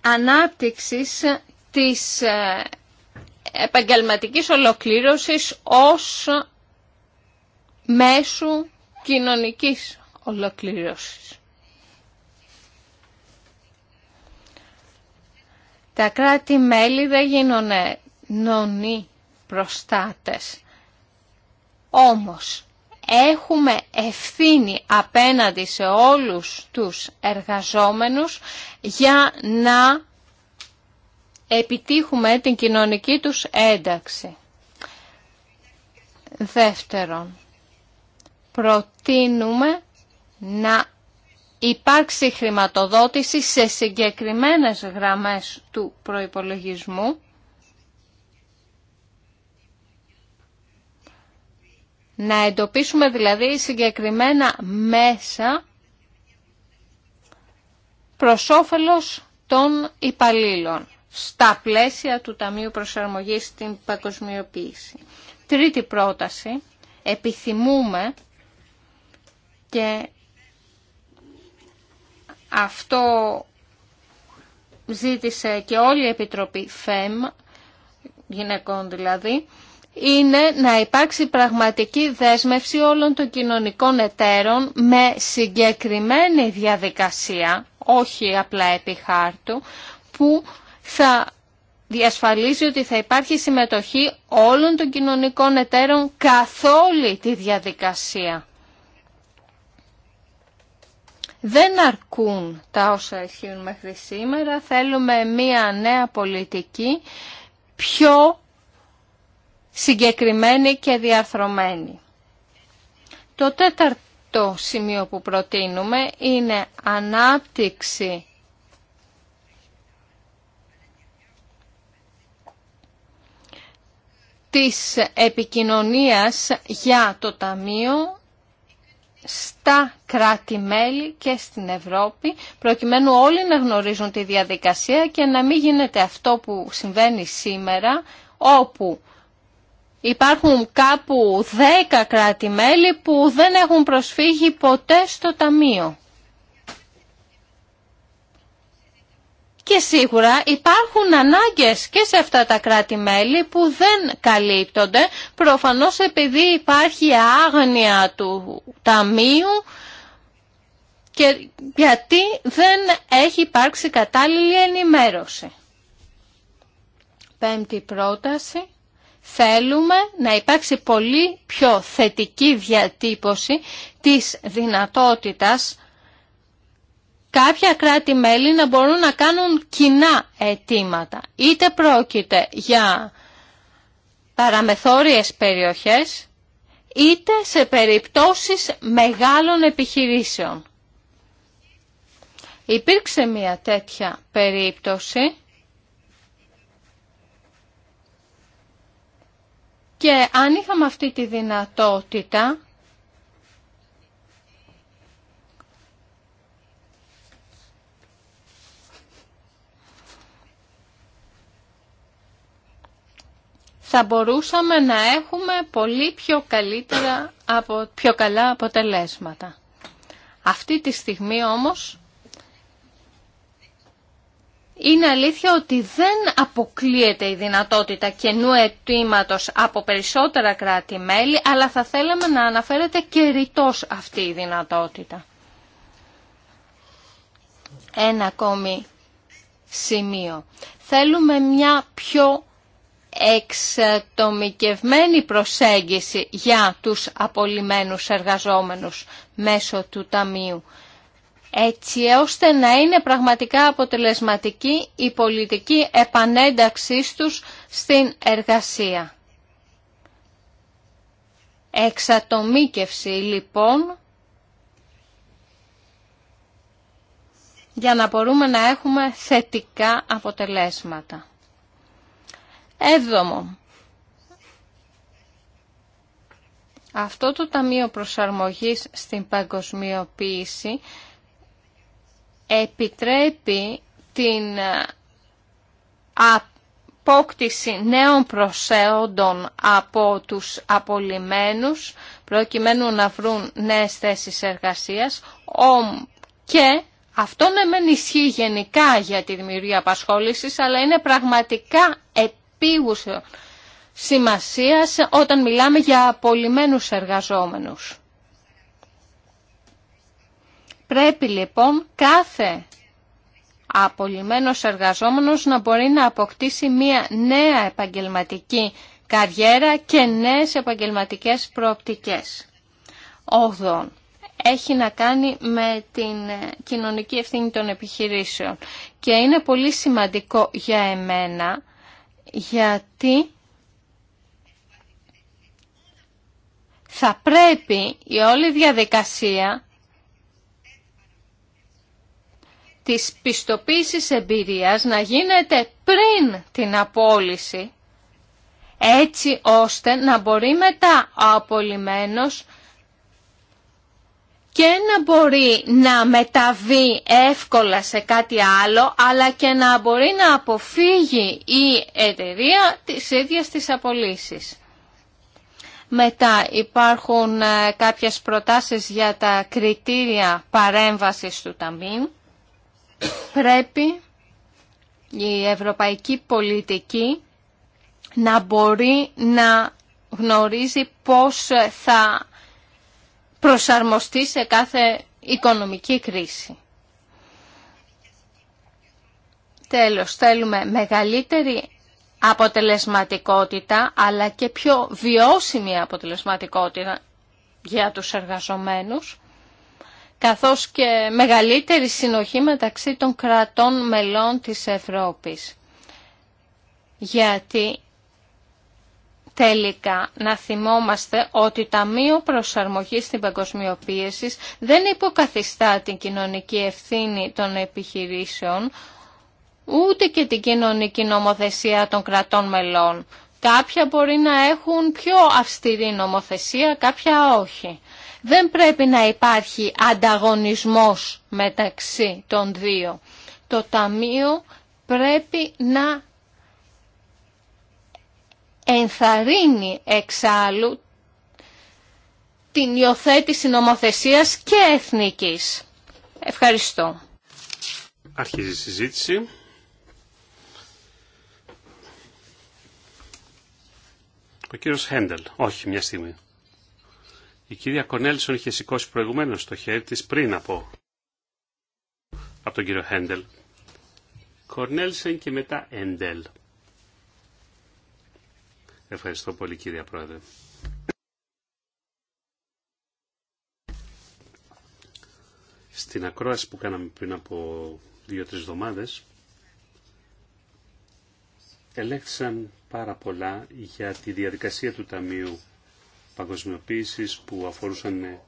ανάπτυξης της ε, επαγγελματικής ολοκλήρωσης ως μέσου κοινωνικής ολοκλήρωσης. Τα κράτη-μέλη δεν γίνονται νονοί προστάτες. Όμως έχουμε ευθύνη απέναντι σε όλους τους εργαζόμενους για να επιτύχουμε την κοινωνική τους ένταξη. Δεύτερον, προτείνουμε να υπάρξει χρηματοδότηση σε συγκεκριμένες γραμμές του προϋπολογισμού Να εντοπίσουμε δηλαδή συγκεκριμένα μέσα προς όφελος των υπαλλήλων στα πλαίσια του Ταμείου Προσαρμογής στην Παγκοσμιοποίηση. Τρίτη πρόταση, επιθυμούμε και αυτό ζήτησε και όλη η Επιτροπή ΦΕΜ, γυναικών δηλαδή, είναι να υπάρξει πραγματική δέσμευση όλων των κοινωνικών εταίρων με συγκεκριμένη διαδικασία, όχι απλά επί χάρτου, που θα διασφαλίζει ότι θα υπάρχει συμμετοχή όλων των κοινωνικών εταίρων καθ' όλη τη διαδικασία. Δεν αρκούν τα όσα ισχύουν μέχρι σήμερα. Θέλουμε μία νέα πολιτική πιο συγκεκριμένη και διαρθρωμένη. Το τέταρτο σημείο που προτείνουμε είναι ανάπτυξη της επικοινωνίας για το Ταμείο στα κράτη-μέλη και στην Ευρώπη, προκειμένου όλοι να γνωρίζουν τη διαδικασία και να μην γίνεται αυτό που συμβαίνει σήμερα, όπου Υπάρχουν κάπου 10 κράτη-μέλη που δεν έχουν προσφύγει ποτέ στο Ταμείο. Και σίγουρα υπάρχουν ανάγκες και σε αυτά τα κράτη-μέλη που δεν καλύπτονται, προφανώς επειδή υπάρχει άγνοια του Ταμείου και γιατί δεν έχει υπάρξει κατάλληλη ενημέρωση. Πέμπτη πρόταση θέλουμε να υπάρξει πολύ πιο θετική διατύπωση της δυνατότητας κάποια κράτη-μέλη να μπορούν να κάνουν κοινά αιτήματα. Είτε πρόκειται για παραμεθόριες περιοχές, είτε σε περιπτώσεις μεγάλων επιχειρήσεων. Υπήρξε μια τέτοια περίπτωση Και αν είχαμε αυτή τη δυνατότητα, θα μπορούσαμε να έχουμε πολύ πιο, καλύτερα, πιο καλά αποτελέσματα. Αυτή τη στιγμή όμως είναι αλήθεια ότι δεν αποκλείεται η δυνατότητα καινού αιτήματο από περισσότερα κράτη-μέλη, αλλά θα θέλαμε να αναφέρεται και ρητός αυτή η δυνατότητα. Ένα ακόμη σημείο. Θέλουμε μια πιο εξατομικευμένη προσέγγιση για τους απολυμένους εργαζόμενους μέσω του Ταμείου έτσι ώστε να είναι πραγματικά αποτελεσματική η πολιτική επανένταξής τους στην εργασία. Εξατομίκευση λοιπόν για να μπορούμε να έχουμε θετικά αποτελέσματα. Έβδομο. Αυτό το Ταμείο Προσαρμογής στην Παγκοσμιοποίηση επιτρέπει την ε, απόκτηση νέων προσέοντων από τους απολυμένους προκειμένου να βρουν νέες θέσεις εργασίας και αυτό ναι μεν ισχύει γενικά για τη δημιουργία απασχόλησης αλλά είναι πραγματικά επίγουσο σημασίας όταν μιλάμε για απολυμένους εργαζόμενους. Πρέπει λοιπόν κάθε απολυμμένος εργαζόμενος να μπορεί να αποκτήσει μία νέα επαγγελματική καριέρα και νέες επαγγελματικές προοπτικές. Όδον, έχει να κάνει με την κοινωνική ευθύνη των επιχειρήσεων και είναι πολύ σημαντικό για εμένα γιατί θα πρέπει η όλη διαδικασία της πιστοποίησης εμπειρίας να γίνεται πριν την απόλυση, έτσι ώστε να μπορεί μετά ο απολυμένος και να μπορεί να μεταβεί εύκολα σε κάτι άλλο, αλλά και να μπορεί να αποφύγει η εταιρεία της ίδιας της απολύσεις. Μετά υπάρχουν ε, κάποιες προτάσεις για τα κριτήρια παρέμβασης του ταμείου πρέπει η ευρωπαϊκή πολιτική να μπορεί να γνωρίζει πώς θα προσαρμοστεί σε κάθε οικονομική κρίση. Τέλος, θέλουμε μεγαλύτερη αποτελεσματικότητα, αλλά και πιο βιώσιμη αποτελεσματικότητα για τους εργαζομένους καθώς και μεγαλύτερη συνοχή μεταξύ των κρατών μελών της Ευρώπης. Γιατί Τελικά, να θυμόμαστε ότι τα Ταμείο προσαρμογή στην Παγκοσμιοποίηση δεν υποκαθιστά την κοινωνική ευθύνη των επιχειρήσεων, ούτε και την κοινωνική νομοθεσία των κρατών μελών. Κάποια μπορεί να έχουν πιο αυστηρή νομοθεσία, κάποια όχι. Δεν πρέπει να υπάρχει ανταγωνισμός μεταξύ των δύο. Το Ταμείο πρέπει να ενθαρρύνει εξάλλου την υιοθέτηση νομοθεσίας και εθνικής. Ευχαριστώ. Αρχίζει η συζήτηση. Ο κύριος Χέντελ. Όχι, μια στιγμή. Η κυρία Κονέλσον είχε σηκώσει προηγουμένω το χέρι τη πριν από, από τον κύριο Χέντελ. Κονέλσον και μετά Έντελ. Ευχαριστώ πολύ κυρία Πρόεδρε. Στην ακρόαση που κάναμε πριν από δύο-τρεις εβδομάδες ελέγξαν πάρα πολλά για τη διαδικασία του Ταμείου παγκοσμιοποίησης που αφορούσαν ε,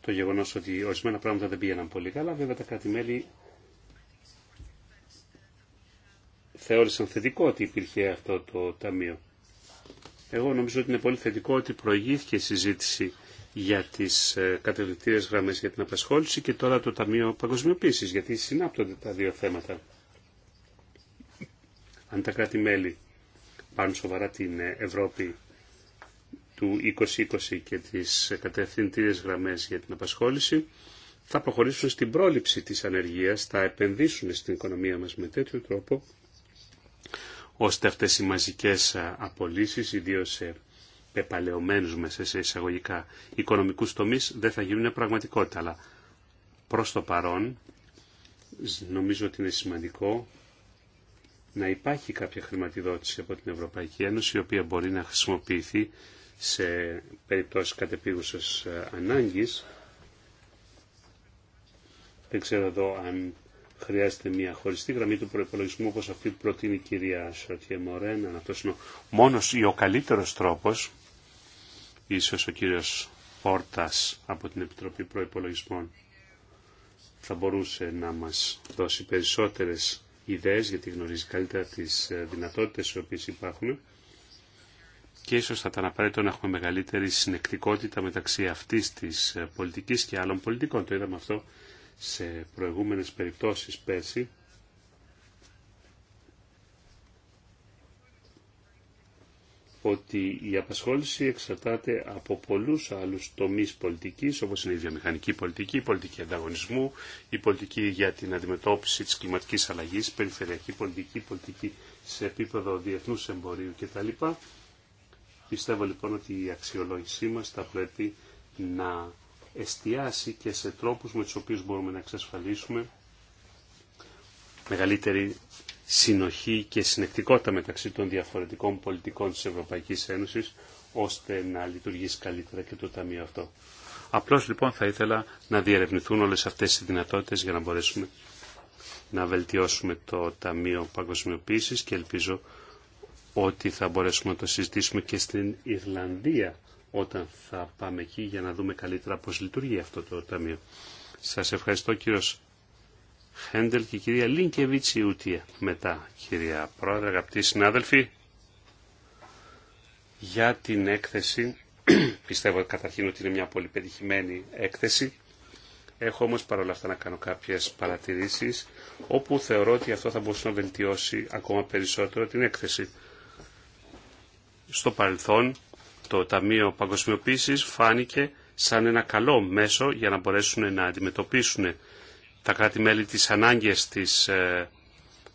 το γεγονός ότι ορισμένα πράγματα δεν πήγαιναν πολύ καλά. Βέβαια τα κράτη-μέλη θεώρησαν θετικό ότι υπήρχε αυτό το ταμείο. Εγώ νομίζω ότι είναι πολύ θετικό ότι προηγήθηκε η συζήτηση για τις ε, κατευθυντήρες γραμμές για την απασχόληση και τώρα το Ταμείο Παγκοσμιοποίησης, γιατί συνάπτονται τα δύο θέματα. Αν τα κράτη-μέλη πάνε σοβαρά την ε, Ευρώπη του 2020 και τις κατευθυντήριες γραμμές για την απασχόληση θα προχωρήσουν στην πρόληψη της ανεργίας, θα επενδύσουν στην οικονομία μας με τέτοιο τρόπο ώστε αυτές οι μαζικές απολύσει, ιδίω σε πεπαλαιωμένους μέσα σε εισαγωγικά οικονομικούς τομεί, δεν θα γίνουν πραγματικότητα. Αλλά προς το παρόν νομίζω ότι είναι σημαντικό να υπάρχει κάποια χρηματοδότηση από την Ευρωπαϊκή Ένωση η οποία μπορεί να χρησιμοποιηθεί σε περιπτώσεις κατεπίγουσας ε, ανάγκης. Δεν ξέρω εδώ αν χρειάζεται μια χωριστή γραμμή του προπολογισμού όπως αυτή που προτείνει η κυρία Σωτιέ αν Αυτός είναι ο μόνος ή ο καλύτερος τρόπος, ίσως ο κύριος Πόρτας από την Επιτροπή Προϋπολογισμών θα μπορούσε να μας δώσει περισσότερες ιδέες γιατί γνωρίζει καλύτερα τις ε, δυνατότητες οι οποίες υπάρχουν και ίσως θα ήταν απαραίτητο να έχουμε μεγαλύτερη συνεκτικότητα μεταξύ αυτής της ε, πολιτικής και άλλων πολιτικών. Το είδαμε αυτό σε προηγούμενες περιπτώσεις πέρσι. ότι η απασχόληση εξαρτάται από πολλούς άλλους τομείς πολιτικής, όπως είναι η βιομηχανική πολιτική, η πολιτική ανταγωνισμού, η πολιτική για την αντιμετώπιση της κλιματικής αλλαγής, περιφερειακή πολιτική, η πολιτική σε επίπεδο διεθνούς εμπορίου κτλ. Πιστεύω λοιπόν ότι η αξιολόγησή μας θα πρέπει να εστιάσει και σε τρόπους με τους οποίους μπορούμε να εξασφαλίσουμε μεγαλύτερη συνοχή και συνεκτικότητα μεταξύ των διαφορετικών πολιτικών της Ευρωπαϊκής Ένωσης, ώστε να λειτουργήσει καλύτερα και το Ταμείο αυτό. Απλώς λοιπόν θα ήθελα να διερευνηθούν όλες αυτές οι δυνατότητες για να μπορέσουμε να βελτιώσουμε το Ταμείο Παγκοσμιοποίησης και ελπίζω ότι θα μπορέσουμε να το συζητήσουμε και στην Ιρλανδία όταν θα πάμε εκεί για να δούμε καλύτερα πώς λειτουργεί αυτό το ταμείο. Σας ευχαριστώ κύριος Χέντελ και κυρία Λίνκεβιτς Ιούτια. Μετά κυρία Πρόεδρε, αγαπητοί συνάδελφοι, για την έκθεση, πιστεύω καταρχήν ότι είναι μια πολύ πετυχημένη έκθεση, Έχω όμως παρόλα αυτά να κάνω κάποιες παρατηρήσεις, όπου θεωρώ ότι αυτό θα μπορούσε να βελτιώσει ακόμα περισσότερο την έκθεση στο παρελθόν το Ταμείο Παγκοσμιοποίησης φάνηκε σαν ένα καλό μέσο για να μπορέσουν να αντιμετωπίσουν τα κράτη-μέλη τις ανάγκες της ε,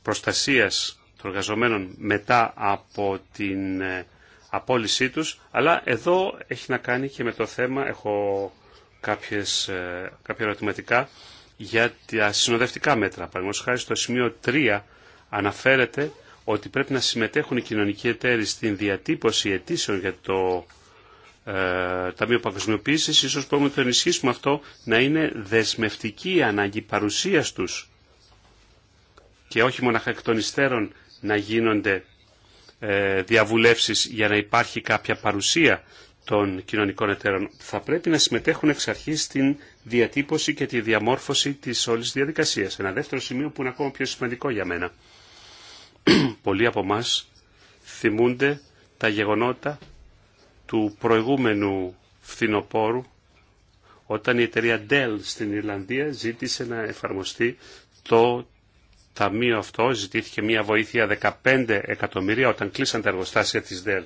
προστασίας των εργαζομένων μετά από την ε, απόλυσή τους, αλλά εδώ έχει να κάνει και με το θέμα, έχω κάποιες, ε, κάποια ερωτηματικά, για τα συνοδευτικά μέτρα. Παραδείγματος χάρη στο σημείο 3 αναφέρεται ότι πρέπει να συμμετέχουν οι κοινωνικοί εταίροι στην διατύπωση αιτήσεων για το ε, Ταμείο Παγκοσμιοποίησης, ίσως μπορούμε να το ενισχύσουμε αυτό, να είναι δεσμευτική η ανάγκη παρουσίας τους και όχι μόνο εκ των υστέρων να γίνονται ε, διαβουλεύσεις για να υπάρχει κάποια παρουσία των κοινωνικών εταίρων. Θα πρέπει να συμμετέχουν εξ αρχής στην διατύπωση και τη διαμόρφωση της όλης διαδικασίας. Ένα δεύτερο σημείο που είναι ακόμα πιο σημαντικό για μένα πολλοί από εμά θυμούνται τα γεγονότα του προηγούμενου φθινοπόρου όταν η εταιρεία Dell στην Ιρλανδία ζήτησε να εφαρμοστεί το ταμείο αυτό, ζητήθηκε μια βοήθεια 15 εκατομμύρια όταν κλείσαν τα εργοστάσια της Dell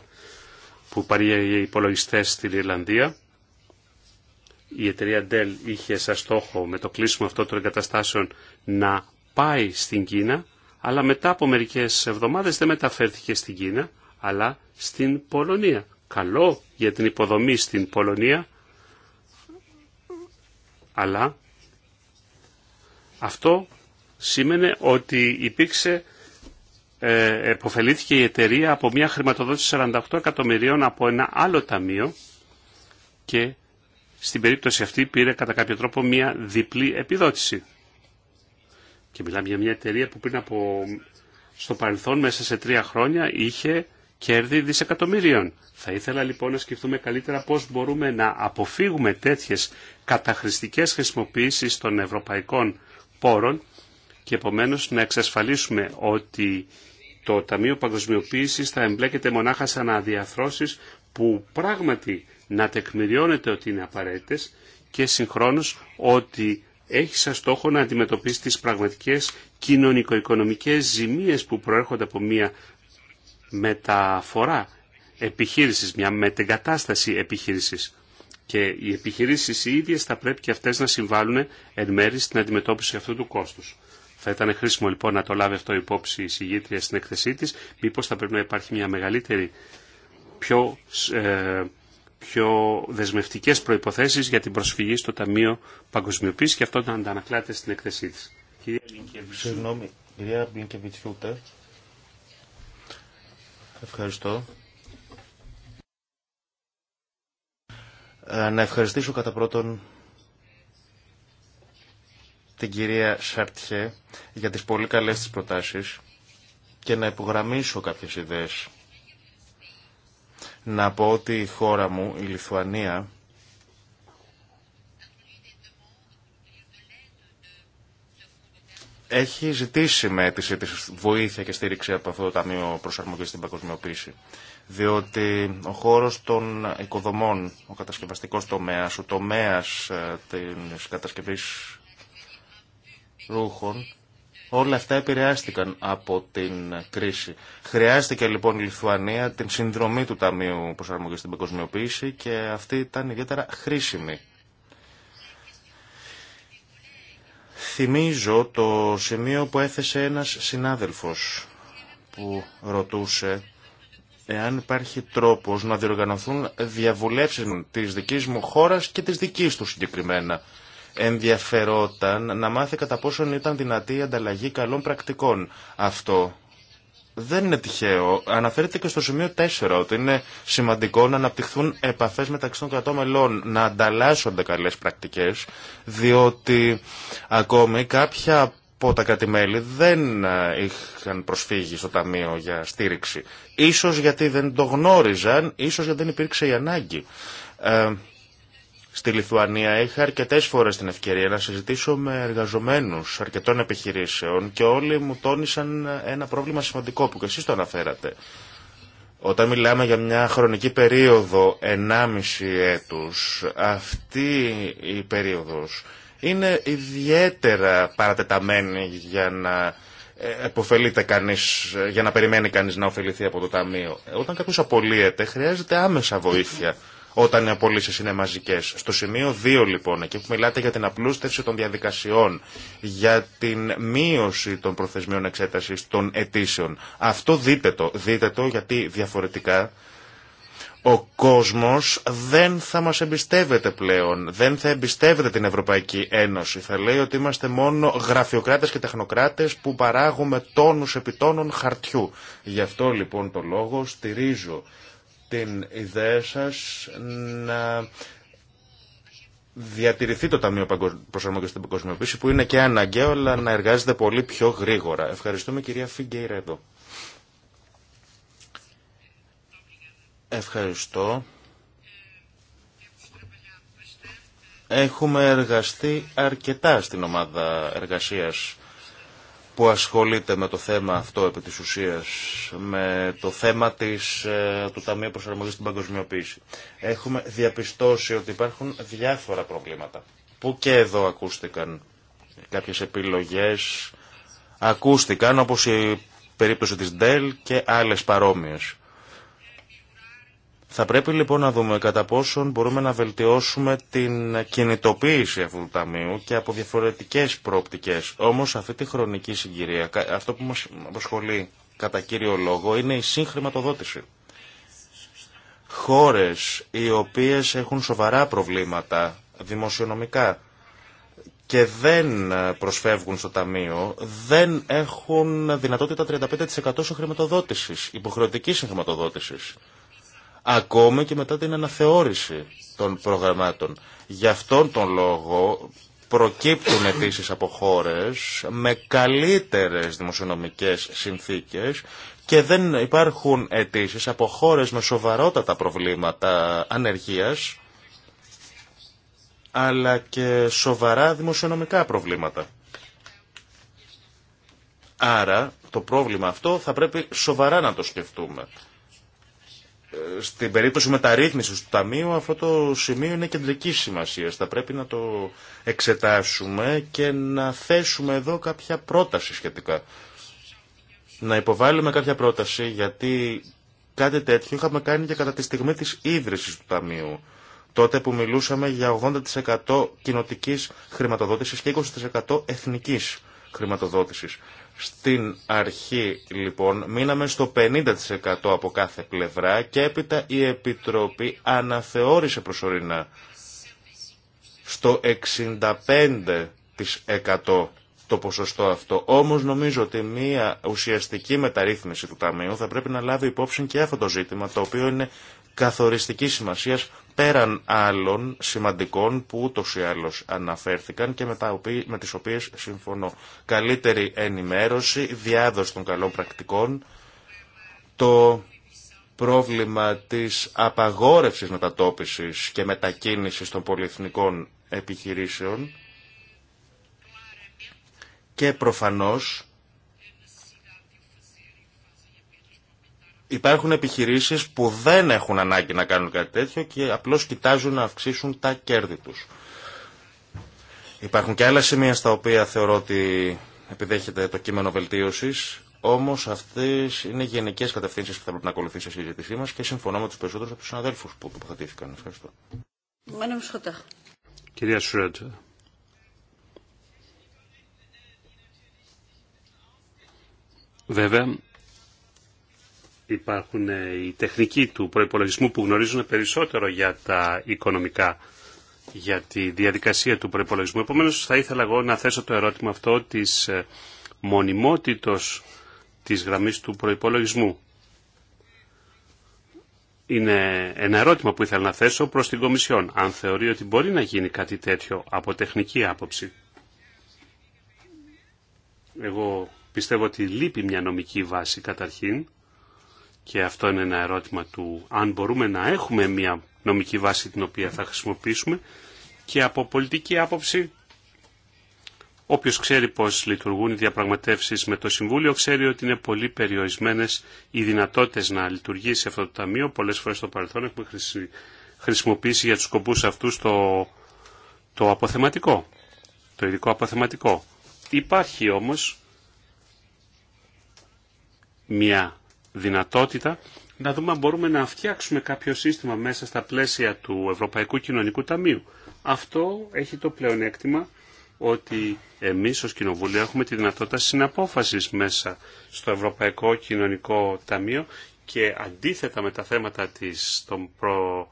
που οι υπολογιστέ στην Ιρλανδία. Η εταιρεία Dell είχε σαν στόχο με το κλείσιμο αυτό των εγκαταστάσεων να πάει στην Κίνα αλλά μετά από μερικές εβδομάδες δεν μεταφέρθηκε στην Κίνα, αλλά στην Πολωνία. Καλό για την υποδομή στην Πολωνία, αλλά αυτό σήμαινε ότι υπήρξε, ε, εποφελήθηκε η εταιρεία από μια χρηματοδότηση 48 εκατομμυρίων από ένα άλλο ταμείο και στην περίπτωση αυτή πήρε κατά κάποιο τρόπο μια διπλή επιδότηση. Και μιλάμε για μια εταιρεία που πριν από στο παρελθόν μέσα σε τρία χρόνια είχε κέρδη δισεκατομμύριων. Θα ήθελα λοιπόν να σκεφτούμε καλύτερα πώς μπορούμε να αποφύγουμε τέτοιες καταχρηστικές χρησιμοποιήσεις των ευρωπαϊκών πόρων και επομένως να εξασφαλίσουμε ότι το Ταμείο Παγκοσμιοποίησης θα εμπλέκεται μονάχα σε αναδιαθρώσεις που πράγματι να τεκμηριώνεται ότι είναι απαραίτητες και συγχρόνως ότι έχει σαν στόχο να αντιμετωπίσει τις πραγματικές κοινωνικο-οικονομικές ζημίες που προέρχονται από μια μεταφορά επιχείρησης, μια μετεγκατάσταση επιχείρησης. Και οι επιχειρήσεις οι ίδιες θα πρέπει και αυτές να συμβάλλουν εν μέρη στην αντιμετώπιση αυτού του κόστους. Θα ήταν χρήσιμο λοιπόν να το λάβει αυτό υπόψη η συγγήτρια στην εκθεσή της. Μήπως θα πρέπει να υπάρχει μια μεγαλύτερη, πιο ε, πιο δεσμευτικές προϋποθέσεις για την προσφυγή στο Ταμείο Παγκοσμιοποίησης και αυτό να αντανακλάται στην εκθεσή της. Συγγνώμη, κυρία Ευχαριστώ. Ε, να ευχαριστήσω κατά πρώτον την κυρία Σαρτιέ για τις πολύ καλές της προτάσεις και να υπογραμμίσω κάποιες ιδέες να πω ότι η χώρα μου, η Λιθουανία, έχει ζητήσει με αίτηση της βοήθεια και στήριξη από αυτό το Ταμείο Προσαρμογής στην Παγκοσμιοποίηση. Διότι ο χώρος των οικοδομών, ο κατασκευαστικός τομέας, ο τομέας ε, της κατασκευής ρούχων, Όλα αυτά επηρεάστηκαν από την κρίση. Χρειάστηκε λοιπόν η Λιθουανία την συνδρομή του Ταμείου Προσαρμογής στην Παγκοσμιοποίηση και αυτή ήταν ιδιαίτερα χρήσιμη. Θυμίζω το σημείο που έθεσε ένας συνάδελφος που ρωτούσε εάν υπάρχει τρόπος να διοργανωθούν διαβουλεύσεις της δικής μου χώρας και της δικής του συγκεκριμένα ενδιαφερόταν να μάθει κατά πόσον ήταν δυνατή η ανταλλαγή καλών πρακτικών. Αυτό δεν είναι τυχαίο. Αναφέρεται και στο σημείο 4 ότι είναι σημαντικό να αναπτυχθούν επαφέ μεταξύ των κρατών μελών, να ανταλλάσσονται καλέ πρακτικέ, διότι ακόμη κάποια από τα κρατημέλη δεν ε, είχαν προσφύγει στο Ταμείο για στήριξη. Ίσως γιατί δεν το γνώριζαν, ίσως γιατί δεν υπήρξε η ανάγκη. Ε, Στη Λιθουανία είχα αρκετέ φορέ την ευκαιρία να συζητήσω με εργαζομένου αρκετών επιχειρήσεων και όλοι μου τόνισαν ένα πρόβλημα σημαντικό που και εσεί το αναφέρατε. Όταν μιλάμε για μια χρονική περίοδο 1,5 έτους, αυτή η περίοδος είναι ιδιαίτερα παρατεταμένη για να ε, κανείς, για να περιμένει κανείς να ωφεληθεί από το Ταμείο. Όταν κάποιος απολύεται χρειάζεται άμεσα βοήθεια όταν οι απολύσει είναι μαζικέ. Στο σημείο 2 λοιπόν, εκεί που μιλάτε για την απλούστευση των διαδικασιών, για την μείωση των προθεσμιών εξέταση των αιτήσεων. Αυτό δείτε το. Δείτε το γιατί διαφορετικά ο κόσμος δεν θα μας εμπιστεύεται πλέον, δεν θα εμπιστεύεται την Ευρωπαϊκή Ένωση. Θα λέει ότι είμαστε μόνο γραφειοκράτες και τεχνοκράτες που παράγουμε τόνους επιτόνων χαρτιού. Γι' αυτό λοιπόν το λόγο στηρίζω την ιδέα σας να διατηρηθεί το Ταμείο Προσαρμογής στην Παγκοσμιοποίηση που είναι και αναγκαίο αλλά να εργάζεται πολύ πιο γρήγορα. Ευχαριστούμε κυρία Φιγκέιρα εδώ. Ευχαριστώ. Έχουμε εργαστεί αρκετά στην ομάδα εργασίας που ασχολείται με το θέμα αυτό επί της ουσίας, με το θέμα της, ε, του Ταμείου Προσαρμογής στην Παγκοσμιοποίηση. Έχουμε διαπιστώσει ότι υπάρχουν διάφορα προβλήματα, που και εδώ ακούστηκαν κάποιες επιλογές, ακούστηκαν όπως η περίπτωση της ΔΕΛ και άλλες παρόμοιες. Θα πρέπει λοιπόν να δούμε κατά πόσον μπορούμε να βελτιώσουμε την κινητοποίηση αυτού του ταμείου και από διαφορετικές προοπτικές. Όμως αυτή τη χρονική συγκυρία, αυτό που μας απασχολεί κατά κύριο λόγο, είναι η συγχρηματοδότηση. Χώρες οι οποίες έχουν σοβαρά προβλήματα δημοσιονομικά και δεν προσφεύγουν στο ταμείο, δεν έχουν δυνατότητα 35% συγχρηματοδότησης, υποχρεωτικής συγχρηματοδότησης ακόμη και μετά την αναθεώρηση των προγραμμάτων. Γι' αυτόν τον λόγο προκύπτουν επίσης από χώρες με καλύτερες δημοσιονομικές συνθήκες και δεν υπάρχουν αιτήσει από χώρες με σοβαρότατα προβλήματα ανεργίας αλλά και σοβαρά δημοσιονομικά προβλήματα. Άρα το πρόβλημα αυτό θα πρέπει σοβαρά να το σκεφτούμε στην περίπτωση μεταρρύθμισης του Ταμείου αυτό το σημείο είναι κεντρική σημασία. Θα πρέπει να το εξετάσουμε και να θέσουμε εδώ κάποια πρόταση σχετικά. Να υποβάλουμε κάποια πρόταση γιατί κάτι τέτοιο είχαμε κάνει και κατά τη στιγμή της ίδρυσης του Ταμείου. Τότε που μιλούσαμε για 80% κοινοτικής χρηματοδότησης και 20% εθνικής χρηματοδότησης. Στην αρχή λοιπόν μείναμε στο 50% από κάθε πλευρά και έπειτα η Επιτροπή αναθεώρησε προσωρινά στο 65% το ποσοστό αυτό. Όμως νομίζω ότι μια ουσιαστική μεταρρύθμιση του Ταμείου θα πρέπει να λάβει υπόψη και αυτό το ζήτημα, το οποίο είναι καθοριστικής σημασίας πέραν άλλων σημαντικών που ούτω ή άλλω αναφέρθηκαν και με, με τις οποίες συμφωνώ. Καλύτερη ενημέρωση, διάδοση των καλών πρακτικών, το πρόβλημα της απαγόρευσης μετατόπισης και μετακίνησης των πολυεθνικών επιχειρήσεων και προφανώς Υπάρχουν επιχειρήσεις που δεν έχουν ανάγκη να κάνουν κάτι τέτοιο και απλώς κοιτάζουν να αυξήσουν τα κέρδη τους. Υπάρχουν και άλλα σημεία στα οποία θεωρώ ότι επιδέχεται το κείμενο βελτίωσης, όμως αυτές είναι γενικές κατευθύνσεις που θα πρέπει να ακολουθήσει η συζήτησή μας και συμφωνώ με τους περισσότερους από του συναδέλφους που τοποθετήθηκαν. Ευχαριστώ. Κυρία Βέβαια, υπάρχουν ε, οι τεχνικοί του προϋπολογισμού που γνωρίζουν περισσότερο για τα οικονομικά, για τη διαδικασία του προϋπολογισμού. Επομένως θα ήθελα εγώ να θέσω το ερώτημα αυτό της ε, μονιμότητος της γραμμής του προϋπολογισμού. Είναι ένα ερώτημα που ήθελα να θέσω προς την Κομισιόν, αν θεωρεί ότι μπορεί να γίνει κάτι τέτοιο από τεχνική άποψη. Εγώ πιστεύω ότι λείπει μια νομική βάση καταρχήν και αυτό είναι ένα ερώτημα του αν μπορούμε να έχουμε μια νομική βάση την οποία θα χρησιμοποιήσουμε και από πολιτική άποψη Όποιο ξέρει πώς λειτουργούν οι διαπραγματεύσει με το Συμβούλιο, ξέρει ότι είναι πολύ περιορισμένε οι δυνατότητε να λειτουργήσει αυτό το Ταμείο. Πολλέ φορέ στο παρελθόν έχουμε χρησιμοποιήσει για του σκοπού αυτού το, το αποθεματικό, το ειδικό αποθεματικό. Υπάρχει όμω μια δυνατότητα να δούμε αν μπορούμε να φτιάξουμε κάποιο σύστημα μέσα στα πλαίσια του Ευρωπαϊκού Κοινωνικού Ταμείου. Αυτό έχει το πλεονέκτημα ότι εμείς ως Κοινοβούλιο έχουμε τη δυνατότητα συναπόφασης μέσα στο Ευρωπαϊκό Κοινωνικό Ταμείο και αντίθετα με τα θέματα της, των, προ,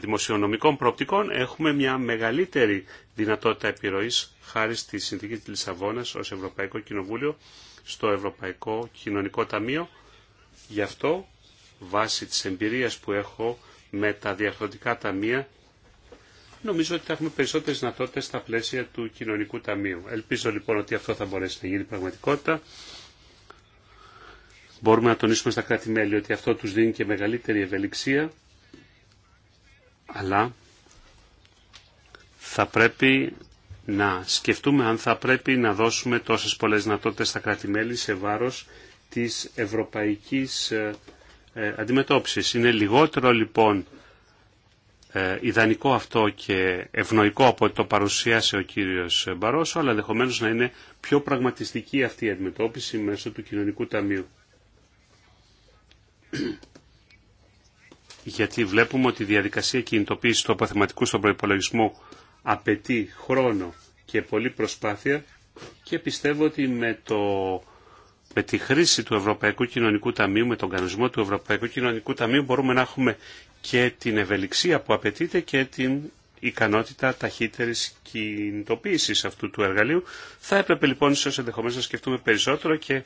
δημοσιονομικών προοπτικών έχουμε μια μεγαλύτερη δυνατότητα επιρροής χάρη στη Συνθήκη της Λισαβόνας ως Ευρωπαϊκό Κοινοβούλιο στο Ευρωπαϊκό Κοινωνικό Ταμείο Γι' αυτό, βάσει της εμπειρίας που έχω με τα διαφορετικά ταμεία, νομίζω ότι θα έχουμε περισσότερες δυνατότητε στα πλαίσια του κοινωνικού ταμείου. Ελπίζω λοιπόν ότι αυτό θα μπορέσει να γίνει πραγματικότητα. Μπορούμε να τονίσουμε στα κράτη-μέλη ότι αυτό τους δίνει και μεγαλύτερη ευελιξία, αλλά θα πρέπει να σκεφτούμε αν θα πρέπει να δώσουμε τόσες πολλές δυνατότητες στα κράτη-μέλη σε βάρος της ευρωπαϊκής ε, ε, αντιμετώπισης. Είναι λιγότερο λοιπόν ε, ιδανικό αυτό και ευνοϊκό από το παρουσίασε ο κύριος Μπαρόσο, αλλά ενδεχομένω να είναι πιο πραγματιστική αυτή η αντιμετώπιση μέσω του κοινωνικού ταμείου. Γιατί βλέπουμε ότι η διαδικασία κινητοποίηση του αποθεματικού στον προπολογισμό απαιτεί χρόνο και πολλή προσπάθεια και πιστεύω ότι με το με τη χρήση του Ευρωπαϊκού Κοινωνικού Ταμείου, με τον κανονισμό του Ευρωπαϊκού Κοινωνικού Ταμείου μπορούμε να έχουμε και την ευελιξία που απαιτείται και την ικανότητα ταχύτερη κινητοποίηση αυτού του εργαλείου. Θα έπρεπε λοιπόν ίσω ενδεχομένω να σκεφτούμε περισσότερο και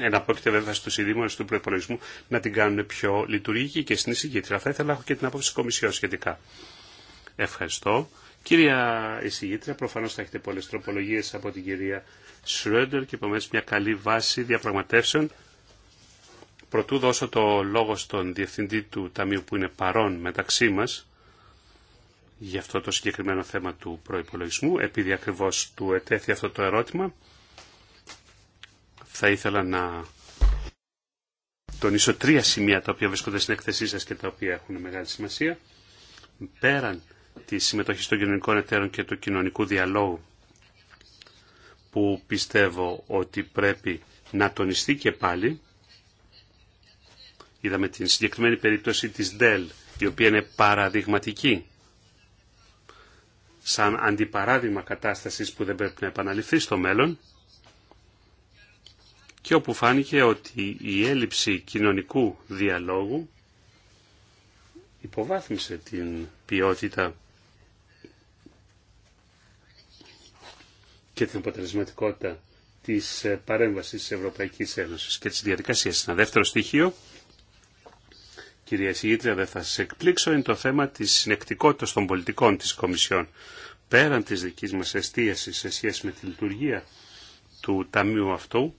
εναπόκειται βέβαια στους ειδήμονε του προπολογισμού να την κάνουν πιο λειτουργική και στην εισηγήτρια. Θα ήθελα να έχω και την απόψη Κομισιόν σχετικά. Ευχαριστώ. Κυρία εισηγήτρια, προφανώ θα έχετε πολλέ τροπολογίε από την κυρία Σρέντερ και επομένως μια καλή βάση διαπραγματεύσεων. Προτού δώσω το λόγο στον Διευθυντή του Ταμείου που είναι παρόν μεταξύ μας για αυτό το συγκεκριμένο θέμα του προϋπολογισμού, επειδή ακριβώς του ετέθη αυτό το ερώτημα, θα ήθελα να τονίσω τρία σημεία τα οποία βρίσκονται στην έκθεσή σας και τα οποία έχουν μεγάλη σημασία. Πέραν τη συμμετοχή των κοινωνικών εταίρων και του κοινωνικού διαλόγου που πιστεύω ότι πρέπει να τονιστεί και πάλι. Είδαμε την συγκεκριμένη περίπτωση της ΔΕΛ, η οποία είναι παραδειγματική, σαν αντιπαράδειγμα κατάστασης που δεν πρέπει να επαναληφθεί στο μέλλον και όπου φάνηκε ότι η έλλειψη κοινωνικού διαλόγου υποβάθμισε την ποιότητα και την αποτελεσματικότητα της ε, παρέμβασης της ευρωπαϊκή Ένωσης και της διαδικασίας. Ένα δεύτερο στοιχείο, κυρία Συγήτρια, δεν θα σας εκπλήξω, είναι το θέμα της συνεκτικότητας των πολιτικών της Κομισιόν. Πέραν της δικής μας εστίασης σε σχέση με τη λειτουργία του Ταμείου αυτού,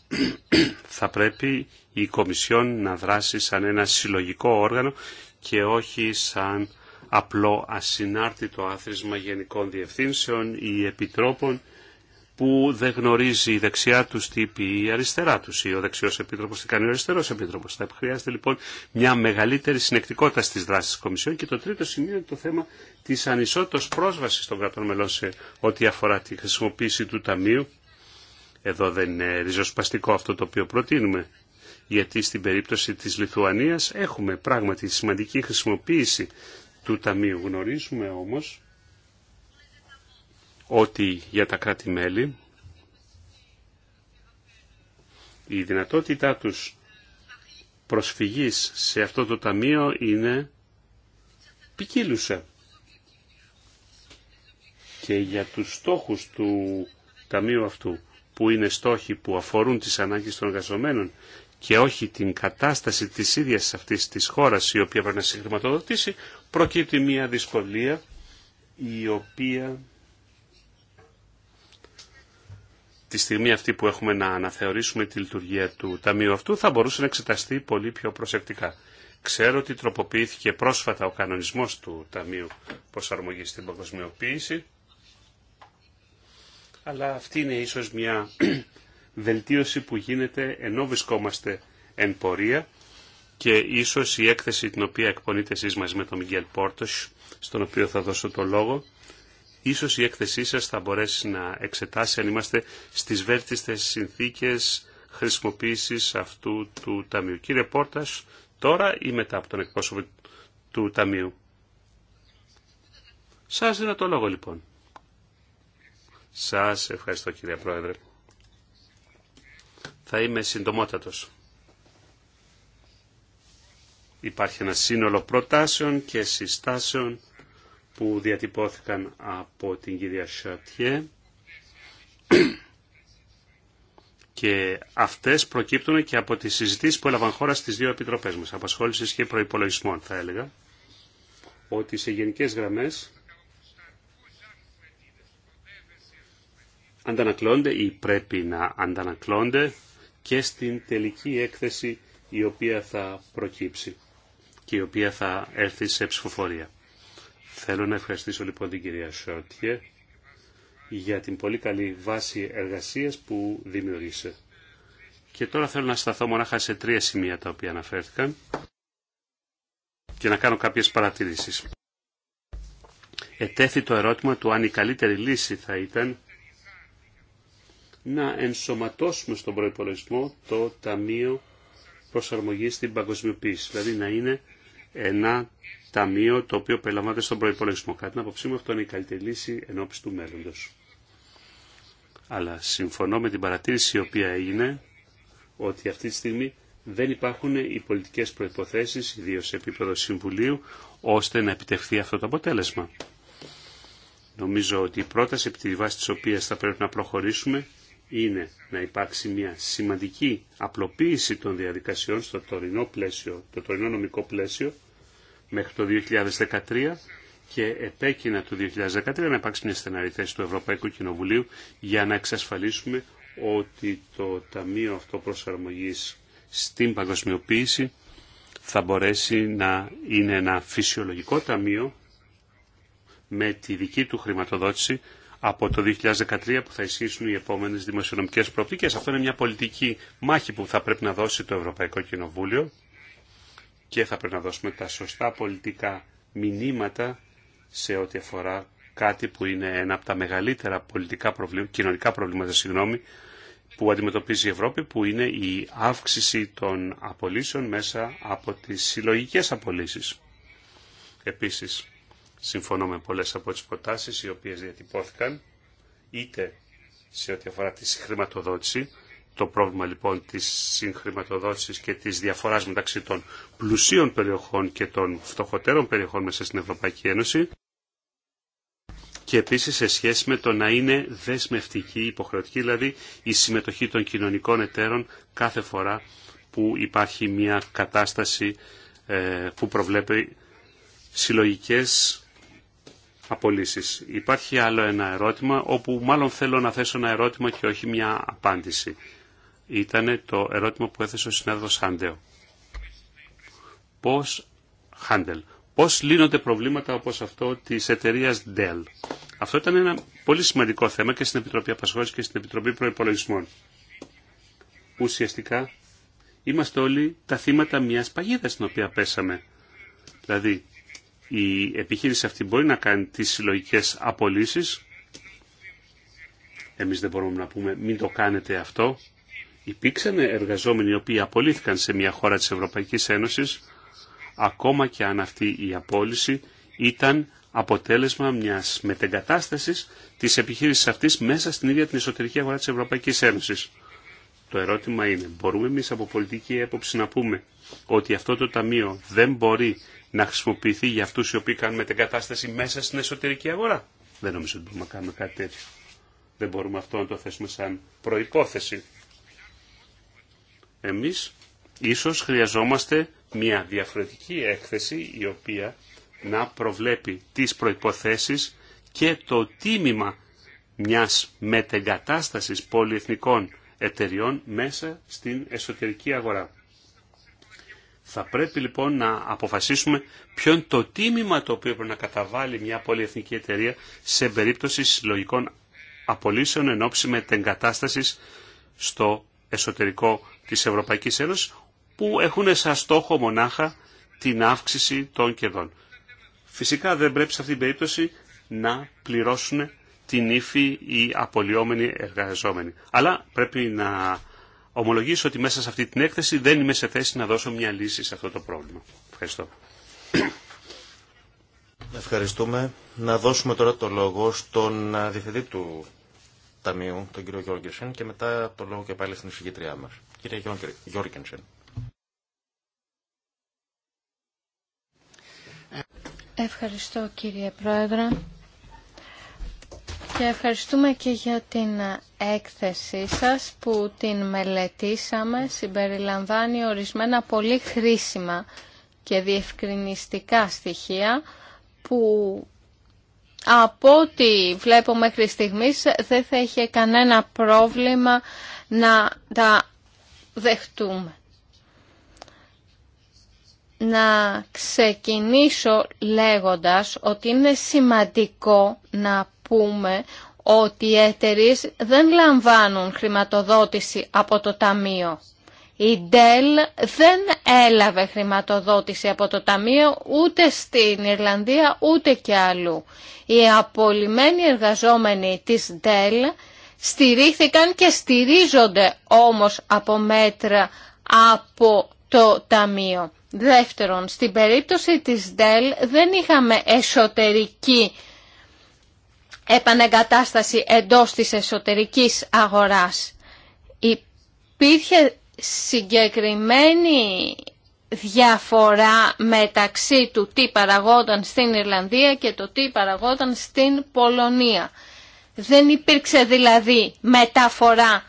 θα πρέπει η Κομισιόν να δράσει σαν ένα συλλογικό όργανο και όχι σαν απλό ασυνάρτητο άθροισμα γενικών διευθύνσεων ή επιτρόπων που δεν γνωρίζει η δεξιά του τι πει η αριστερά του ή ο δεξιό επίτροπο τι κάνει ο αριστερό επίτροπο. Θα χρειάζεται λοιπόν μια μεγαλύτερη συνεκτικότητα στι δράσει τη Κομισιόν. Και το τρίτο σημείο είναι το θέμα τη ανισότητα πρόσβαση των κρατών μελών σε ό,τι αφορά τη χρησιμοποίηση του Ταμείου. Εδώ δεν είναι ριζοσπαστικό αυτό το οποίο προτείνουμε. Γιατί στην περίπτωση της Λιθουανίας έχουμε πράγματι σημαντική χρησιμοποίηση του Ταμείου. Γνωρίζουμε όμως ότι για τα κράτη-μέλη η δυνατότητά τους προσφυγής σε αυτό το Ταμείο είναι ποικίλουσα. Και για τους στόχους του Ταμείου αυτού, που είναι στόχοι που αφορούν τις ανάγκες των εργαζομένων και όχι την κατάσταση της ίδιας αυτής της χώρας η οποία πρέπει να συγχρηματοδοτήσει, προκύπτει μια δυσκολία η οποία τη στιγμή αυτή που έχουμε να αναθεωρήσουμε τη λειτουργία του ταμείου αυτού θα μπορούσε να εξεταστεί πολύ πιο προσεκτικά. Ξέρω ότι τροποποιήθηκε πρόσφατα ο κανονισμός του Ταμείου προσαρμογή στην Παγκοσμιοποίηση, αλλά αυτή είναι ίσως μια βελτίωση που γίνεται ενώ βρισκόμαστε εν πορεία και ίσως η έκθεση την οποία εκπονείτε εσείς μαζί με τον Μιγγέλ Πόρτος, στον οποίο θα δώσω το λόγο, ίσως η έκθεσή σας θα μπορέσει να εξετάσει αν είμαστε στις βέλτιστες συνθήκες χρησιμοποίησης αυτού του Ταμείου. Κύριε Πόρτας, τώρα ή μετά από τον εκπρόσωπο του Ταμείου. Σας δίνω το λόγο λοιπόν. Σας ευχαριστώ κύριε Πρόεδρε. Θα είμαι συντομότατος. Υπάρχει ένα σύνολο προτάσεων και συστάσεων που διατυπώθηκαν από την κυρία Σατιέ και αυτές προκύπτουν και από τις συζητήσεις που έλαβαν χώρα στις δύο επιτροπές μας, απασχόλησης και προϋπολογισμών θα έλεγα, ότι σε γενικές γραμμές αντανακλώνται ή πρέπει να αντανακλώνται και στην τελική έκθεση η οποία θα προκύψει και η οποία θα έρθει σε ψηφοφορία. Θέλω να ευχαριστήσω λοιπόν την κυρία Σόρτιε για την πολύ καλή βάση εργασίας που δημιουργήσε. Και τώρα θέλω να σταθώ μονάχα σε τρία σημεία τα οποία αναφέρθηκαν και να κάνω κάποιες παρατηρήσεις. Ετέθη το ερώτημα του αν η καλύτερη λύση θα ήταν να ενσωματώσουμε στον προϋπολογισμό το Ταμείο Προσαρμογής στην Παγκοσμιοποίηση, δηλαδή να είναι ένα ταμείο το οποίο περιλαμβάνεται στον προπολογισμό. Κάτι να άποψή μου αυτό είναι η καλύτερη λύση εν του μέλλοντο. Αλλά συμφωνώ με την παρατήρηση η οποία έγινε ότι αυτή τη στιγμή δεν υπάρχουν οι πολιτικές προϋποθέσεις, ιδίως σε επίπεδο Συμβουλίου, ώστε να επιτευχθεί αυτό το αποτέλεσμα. Νομίζω ότι η πρόταση επί τη βάση τη οποία θα πρέπει να προχωρήσουμε είναι να υπάρξει μια σημαντική απλοποίηση των διαδικασιών στο τωρινό, πλαίσιο, το τωρινό νομικό πλαίσιο μέχρι το 2013 και επέκεινα το 2013 να υπάρξει μια στεναρή θέση του Ευρωπαϊκού Κοινοβουλίου για να εξασφαλίσουμε ότι το Ταμείο αυτό προσαρμογής στην παγκοσμιοποίηση θα μπορέσει να είναι ένα φυσιολογικό ταμείο με τη δική του χρηματοδότηση από το 2013 που θα ισχύσουν οι επόμενες δημοσιονομικές προοπτικές. Αυτό είναι μια πολιτική μάχη που θα πρέπει να δώσει το Ευρωπαϊκό Κοινοβούλιο και θα πρέπει να δώσουμε τα σωστά πολιτικά μηνύματα σε ό,τι αφορά κάτι που είναι ένα από τα μεγαλύτερα πολιτικά προβλήματα, κοινωνικά προβλήματα, συγγνώμη, που αντιμετωπίζει η Ευρώπη, που είναι η αύξηση των απολύσεων μέσα από τις συλλογικές απολύσεις. Επίσης, Συμφωνώ με πολλές από τις προτάσεις οι οποίες διατυπώθηκαν είτε σε ό,τι αφορά τη συγχρηματοδότηση, το πρόβλημα λοιπόν της συγχρηματοδότησης και της διαφοράς μεταξύ των πλουσίων περιοχών και των φτωχότερων περιοχών μέσα στην Ευρωπαϊκή Ένωση και επίσης σε σχέση με το να είναι δεσμευτική, υποχρεωτική δηλαδή η συμμετοχή των κοινωνικών εταίρων κάθε φορά που υπάρχει μια κατάσταση ε, που προβλέπει συλλογικές απολύσεις. Υπάρχει άλλο ένα ερώτημα, όπου μάλλον θέλω να θέσω ένα ερώτημα και όχι μια απάντηση. Ήταν το ερώτημα που έθεσε ο συνάδελφος Χάντεο. Πώς, Χάντελ, πώς λύνονται προβλήματα όπως αυτό της εταιρείας Dell. Αυτό ήταν ένα πολύ σημαντικό θέμα και στην Επιτροπή Απασχόλησης και στην Επιτροπή Προϋπολογισμών. Ουσιαστικά είμαστε όλοι τα θύματα μιας παγίδας στην οποία πέσαμε. Δηλαδή η επιχείρηση αυτή μπορεί να κάνει τις συλλογικέ απολύσεις. Εμείς δεν μπορούμε να πούμε μην το κάνετε αυτό. Υπήρξαν εργαζόμενοι οι οποίοι απολύθηκαν σε μια χώρα της Ευρωπαϊκής Ένωσης ακόμα και αν αυτή η απόλυση ήταν αποτέλεσμα μιας μετεγκατάστασης της επιχείρησης αυτής μέσα στην ίδια την εσωτερική αγορά της Ευρωπαϊκής Ένωσης. Το ερώτημα είναι, μπορούμε εμείς από πολιτική έποψη να πούμε ότι αυτό το ταμείο δεν μπορεί να χρησιμοποιηθεί για αυτούς οι οποίοι κάνουν μετεγκατάσταση μέσα στην εσωτερική αγορά. Δεν νομίζω ότι μπορούμε να κάνουμε κάτι τέτοιο. Δεν μπορούμε αυτό να το θέσουμε σαν προϋπόθεση. Εμείς ίσως χρειαζόμαστε μια διαφορετική έκθεση η οποία να προβλέπει τις προϋποθέσεις και το τίμημα μιας μετεγκατάστασης πολυεθνικών εταιριών μέσα στην εσωτερική αγορά. Θα πρέπει λοιπόν να αποφασίσουμε ποιο είναι το τίμημα το οποίο πρέπει να καταβάλει μια πολυεθνική εταιρεία σε περίπτωση συλλογικών απολύσεων εν ώψη με την κατάσταση στο εσωτερικό της Ευρωπαϊκής Ένωσης που έχουν σαν στόχο μονάχα την αύξηση των κερδών. Φυσικά δεν πρέπει σε αυτή την περίπτωση να πληρώσουν την ύφη οι απολυόμενοι εργαζόμενοι. Αλλά πρέπει να ομολογήσω ότι μέσα σε αυτή την έκθεση δεν είμαι σε θέση να δώσω μια λύση σε αυτό το πρόβλημα. Ευχαριστώ. Ευχαριστούμε. Να δώσουμε τώρα το λόγο στον διευθυντή του Ταμείου, τον κύριο Γιώργενσεν, και μετά το λόγο και πάλι στην εισηγήτριά μας. Κύριε Γιώργενσεν. Ευχαριστώ κύριε Πρόεδρε. Και ευχαριστούμε και για την έκθεσή σας που την μελετήσαμε, συμπεριλαμβάνει ορισμένα πολύ χρήσιμα και διευκρινιστικά στοιχεία που από ό,τι βλέπω μέχρι στιγμής δεν θα είχε κανένα πρόβλημα να τα δεχτούμε. Να ξεκινήσω λέγοντας ότι είναι σημαντικό να πούμε ότι οι εταιρείε δεν λαμβάνουν χρηματοδότηση από το Ταμείο. Η Dell δεν έλαβε χρηματοδότηση από το Ταμείο ούτε στην Ιρλανδία ούτε και αλλού. Οι απολυμμένοι εργαζόμενοι της Dell στηρίχθηκαν και στηρίζονται όμως από μέτρα από το Ταμείο. Δεύτερον, στην περίπτωση της Dell δεν είχαμε εσωτερική επανεγκατάσταση εντός της εσωτερικής αγοράς. Υπήρχε συγκεκριμένη διαφορά μεταξύ του τι παραγόταν στην Ιρλανδία και το τι παραγόταν στην Πολωνία. Δεν υπήρξε δηλαδή μεταφορά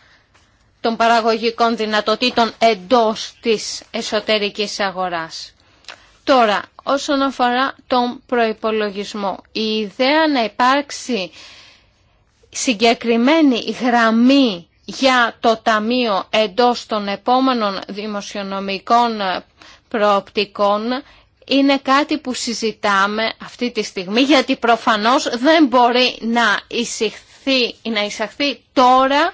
των παραγωγικών δυνατοτήτων εντός της εσωτερικής αγοράς. Τώρα, όσον αφορά τον προϋπολογισμό. Η ιδέα να υπάρξει συγκεκριμένη γραμμή για το Ταμείο εντός των επόμενων δημοσιονομικών προοπτικών είναι κάτι που συζητάμε αυτή τη στιγμή γιατί προφανώς δεν μπορεί να εισαχθεί, να εισαχθεί τώρα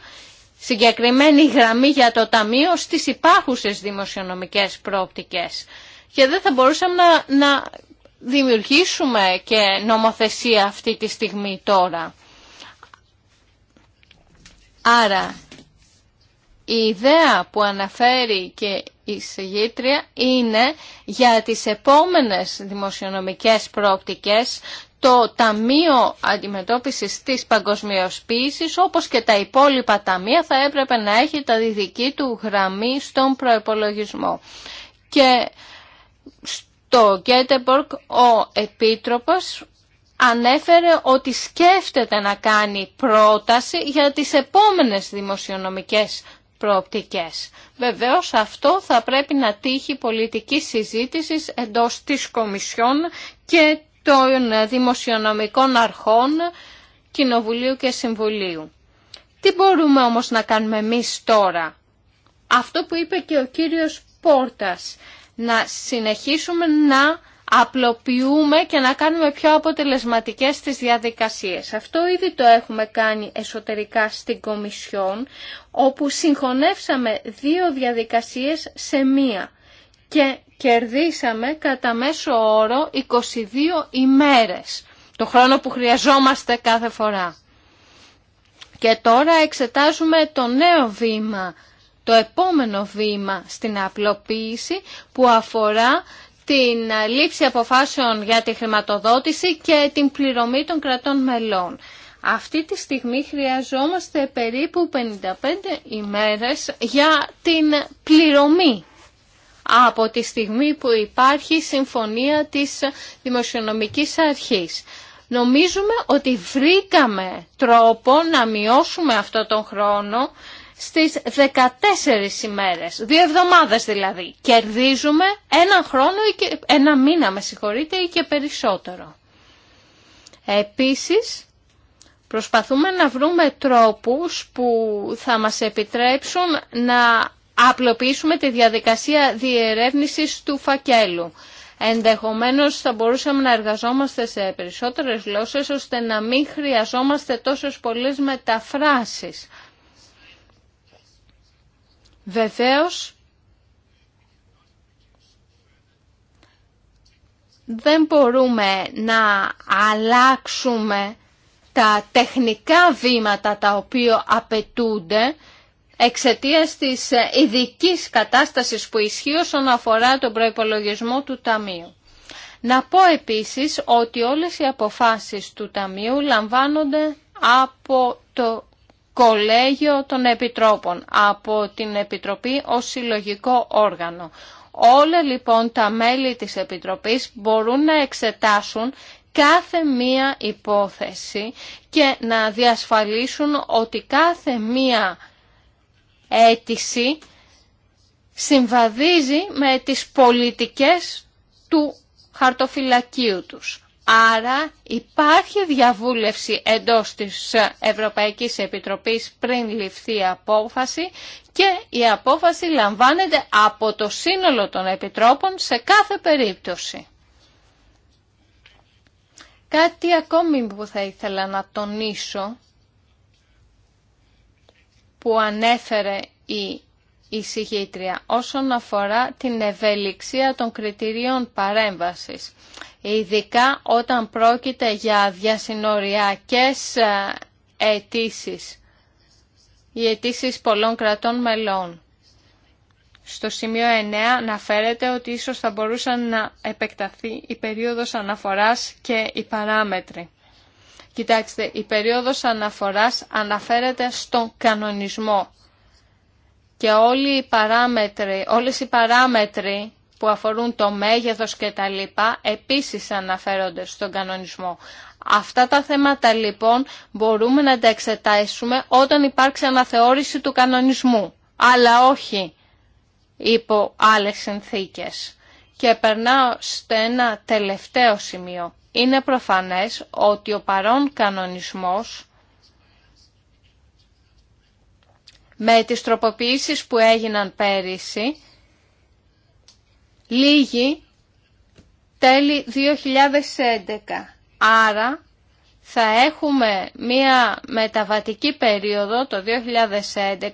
συγκεκριμένη γραμμή για το Ταμείο στις υπάρχουσες δημοσιονομικές προοπτικές και δεν θα μπορούσαμε να, να δημιουργήσουμε και νομοθεσία αυτή τη στιγμή τώρα. Άρα, η ιδέα που αναφέρει και η συγγήτρια είναι για τις επόμενες δημοσιονομικές πρόπτικες το Ταμείο Αντιμετώπισης της Παγκοσμιοποίησης όπως και τα υπόλοιπα ταμεία θα έπρεπε να έχει τα διδική του γραμμή στον προϋπολογισμό. Και στο Γκέτεμπορκ ο Επίτροπος ανέφερε ότι σκέφτεται να κάνει πρόταση για τις επόμενες δημοσιονομικές προοπτικές. Βεβαίως αυτό θα πρέπει να τύχει πολιτική συζήτηση εντός της Κομισιόν και των δημοσιονομικών αρχών Κοινοβουλίου και Συμβουλίου. Τι μπορούμε όμως να κάνουμε εμείς τώρα. Αυτό που είπε και ο κύριος Πόρτας να συνεχίσουμε να απλοποιούμε και να κάνουμε πιο αποτελεσματικές τις διαδικασίες. Αυτό ήδη το έχουμε κάνει εσωτερικά στην Κομισιόν, όπου συγχωνεύσαμε δύο διαδικασίες σε μία και κερδίσαμε κατά μέσο όρο 22 ημέρες, το χρόνο που χρειαζόμαστε κάθε φορά. Και τώρα εξετάζουμε το νέο βήμα το επόμενο βήμα στην απλοποίηση που αφορά την λήψη αποφάσεων για τη χρηματοδότηση και την πληρωμή των κρατών μελών. Αυτή τη στιγμή χρειαζόμαστε περίπου 55 ημέρες για την πληρωμή από τη στιγμή που υπάρχει συμφωνία της Δημοσιονομικής Αρχής. Νομίζουμε ότι βρήκαμε τρόπο να μειώσουμε αυτό τον χρόνο στις 14 ημέρες, δύο εβδομάδες δηλαδή. Κερδίζουμε ένα χρόνο και, ένα μήνα με συγχωρείτε ή και περισσότερο. Επίσης, προσπαθούμε να βρούμε τρόπους που θα μας επιτρέψουν να απλοποιήσουμε τη διαδικασία διερεύνησης του φακέλου. Ενδεχομένως θα μπορούσαμε να εργαζόμαστε σε περισσότερες γλώσσες ώστε να μην χρειαζόμαστε τόσες πολλές μεταφράσεις. Βεβαίως, δεν μπορούμε να αλλάξουμε τα τεχνικά βήματα τα οποία απαιτούνται εξαιτίας της ειδική κατάστασης που ισχύει όσον αφορά τον προϋπολογισμό του Ταμείου. Να πω επίσης ότι όλες οι αποφάσεις του Ταμείου λαμβάνονται από το Κολέγιο των Επιτρόπων από την Επιτροπή ως συλλογικό όργανο. Όλα λοιπόν τα μέλη της Επιτροπής μπορούν να εξετάσουν κάθε μία υπόθεση και να διασφαλίσουν ότι κάθε μία αίτηση συμβαδίζει με τις πολιτικές του χαρτοφυλακίου τους. Άρα υπάρχει διαβούλευση εντός της Ευρωπαϊκής Επιτροπής πριν ληφθεί η απόφαση και η απόφαση λαμβάνεται από το σύνολο των επιτρόπων σε κάθε περίπτωση. Κάτι ακόμη που θα ήθελα να τονίσω που ανέφερε η εισηγήτρια όσον αφορά την ευελιξία των κριτηρίων παρέμβασης. Ειδικά όταν πρόκειται για διασυνοριακές ε, αιτήσει οι αιτήσει πολλών κρατών μελών. Στο σημείο 9 αναφέρεται ότι ίσως θα μπορούσαν να επεκταθεί η περίοδος αναφοράς και οι παράμετροι. Κοιτάξτε, η περίοδος αναφοράς αναφέρεται στον κανονισμό και όλοι οι παράμετροι, όλες οι παράμετροι που αφορούν το μέγεθος και τα λοιπά επίσης αναφέρονται στον κανονισμό. Αυτά τα θέματα λοιπόν μπορούμε να τα εξετάσουμε όταν υπάρξει αναθεώρηση του κανονισμού, αλλά όχι υπό άλλες συνθήκες. Και περνάω στο ένα τελευταίο σημείο. Είναι προφανές ότι ο παρόν κανονισμός με τις τροποποιήσεις που έγιναν πέρυσι, λίγη τέλη 2011. Άρα θα έχουμε μία μεταβατική περίοδο το 2011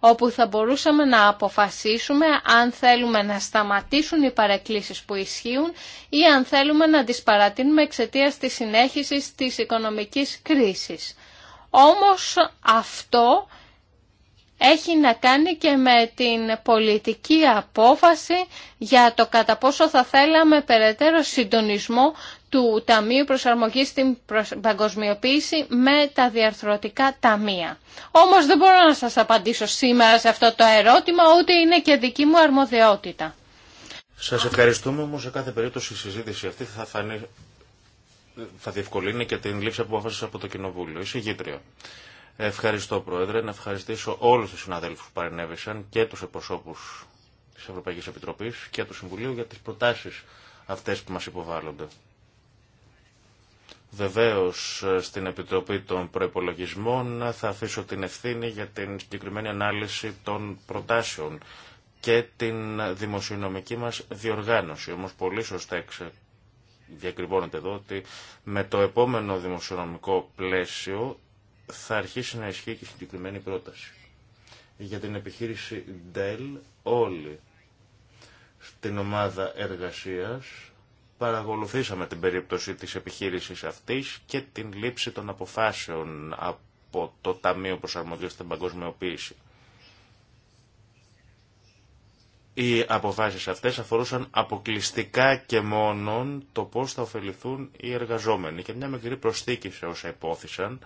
όπου θα μπορούσαμε να αποφασίσουμε αν θέλουμε να σταματήσουν οι παρεκκλήσεις που ισχύουν ή αν θέλουμε να τις παρατείνουμε εξαιτία της συνέχισης της οικονομικής κρίσης. Όμως αυτό έχει να κάνει και με την πολιτική απόφαση για το κατά πόσο θα θέλαμε περαιτέρω συντονισμό του Ταμείου Προσαρμογής στην Παγκοσμιοποίηση με τα διαρθρωτικά ταμεία. Όμως δεν μπορώ να σας απαντήσω σήμερα σε αυτό το ερώτημα, ούτε είναι και δική μου αρμοδιότητα. Σας ευχαριστούμε όμως σε κάθε περίπτωση η συζήτηση αυτή θα θα διευκολύνει και την λήψη απόφαση από το Κοινοβούλιο. Είσαι Ευχαριστώ, Πρόεδρε. Να ευχαριστήσω όλους τους συναδέλφους που παρενέβησαν και τους εκπροσώπους της Ευρωπαϊκής Επιτροπής και του Συμβουλίου για τις προτάσεις αυτές που μας υποβάλλονται. Βεβαίως στην Επιτροπή των Προϋπολογισμών θα αφήσω την ευθύνη για την συγκεκριμένη ανάλυση των προτάσεων και την δημοσιονομική μας διοργάνωση. Όμως πολύ σωστά διακριβώνεται εδώ ότι με το επόμενο δημοσιονομικό πλαίσιο θα αρχίσει να ισχύει και η συγκεκριμένη πρόταση. Για την επιχείρηση Dell όλοι στην ομάδα εργασίας παρακολουθήσαμε την περίπτωση της επιχείρησης αυτής και την λήψη των αποφάσεων από το Ταμείο Προσαρμογής στην Παγκοσμιοποίηση. Οι αποφάσεις αυτές αφορούσαν αποκλειστικά και μόνον το πώς θα ωφεληθούν οι εργαζόμενοι και μια μικρή προσθήκη σε όσα υπόθησαν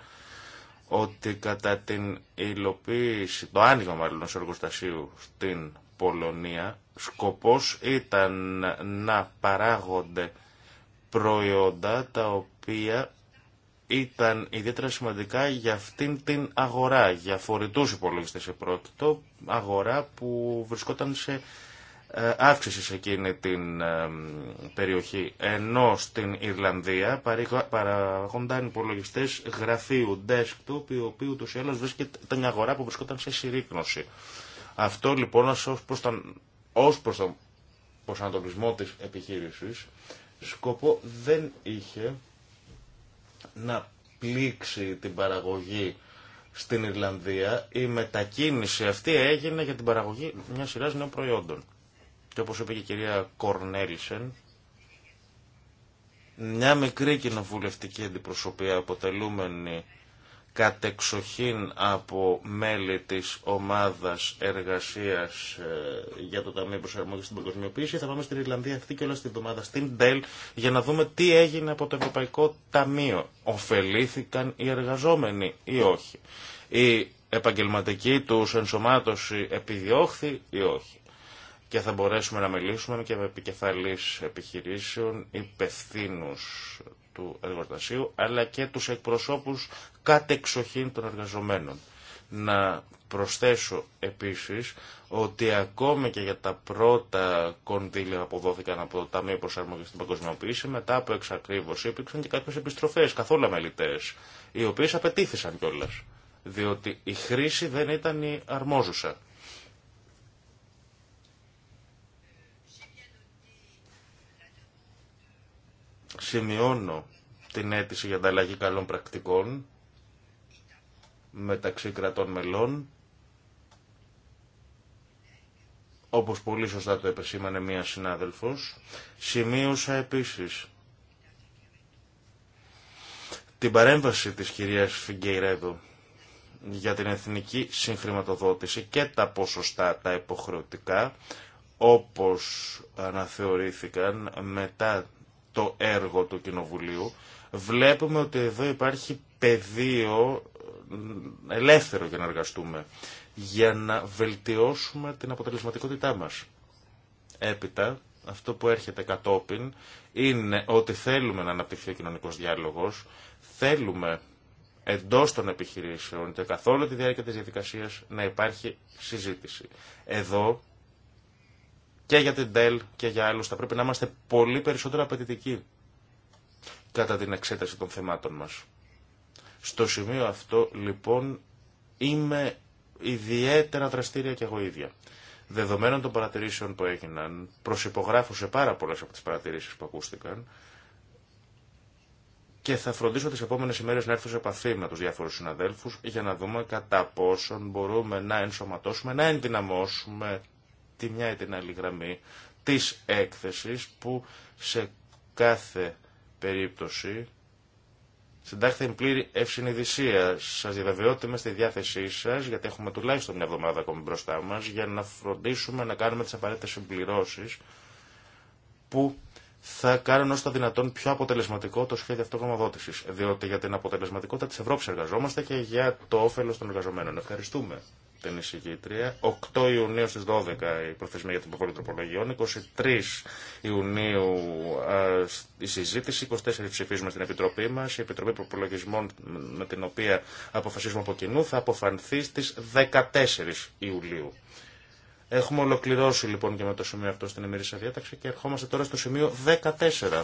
ότι κατά την υλοποίηση, το άνοιγμα μάλλον ως εργοστασίου στην Πολωνία, σκοπός ήταν να παράγονται προϊόντα τα οποία ήταν ιδιαίτερα σημαντικά για αυτήν την αγορά, για φορητούς υπολογιστές πρώτο. αγορά που βρισκόταν σε ε, αύξηση σε εκείνη την ε, περιοχή. Ενώ στην Ιρλανδία παραγόνταν υπολογιστέ γραφείου, desktop, οι οποίοι ούτω ή άλλω ήταν μια αγορά που βρισκόταν σε συρρήκνωση. Αυτό λοιπόν ω προ τον, ως προσανατολισμό της επιχείρησης σκοπό δεν είχε να πλήξει την παραγωγή στην Ιρλανδία. Η μετακίνηση αυτή έγινε για την παραγωγή μια σειράς νέων προϊόντων. Και όπως είπε και η κυρία Κορνέλισεν, μια μικρή κοινοβουλευτική αντιπροσωπεία αποτελούμενη κατεξοχήν από μέλη της ομάδας εργασίας ε, για το Ταμείο Προσαρμόγης στην Παγκοσμιοποίηση. Θα πάμε στην Ιρλανδία αυτή και όλα στην εβδομάδα στην ΔΕΛ, για να δούμε τι έγινε από το Ευρωπαϊκό Ταμείο. Οφελήθηκαν οι εργαζόμενοι ή όχι. Η επαγγελματική του ενσωμάτωση επιδιώχθη ή όχι και θα μπορέσουμε να μιλήσουμε και με επικεφαλής επιχειρήσεων, υπευθύνου του εργοστασίου, αλλά και τους εκπροσώπους κατεξοχήν των εργαζομένων. Να προσθέσω επίσης ότι ακόμη και για τα πρώτα κονδύλια που δόθηκαν από το Ταμείο Προσαρμογής στην Παγκοσμιοποίηση, μετά από εξακρίβωση υπήρξαν και κάποιες επιστροφές, καθόλου αμελητές, οι οποίες απαιτήθησαν κιόλας, διότι η χρήση δεν ήταν η αρμόζουσα. σημειώνω την αίτηση για ανταλλαγή καλών πρακτικών μεταξύ κρατών μελών, όπως πολύ σωστά το επεσήμανε μία συνάδελφος. Σημείωσα επίσης την παρέμβαση της κυρίας Φιγκεϊρέδου για την εθνική συγχρηματοδότηση και τα ποσοστά τα υποχρεωτικά όπως αναθεωρήθηκαν μετά το έργο του Κοινοβουλίου, βλέπουμε ότι εδώ υπάρχει πεδίο ε, ελεύθερο για να εργαστούμε, για να βελτιώσουμε την αποτελεσματικότητά μας. Έπειτα, αυτό που έρχεται κατόπιν είναι ότι θέλουμε να αναπτυχθεί ο κοινωνικός διάλογος, θέλουμε εντός των επιχειρήσεων και καθόλου τη διάρκεια της διαδικασίας να υπάρχει συζήτηση. Εδώ και για την ΤΕΛ και για άλλους. Θα πρέπει να είμαστε πολύ περισσότερο απαιτητικοί κατά την εξέταση των θεμάτων μας. Στο σημείο αυτό, λοιπόν, είμαι ιδιαίτερα δραστήρια και εγώ ίδια. Δεδομένων των παρατηρήσεων που έγιναν, προσυπογράφω σε πάρα πολλές από τις παρατηρήσεις που ακούστηκαν και θα φροντίσω τις επόμενες ημέρες να έρθω σε επαφή με τους διάφορους συναδέλφους για να δούμε κατά πόσον μπορούμε να ενσωματώσουμε, να ενδυναμώσουμε τη μια ή την άλλη γραμμή της έκθεσης που σε κάθε περίπτωση συντάχθηκε πλήρη ευσυνειδησία. Σας διαβεβαιώ ότι είμαι στη διάθεσή σας γιατί έχουμε τουλάχιστον μια εβδομάδα ακόμη μπροστά μας για να φροντίσουμε να κάνουμε τις απαραίτητες συμπληρώσεις που θα κάνουν όσο το δυνατόν πιο αποτελεσματικό το σχέδιο αυτογνωμοδότηση. Διότι για την αποτελεσματικότητα τη Ευρώπη εργαζόμαστε και για το όφελο των εργαζομένων. Ευχαριστούμε την εισηγήτρια. 8 Ιουνίου στις 12 η προθεσμία για την υποβολή τροπολογιών. 23 Ιουνίου η συζήτηση. 24 ψηφίζουμε στην Επιτροπή μας. Η Επιτροπή Προπολογισμών με την οποία αποφασίζουμε από κοινού θα αποφανθεί στις 14 Ιουλίου. Έχουμε ολοκληρώσει λοιπόν και με το σημείο αυτό στην ημερήσια διάταξη και ερχόμαστε τώρα στο σημείο 14.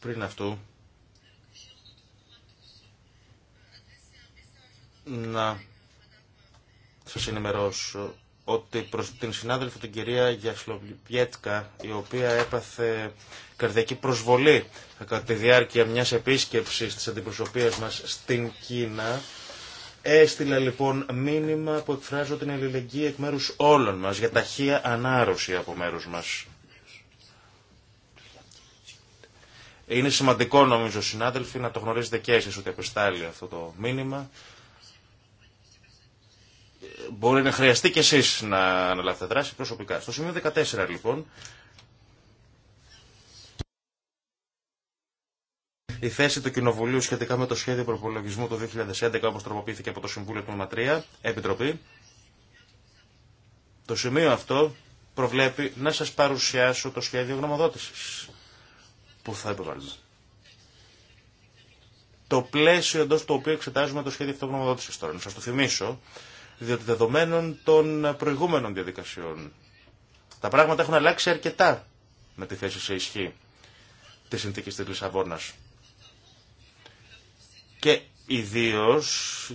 Πριν αυτού, να σας ενημερώσω ότι προς την συνάδελφο την κυρία Γιασλοβιέτκα, η οποία έπαθε καρδιακή προσβολή κατά τη διάρκεια μιας επίσκεψης της αντιπροσωπείας μας στην Κίνα, έστειλε λοιπόν μήνυμα που εκφράζω την ελληνική εκ μέρους όλων μας για ταχεία ανάρρωση από μέρους μας. Είναι σημαντικό νομίζω συνάδελφοι να το γνωρίζετε και εσείς ότι επιστάλλει αυτό το μήνυμα μπορεί να χρειαστεί και εσείς να αναλάβετε δράση προσωπικά. Στο σημείο 14 λοιπόν, η θέση του Κοινοβουλίου σχετικά με το σχέδιο προπολογισμού του 2011 όπως τροποποιήθηκε από το Συμβούλιο του Ματρία, Επιτροπή. Το σημείο αυτό προβλέπει να σας παρουσιάσω το σχέδιο γνωμοδότησης που θα επιβάλλουμε. Το πλαίσιο εντό του οποίου εξετάζουμε το σχέδιο γνωμοδότηση τώρα. Να σα το θυμίσω διότι δεδομένων των προηγούμενων διαδικασιών τα πράγματα έχουν αλλάξει αρκετά με τη θέση σε ισχύ της συνθήκης της Λισαβόνα. Και ιδίω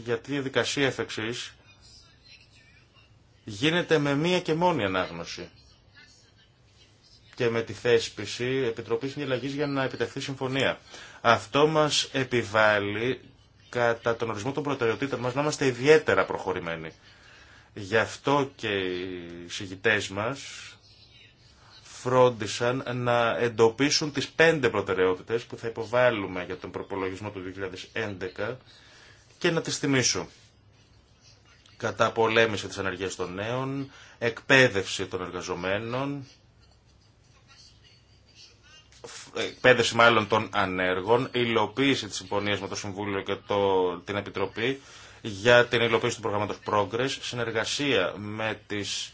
γιατί η διαδικασία εφεξής γίνεται με μία και μόνη ανάγνωση και με τη θέσπιση Επιτροπής Συνδιαλλαγής για να επιτευχθεί συμφωνία. Αυτό μας επιβάλλει κατά τον ορισμό των προτεραιοτήτων μας να είμαστε ιδιαίτερα προχωρημένοι. Γι' αυτό και οι συγητές μας φρόντισαν να εντοπίσουν τις πέντε προτεραιότητες που θα υποβάλουμε για τον προπολογισμό του 2011 και να τις θυμίσω. Κατά πολέμηση της ανεργίας των νέων, εκπαίδευση των εργαζομένων, εκπαίδευση μάλλον των ανέργων, υλοποίηση τη συμφωνία με το Συμβούλιο και το, την Επιτροπή για την υλοποίηση του προγράμματος Progress, συνεργασία με τις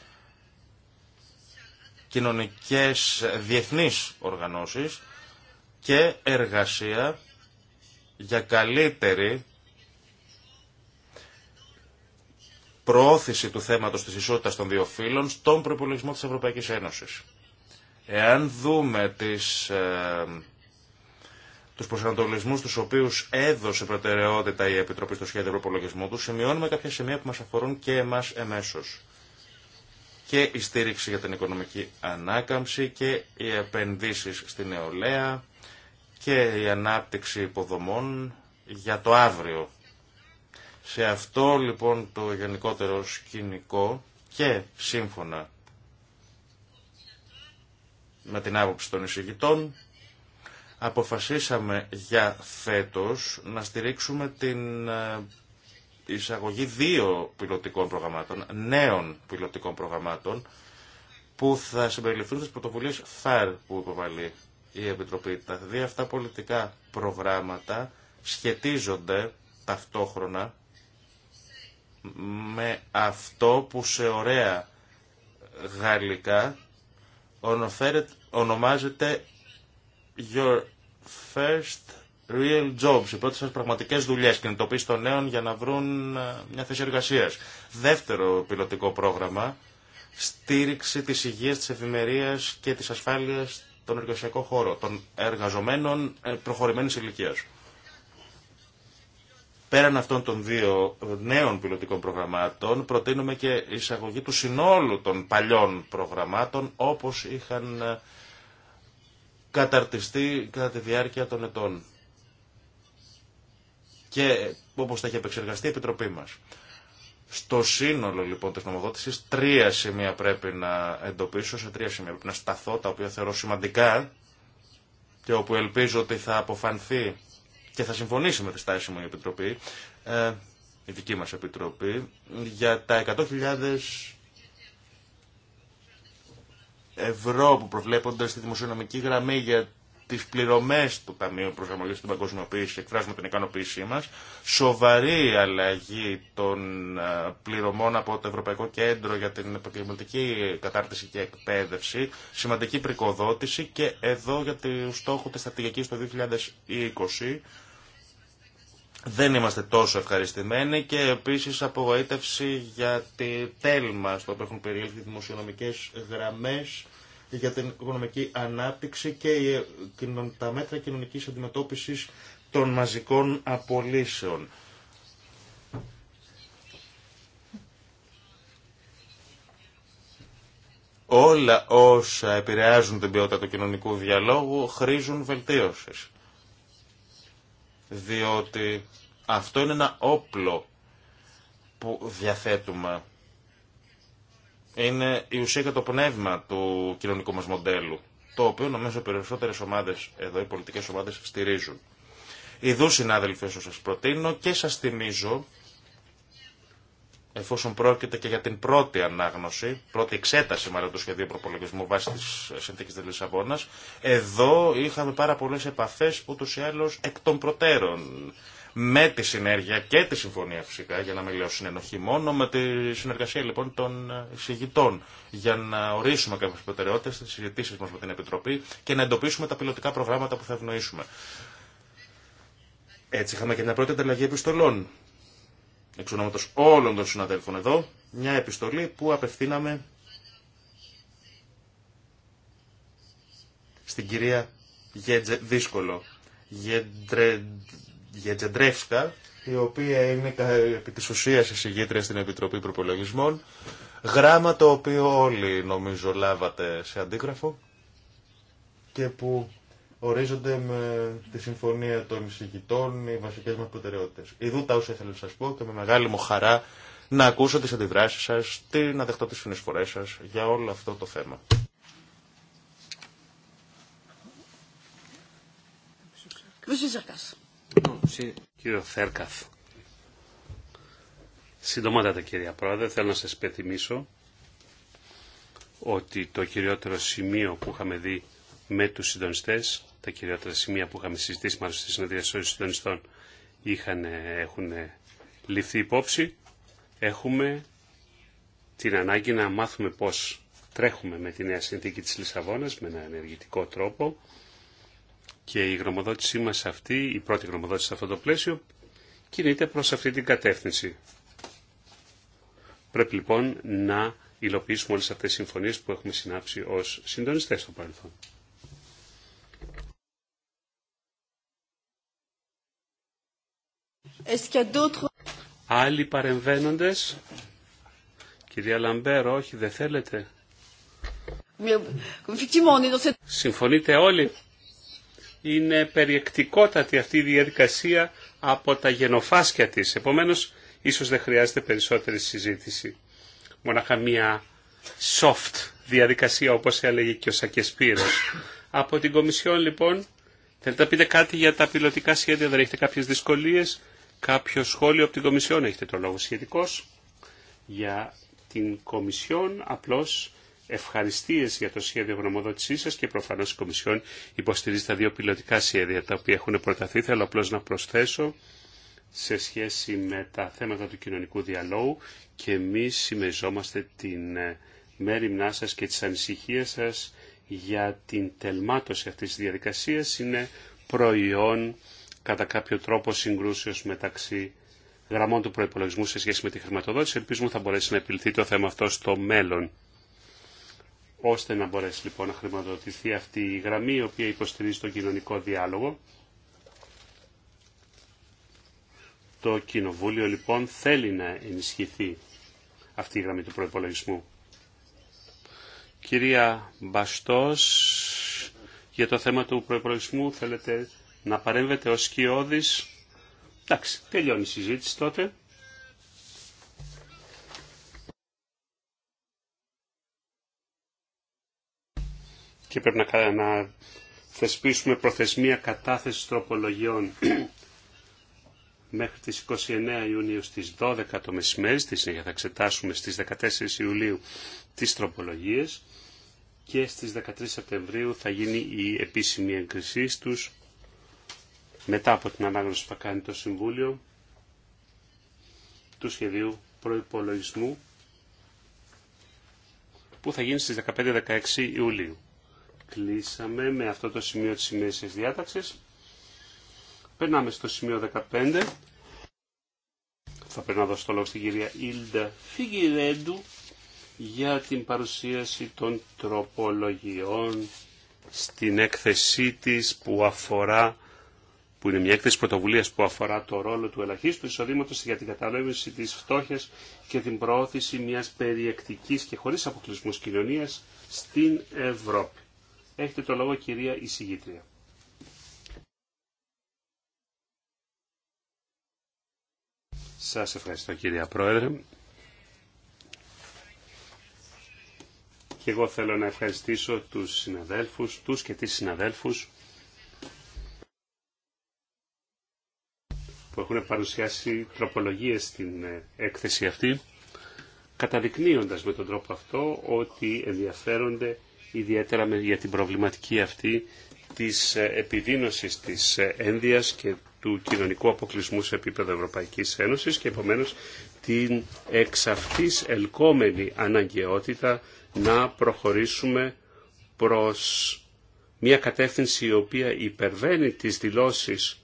κοινωνικές διεθνεί οργανώσεις και εργασία για καλύτερη προώθηση του θέματος της ισότητας των δύο φύλων στον προϋπολογισμό της Ευρωπαϊκής Ένωσης. Εάν δούμε τις, ε, τους προσανατολισμούς τους οποίους έδωσε προτεραιότητα η Επιτροπή στο σχέδιο προπολογισμού του, σημειώνουμε κάποια σημεία που μας αφορούν και εμάς εμέσως. Και η στήριξη για την οικονομική ανάκαμψη και οι επενδύσεις στην νεολαία και η ανάπτυξη υποδομών για το αύριο. Σε αυτό λοιπόν το γενικότερο σκηνικό και σύμφωνα με την άποψη των εισηγητών, αποφασίσαμε για φέτος να στηρίξουμε την ε, εισαγωγή δύο πιλωτικών προγραμμάτων, νέων πιλωτικών προγραμμάτων, που θα συμπεριληφθούν στις πρωτοβουλίες ΦΑΡ που υποβαλεί η Επιτροπή. Τα δύο αυτά πολιτικά προγράμματα σχετίζονται ταυτόχρονα με αυτό που σε ωραία γαλλικά ονομάζεται Your First Real Jobs, οι πρώτε σα πραγματικέ δουλειέ, κινητοποίηση των νέων για να βρουν ε, μια θέση εργασία. Δεύτερο πιλωτικό πρόγραμμα, στήριξη τη υγεία, τη ευημερία και τη ασφάλεια στον εργασιακό χώρο των εργαζομένων ε, προχωρημένη ηλικία. Πέραν αυτών των δύο νέων πιλωτικών προγραμμάτων, προτείνουμε και εισαγωγή του συνόλου των παλιών προγραμμάτων, όπως είχαν ε, καταρτιστεί κατά τη διάρκεια των ετών και όπως τα έχει επεξεργαστεί η Επιτροπή μας. Στο σύνολο λοιπόν της νομοδότησης τρία σημεία πρέπει να εντοπίσω, σε τρία σημεία πρέπει να σταθώ, τα οποία θεωρώ σημαντικά και όπου ελπίζω ότι θα αποφανθεί και θα συμφωνήσει με τη στάση μου η Επιτροπή, ε, η δική μας Επιτροπή, για τα 100.000 ευρώ που προβλέπονται στη δημοσιονομική γραμμή για τι πληρωμέ του Ταμείου Προσαρμογή στην Παγκοσμιοποίηση, εκφράζουμε την ικανοποίησή μα. Σοβαρή αλλαγή των ε, πληρωμών από το Ευρωπαϊκό Κέντρο για την Επαγγελματική Κατάρτιση και Εκπαίδευση, σημαντική πρικοδότηση και εδώ για το στόχο τη στρατηγική το 2020 δεν είμαστε τόσο ευχαριστημένοι και επίσης απογοήτευση για τη τέλμα στο οποίο έχουν περιέλθει δημοσιονομικές γραμμές για την οικονομική ανάπτυξη και ε, τα μέτρα κοινωνική αντιμετώπιση των μαζικών απολύσεων. Όλα όσα επηρεάζουν την ποιότητα του κοινωνικού διαλόγου χρήζουν βελτίωσης διότι αυτό είναι ένα όπλο που διαθέτουμε. Είναι η ουσία και το πνεύμα του κοινωνικού μας μοντέλου, το οποίο νομίζω περισσότερες ομάδες, εδώ οι πολιτικές ομάδες, στηρίζουν. Ιδού συνάδελφες, όσο σας προτείνω και σας θυμίζω εφόσον πρόκειται και για την πρώτη ανάγνωση, πρώτη εξέταση μάλλον του σχεδίου προπολογισμού βάσει τη συνθήκη τη Λισαβόνα, εδώ είχαμε πάρα πολλέ επαφέ ούτω ή άλλω εκ των προτέρων. Με τη συνέργεια και τη συμφωνία φυσικά, για να μην λέω συνενοχή μόνο, με τη συνεργασία λοιπόν των συγητών, για να ορίσουμε κάποιε προτεραιότητε στι συζητήσει μα με την Επιτροπή και να εντοπίσουμε τα πιλωτικά προγράμματα που θα ευνοήσουμε. Έτσι είχαμε και μια πρώτη ανταλλαγή επιστολών εξ ονόματος όλων των συναδέλφων εδώ, μια επιστολή που απευθύναμε στην κυρία Γετζε, δύσκολο, Γεντρε, Γετζεντρεύσκα, η οποία είναι επί της ουσίας εισηγήτρια στην Επιτροπή Προπολογισμών, γράμμα το οποίο όλοι νομίζω λάβατε σε αντίγραφο και που ορίζονται με τη συμφωνία των εισηγητών, οι βασικέ μας προτεραιότητες. Ιδού τα όσα ήθελα να σας πω και με μεγάλη μου χαρά να ακούσω τις αντιδράσεις σας, τι, να δεχτώ τις συνεισφορές σας για όλο αυτό το θέμα. Κύριο Θέρκαθ, συντομότατα κυρία Πρόεδρε, θέλω να σας υπενθυμίσω ότι το κυριότερο σημείο που είχαμε δει με τους συντονιστές τα κυριότερα σημεία που είχαμε συζητήσει μάλλον στη συνεδρία των συντονιστών είχαν, έχουν ληφθεί υπόψη. Έχουμε την ανάγκη να μάθουμε πώς τρέχουμε με τη νέα συνθήκη της Λισαβόνας με ένα ενεργητικό τρόπο και η γνωμοδότησή μας αυτή, η πρώτη γνωμοδότηση σε αυτό το πλαίσιο κινείται προς αυτή την κατεύθυνση. Πρέπει λοιπόν να υλοποιήσουμε όλες αυτές τις συμφωνίες που έχουμε συνάψει ως συντονιστές στο παρελθόν. Άλλοι παρεμβαίνοντες. Κυρία Λαμπέρο, όχι, δεν θέλετε. Συμφωνείτε όλοι. Είναι περιεκτικότατη αυτή η διαδικασία από τα γενοφάσκια τη. Επομένως, ίσως δεν χρειάζεται περισσότερη συζήτηση. Μονάχα μία soft διαδικασία, όπως έλεγε και ο Σακεσπύρος. από την Κομισιόν, λοιπόν, θέλετε να πείτε κάτι για τα πιλωτικά σχέδια, δεν έχετε κάποιε δυσκολίε. Κάποιο σχόλιο από την Κομισιόν έχετε το λόγο σχετικός για την Κομισιόν απλώς ευχαριστίες για το σχέδιο γνωμοδότησής σας και προφανώς η Κομισιόν υποστηρίζει τα δύο πιλωτικά σχέδια τα οποία έχουν προταθεί. Θέλω απλώς να προσθέσω σε σχέση με τα θέματα του κοινωνικού διαλόγου και εμεί συμμεριζόμαστε την ε, μνά σας και τις ανησυχίες σας για την τελμάτωση αυτής της διαδικασίας είναι προϊόν κατά κάποιο τρόπο συγκρούσεως μεταξύ γραμμών του προϋπολογισμού σε σχέση με τη χρηματοδότηση. Ελπίζουμε θα μπορέσει να επιληθεί το θέμα αυτό στο μέλλον. Ώστε να μπορέσει λοιπόν να χρηματοδοτηθεί αυτή η γραμμή η οποία υποστηρίζει τον κοινωνικό διάλογο. Το Κοινοβούλιο λοιπόν θέλει να ενισχυθεί αυτή η γραμμή του προϋπολογισμού. Κυρία Μπαστός, για το θέμα του προϋπολογισμού θέλετε να παρέμβετε ως σκιώδης. Εντάξει, τελειώνει η συζήτηση τότε. Και πρέπει να, να θεσπίσουμε προθεσμία κατάθεσης τροπολογιών μέχρι τις 29 Ιουνίου στις 12 το μεσημέρι, στη συνέχεια θα εξετάσουμε στις 14 Ιουλίου τις τροπολογίες και στις 13 Σεπτεμβρίου θα γίνει η επίσημη έγκρισή τους μετά από την ανάγνωση που θα κάνει το Συμβούλιο του σχεδίου προϋπολογισμού που θα γίνει στις 15-16 Ιουλίου. Κλείσαμε με αυτό το σημείο της ημέρησης διάταξης. Περνάμε στο σημείο 15. Θα πρέπει να δώσω το λόγο στην κυρία Ήλντα Φιγιρέντου για την παρουσίαση των τροπολογιών στην έκθεσή της που αφορά που είναι μια έκθεση πρωτοβουλία που αφορά το ρόλο του ελαχίστου εισοδήματο για την κατανόηση τη φτώχεια και την προώθηση μια περιεκτικής και χωρί αποκλεισμού κοινωνία στην Ευρώπη. Έχετε το λόγο, κυρία εισηγήτρια. Σας ευχαριστώ κυρία Πρόεδρε. Και εγώ θέλω να ευχαριστήσω τους συναδέλφους, τους και τις συναδέλφους που έχουν παρουσιάσει τροπολογίες στην ε, έκθεση αυτή, καταδεικνύοντας με τον τρόπο αυτό ότι ενδιαφέρονται ιδιαίτερα για την προβληματική αυτή της ε, επιδίνωσης της ε, ένδυα και του κοινωνικού αποκλεισμού σε επίπεδο Ευρωπαϊκής Ένωσης και επομένως την εξ αυτής ελκόμενη αναγκαιότητα να προχωρήσουμε προς μια κατεύθυνση η οποία υπερβαίνει τις δηλώσεις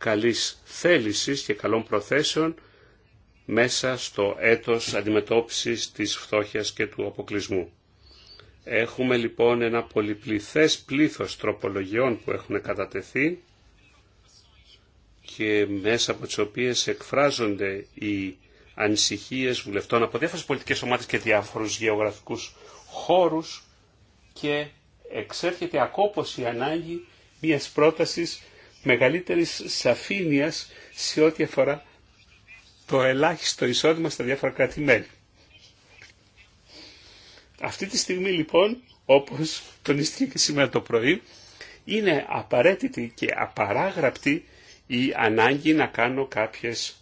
καλής θέλησης και καλών προθέσεων μέσα στο έτος αντιμετώπισης της φτώχειας και του αποκλεισμού. Έχουμε λοιπόν ένα πολυπληθές πλήθος τροπολογιών που έχουν κατατεθεί και μέσα από τις οποίες εκφράζονται οι ανησυχίες βουλευτών από διάφορες πολιτικές ομάδες και διάφορους γεωγραφικούς χώρους και εξέρχεται ακόπως η ανάγκη μιας πρότασης μεγαλύτερης σαφήνειας σε ό,τι αφορά το ελάχιστο εισόδημα στα διάφορα κράτη-μέλη. Αυτή τη στιγμή λοιπόν, όπως τονίστηκε και σήμερα το πρωί, είναι απαραίτητη και απαράγραπτη η ανάγκη να κάνω κάποιες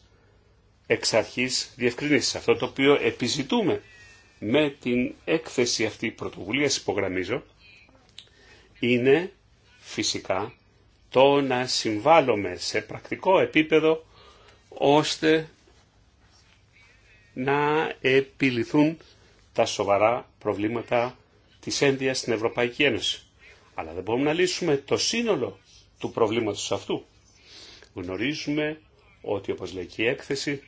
εξ αρχής διευκρινήσεις. Αυτό το οποίο επιζητούμε με την έκθεση αυτή πρωτοβουλίας υπογραμμίζω είναι φυσικά το να συμβάλλουμε σε πρακτικό επίπεδο ώστε να επιληθούν τα σοβαρά προβλήματα της ένδυας στην Ευρωπαϊκή Ένωση. Αλλά δεν μπορούμε να λύσουμε το σύνολο του προβλήματος αυτού. Γνωρίζουμε ότι, όπως λέει και η έκθεση,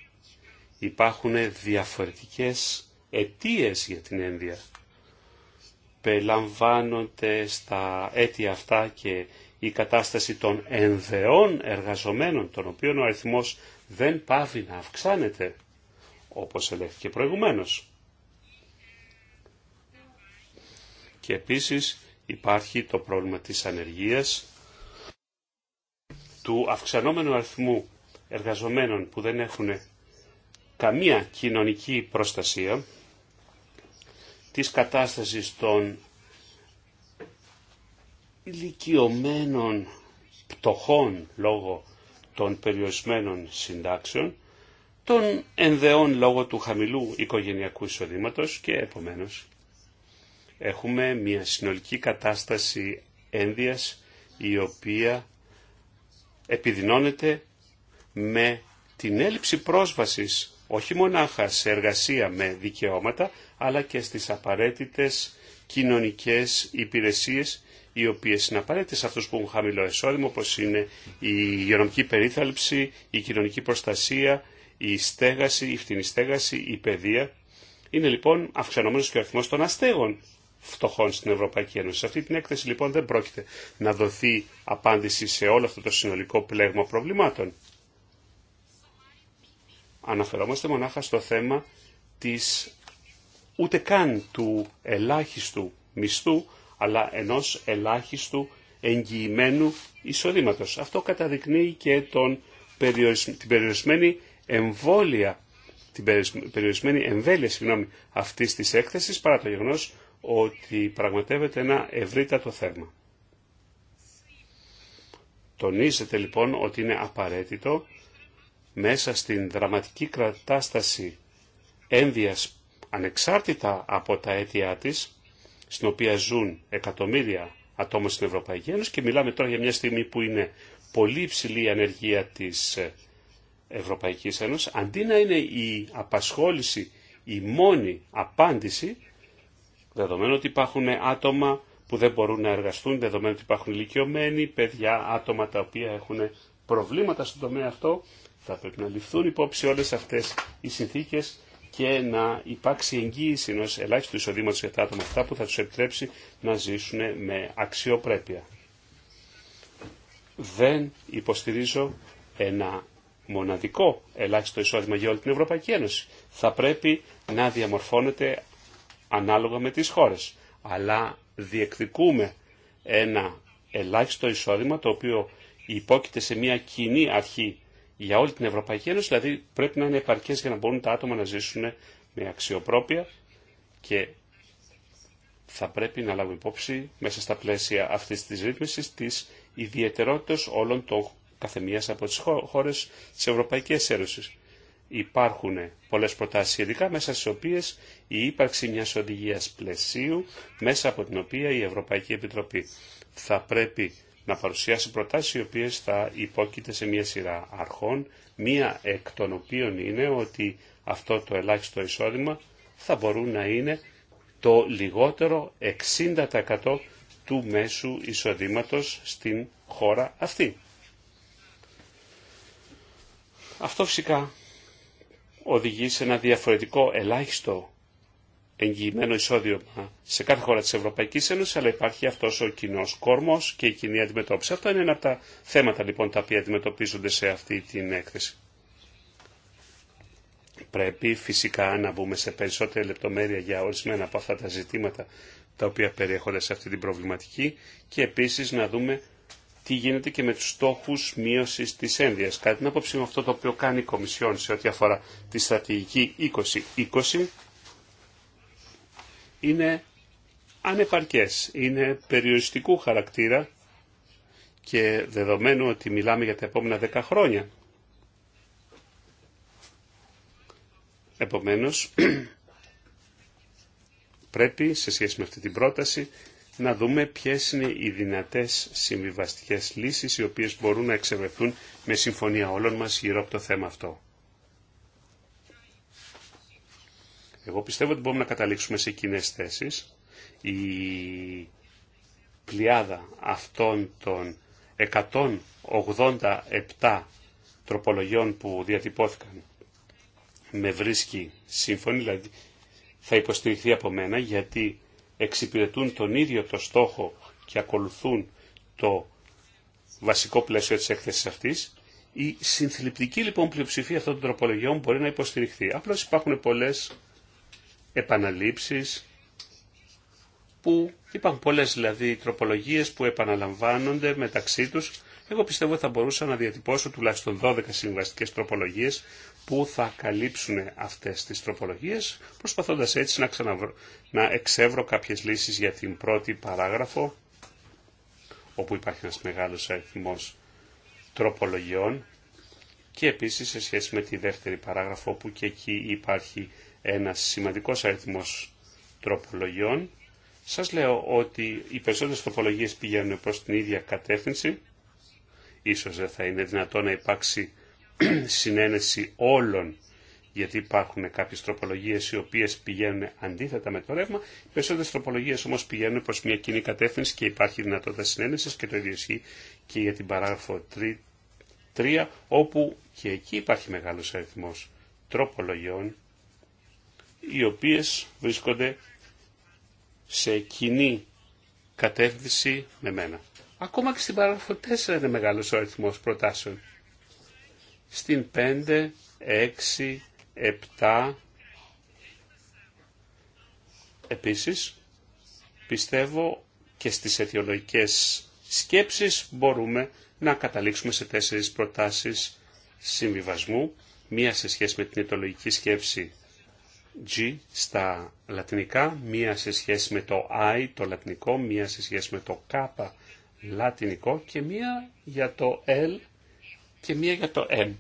υπάρχουν διαφορετικές αιτίες για την ένδυα. Πελαμβάνονται στα αίτια αυτά και η κατάσταση των ενδεών εργαζομένων, των οποίων ο αριθμός δεν πάβει να αυξάνεται, όπως ελέγχθηκε προηγουμένως. Και επίσης υπάρχει το πρόβλημα της ανεργίας, του αυξανόμενου αριθμού εργαζομένων που δεν έχουν καμία κοινωνική προστασία, της κατάστασης των ηλικιωμένων πτωχών λόγω των περιορισμένων συντάξεων, των ενδεών λόγω του χαμηλού οικογενειακού εισοδήματο και επομένως έχουμε μια συνολική κατάσταση ένδυας η οποία επιδεινώνεται με την έλλειψη πρόσβασης όχι μονάχα σε εργασία με δικαιώματα αλλά και στις απαραίτητες κοινωνικές υπηρεσίες οι οποίε είναι απαραίτητε σε αυτού που έχουν χαμηλό εισόδημα, όπω είναι η υγειονομική περίθαλψη, η κοινωνική προστασία, η στέγαση, η φτηνή στέγαση, η παιδεία. Είναι λοιπόν αυξανόμενο και ο αριθμό των αστέγων φτωχών στην Ευρωπαϊκή Ένωση. Σε αυτή την έκθεση λοιπόν δεν πρόκειται να δοθεί απάντηση σε όλο αυτό το συνολικό πλέγμα προβλημάτων. Αναφερόμαστε μονάχα στο θέμα της ούτε καν του ελάχιστου μισθού αλλά ενός ελάχιστου εγγυημένου εισοδήματος. Αυτό καταδεικνύει και τον την περιορισμένη εμβόλια την περιορισμένη εμβέλεια συγγνώμη, αυτής της έκθεσης παρά το γεγονός ότι πραγματεύεται ένα ευρύτατο θέμα. Τονίζεται λοιπόν ότι είναι απαραίτητο μέσα στην δραματική κατάσταση ένδυας ανεξάρτητα από τα αίτια της στην οποία ζουν εκατομμύρια άτομα στην Ευρωπαϊκή Ένωση και μιλάμε τώρα για μια στιγμή που είναι πολύ υψηλή η ανεργία της ε, Ευρωπαϊκής Ένωσης, αντί να είναι η απασχόληση η μόνη απάντηση, δεδομένου ότι υπάρχουν άτομα που δεν μπορούν να εργαστούν, δεδομένου ότι υπάρχουν ηλικιωμένοι, παιδιά, άτομα τα οποία έχουν προβλήματα στον τομέα αυτό, θα πρέπει να ληφθούν υπόψη όλες αυτές οι συνθήκες και να υπάρξει εγγύηση ενό ελάχιστου εισοδήματο για τα άτομα αυτά που θα του επιτρέψει να ζήσουν με αξιοπρέπεια. Δεν υποστηρίζω ένα μοναδικό ελάχιστο εισόδημα για όλη την Ευρωπαϊκή Ένωση. Θα πρέπει να διαμορφώνεται ανάλογα με τις χώρες. Αλλά διεκδικούμε ένα ελάχιστο εισόδημα το οποίο υπόκειται σε μια κοινή αρχή για όλη την Ευρωπαϊκή Ένωση, δηλαδή πρέπει να είναι επαρκέ για να μπορούν τα άτομα να ζήσουν με αξιοπρόπεια και θα πρέπει να λάβουμε υπόψη μέσα στα πλαίσια αυτής της ρύθμιση, της ιδιαιτερότητας όλων των καθεμία από τις χώρες τη Ευρωπαϊκή Ένωση. Υπάρχουν πολλές προτάσεις ειδικά μέσα στι οποίε η ύπαρξη μια οδηγία πλαισίου μέσα από την οποία η Ευρωπαϊκή Επιτροπή θα πρέπει να παρουσιάσει προτάσεις οι οποίες θα υπόκειται σε μια σειρά αρχών, μία εκ των οποίων είναι ότι αυτό το ελάχιστο εισόδημα θα μπορούν να είναι το λιγότερο 60% του μέσου εισοδήματος στην χώρα αυτή. Αυτό φυσικά οδηγεί σε ένα διαφορετικό ελάχιστο εγγυημένο εισόδημα σε κάθε χώρα της Ευρωπαϊκής Ένωσης, αλλά υπάρχει αυτός ο κοινό κόρμος και η κοινή αντιμετώπιση. Αυτό είναι ένα από τα θέματα λοιπόν τα οποία αντιμετωπίζονται σε αυτή την έκθεση. Πρέπει φυσικά να μπούμε σε περισσότερη λεπτομέρεια για ορισμένα από αυτά τα ζητήματα τα οποία περιέχονται σε αυτή την προβληματική και επίσης να δούμε τι γίνεται και με τους στόχους μείωσης της ένδυας. Κάτι την άποψη με αυτό το οποίο κάνει η Κομισιόν σε ό,τι αφορά τη στρατηγική 2020 είναι ανεπαρκές, είναι περιοριστικού χαρακτήρα και δεδομένου ότι μιλάμε για τα επόμενα δέκα χρόνια. Επομένως, πρέπει σε σχέση με αυτή την πρόταση να δούμε ποιες είναι οι δυνατές συμβιβαστικές λύσεις οι οποίες μπορούν να εξευρεθούν με συμφωνία όλων μας γύρω από το θέμα αυτό. Εγώ πιστεύω ότι μπορούμε να καταλήξουμε σε κοινέ θέσει. Η πλειάδα αυτών των 187 τροπολογιών που διατυπώθηκαν με βρίσκει σύμφωνη, δηλαδή θα υποστηριχθεί από μένα γιατί εξυπηρετούν τον ίδιο το στόχο και ακολουθούν το βασικό πλαίσιο της έκθεσης αυτής. Η συνθλιπτική λοιπόν πλειοψηφία αυτών των τροπολογιών μπορεί να υποστηριχθεί. Απλώς υπάρχουν πολλές επαναλήψεις που υπάρχουν πολλές δηλαδή τροπολογίες που επαναλαμβάνονται μεταξύ τους. Εγώ πιστεύω θα μπορούσα να διατυπώσω τουλάχιστον 12 συμβαστικές τροπολογίες που θα καλύψουν αυτές τις τροπολογίες προσπαθώντας έτσι να, ξαναβρω, να εξεύρω κάποιες λύσεις για την πρώτη παράγραφο όπου υπάρχει ένας μεγάλος αριθμός τροπολογιών και επίσης σε σχέση με τη δεύτερη παράγραφο που και εκεί υπάρχει ένας σημαντικός αριθμός τροπολογιών. Σας λέω ότι οι περισσότερες τροπολογίες πηγαίνουν προς την ίδια κατεύθυνση. Ίσως δεν θα είναι δυνατό να υπάρξει συνένεση όλων γιατί υπάρχουν κάποιε τροπολογίε οι οποίε πηγαίνουν αντίθετα με το ρεύμα. Οι περισσότερε τροπολογίε όμω πηγαίνουν προ μια κοινή κατεύθυνση και υπάρχει δυνατότητα συνένεση και το ίδιο ισχύει και για την παράγραφο 3, όπου και εκεί υπάρχει μεγάλο αριθμό τροπολογιών οι οποίες βρίσκονται σε κοινή κατεύθυνση με μένα. Ακόμα και στην παράγραφο 4 είναι μεγάλος ο αριθμός προτάσεων. Στην 5, 6, 7, επίσης, πιστεύω και στις αιτιολογικές σκέψεις μπορούμε να καταλήξουμε σε τέσσερις προτάσεις συμβιβασμού, μία σε σχέση με την αιτιολογική σκέψη G στα λατινικά, μία σε σχέση με το I το λατινικό, μία σε σχέση με το K λατινικό και μία για το L και μία για το M.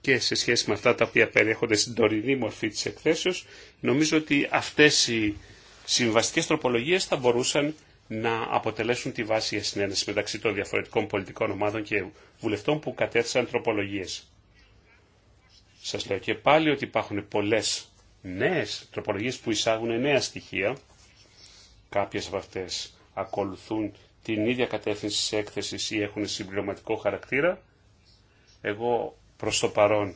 Και σε σχέση με αυτά τα οποία περιέχονται στην τωρινή μορφή της εκθέσεως, νομίζω ότι αυτές οι συμβαστικές τροπολογίες θα μπορούσαν να αποτελέσουν τη βάση για συνένεση μεταξύ των διαφορετικών πολιτικών ομάδων και βουλευτών που κατέθεσαν τροπολογίε. Σα λέω και πάλι ότι υπάρχουν πολλέ νέε τροπολογίε που εισάγουν νέα στοιχεία. κάποιε από αυτέ ακολουθούν την ίδια κατεύθυνση τη έκθεση ή έχουν συμπληρωματικό χαρακτήρα. Εγώ προ το παρόν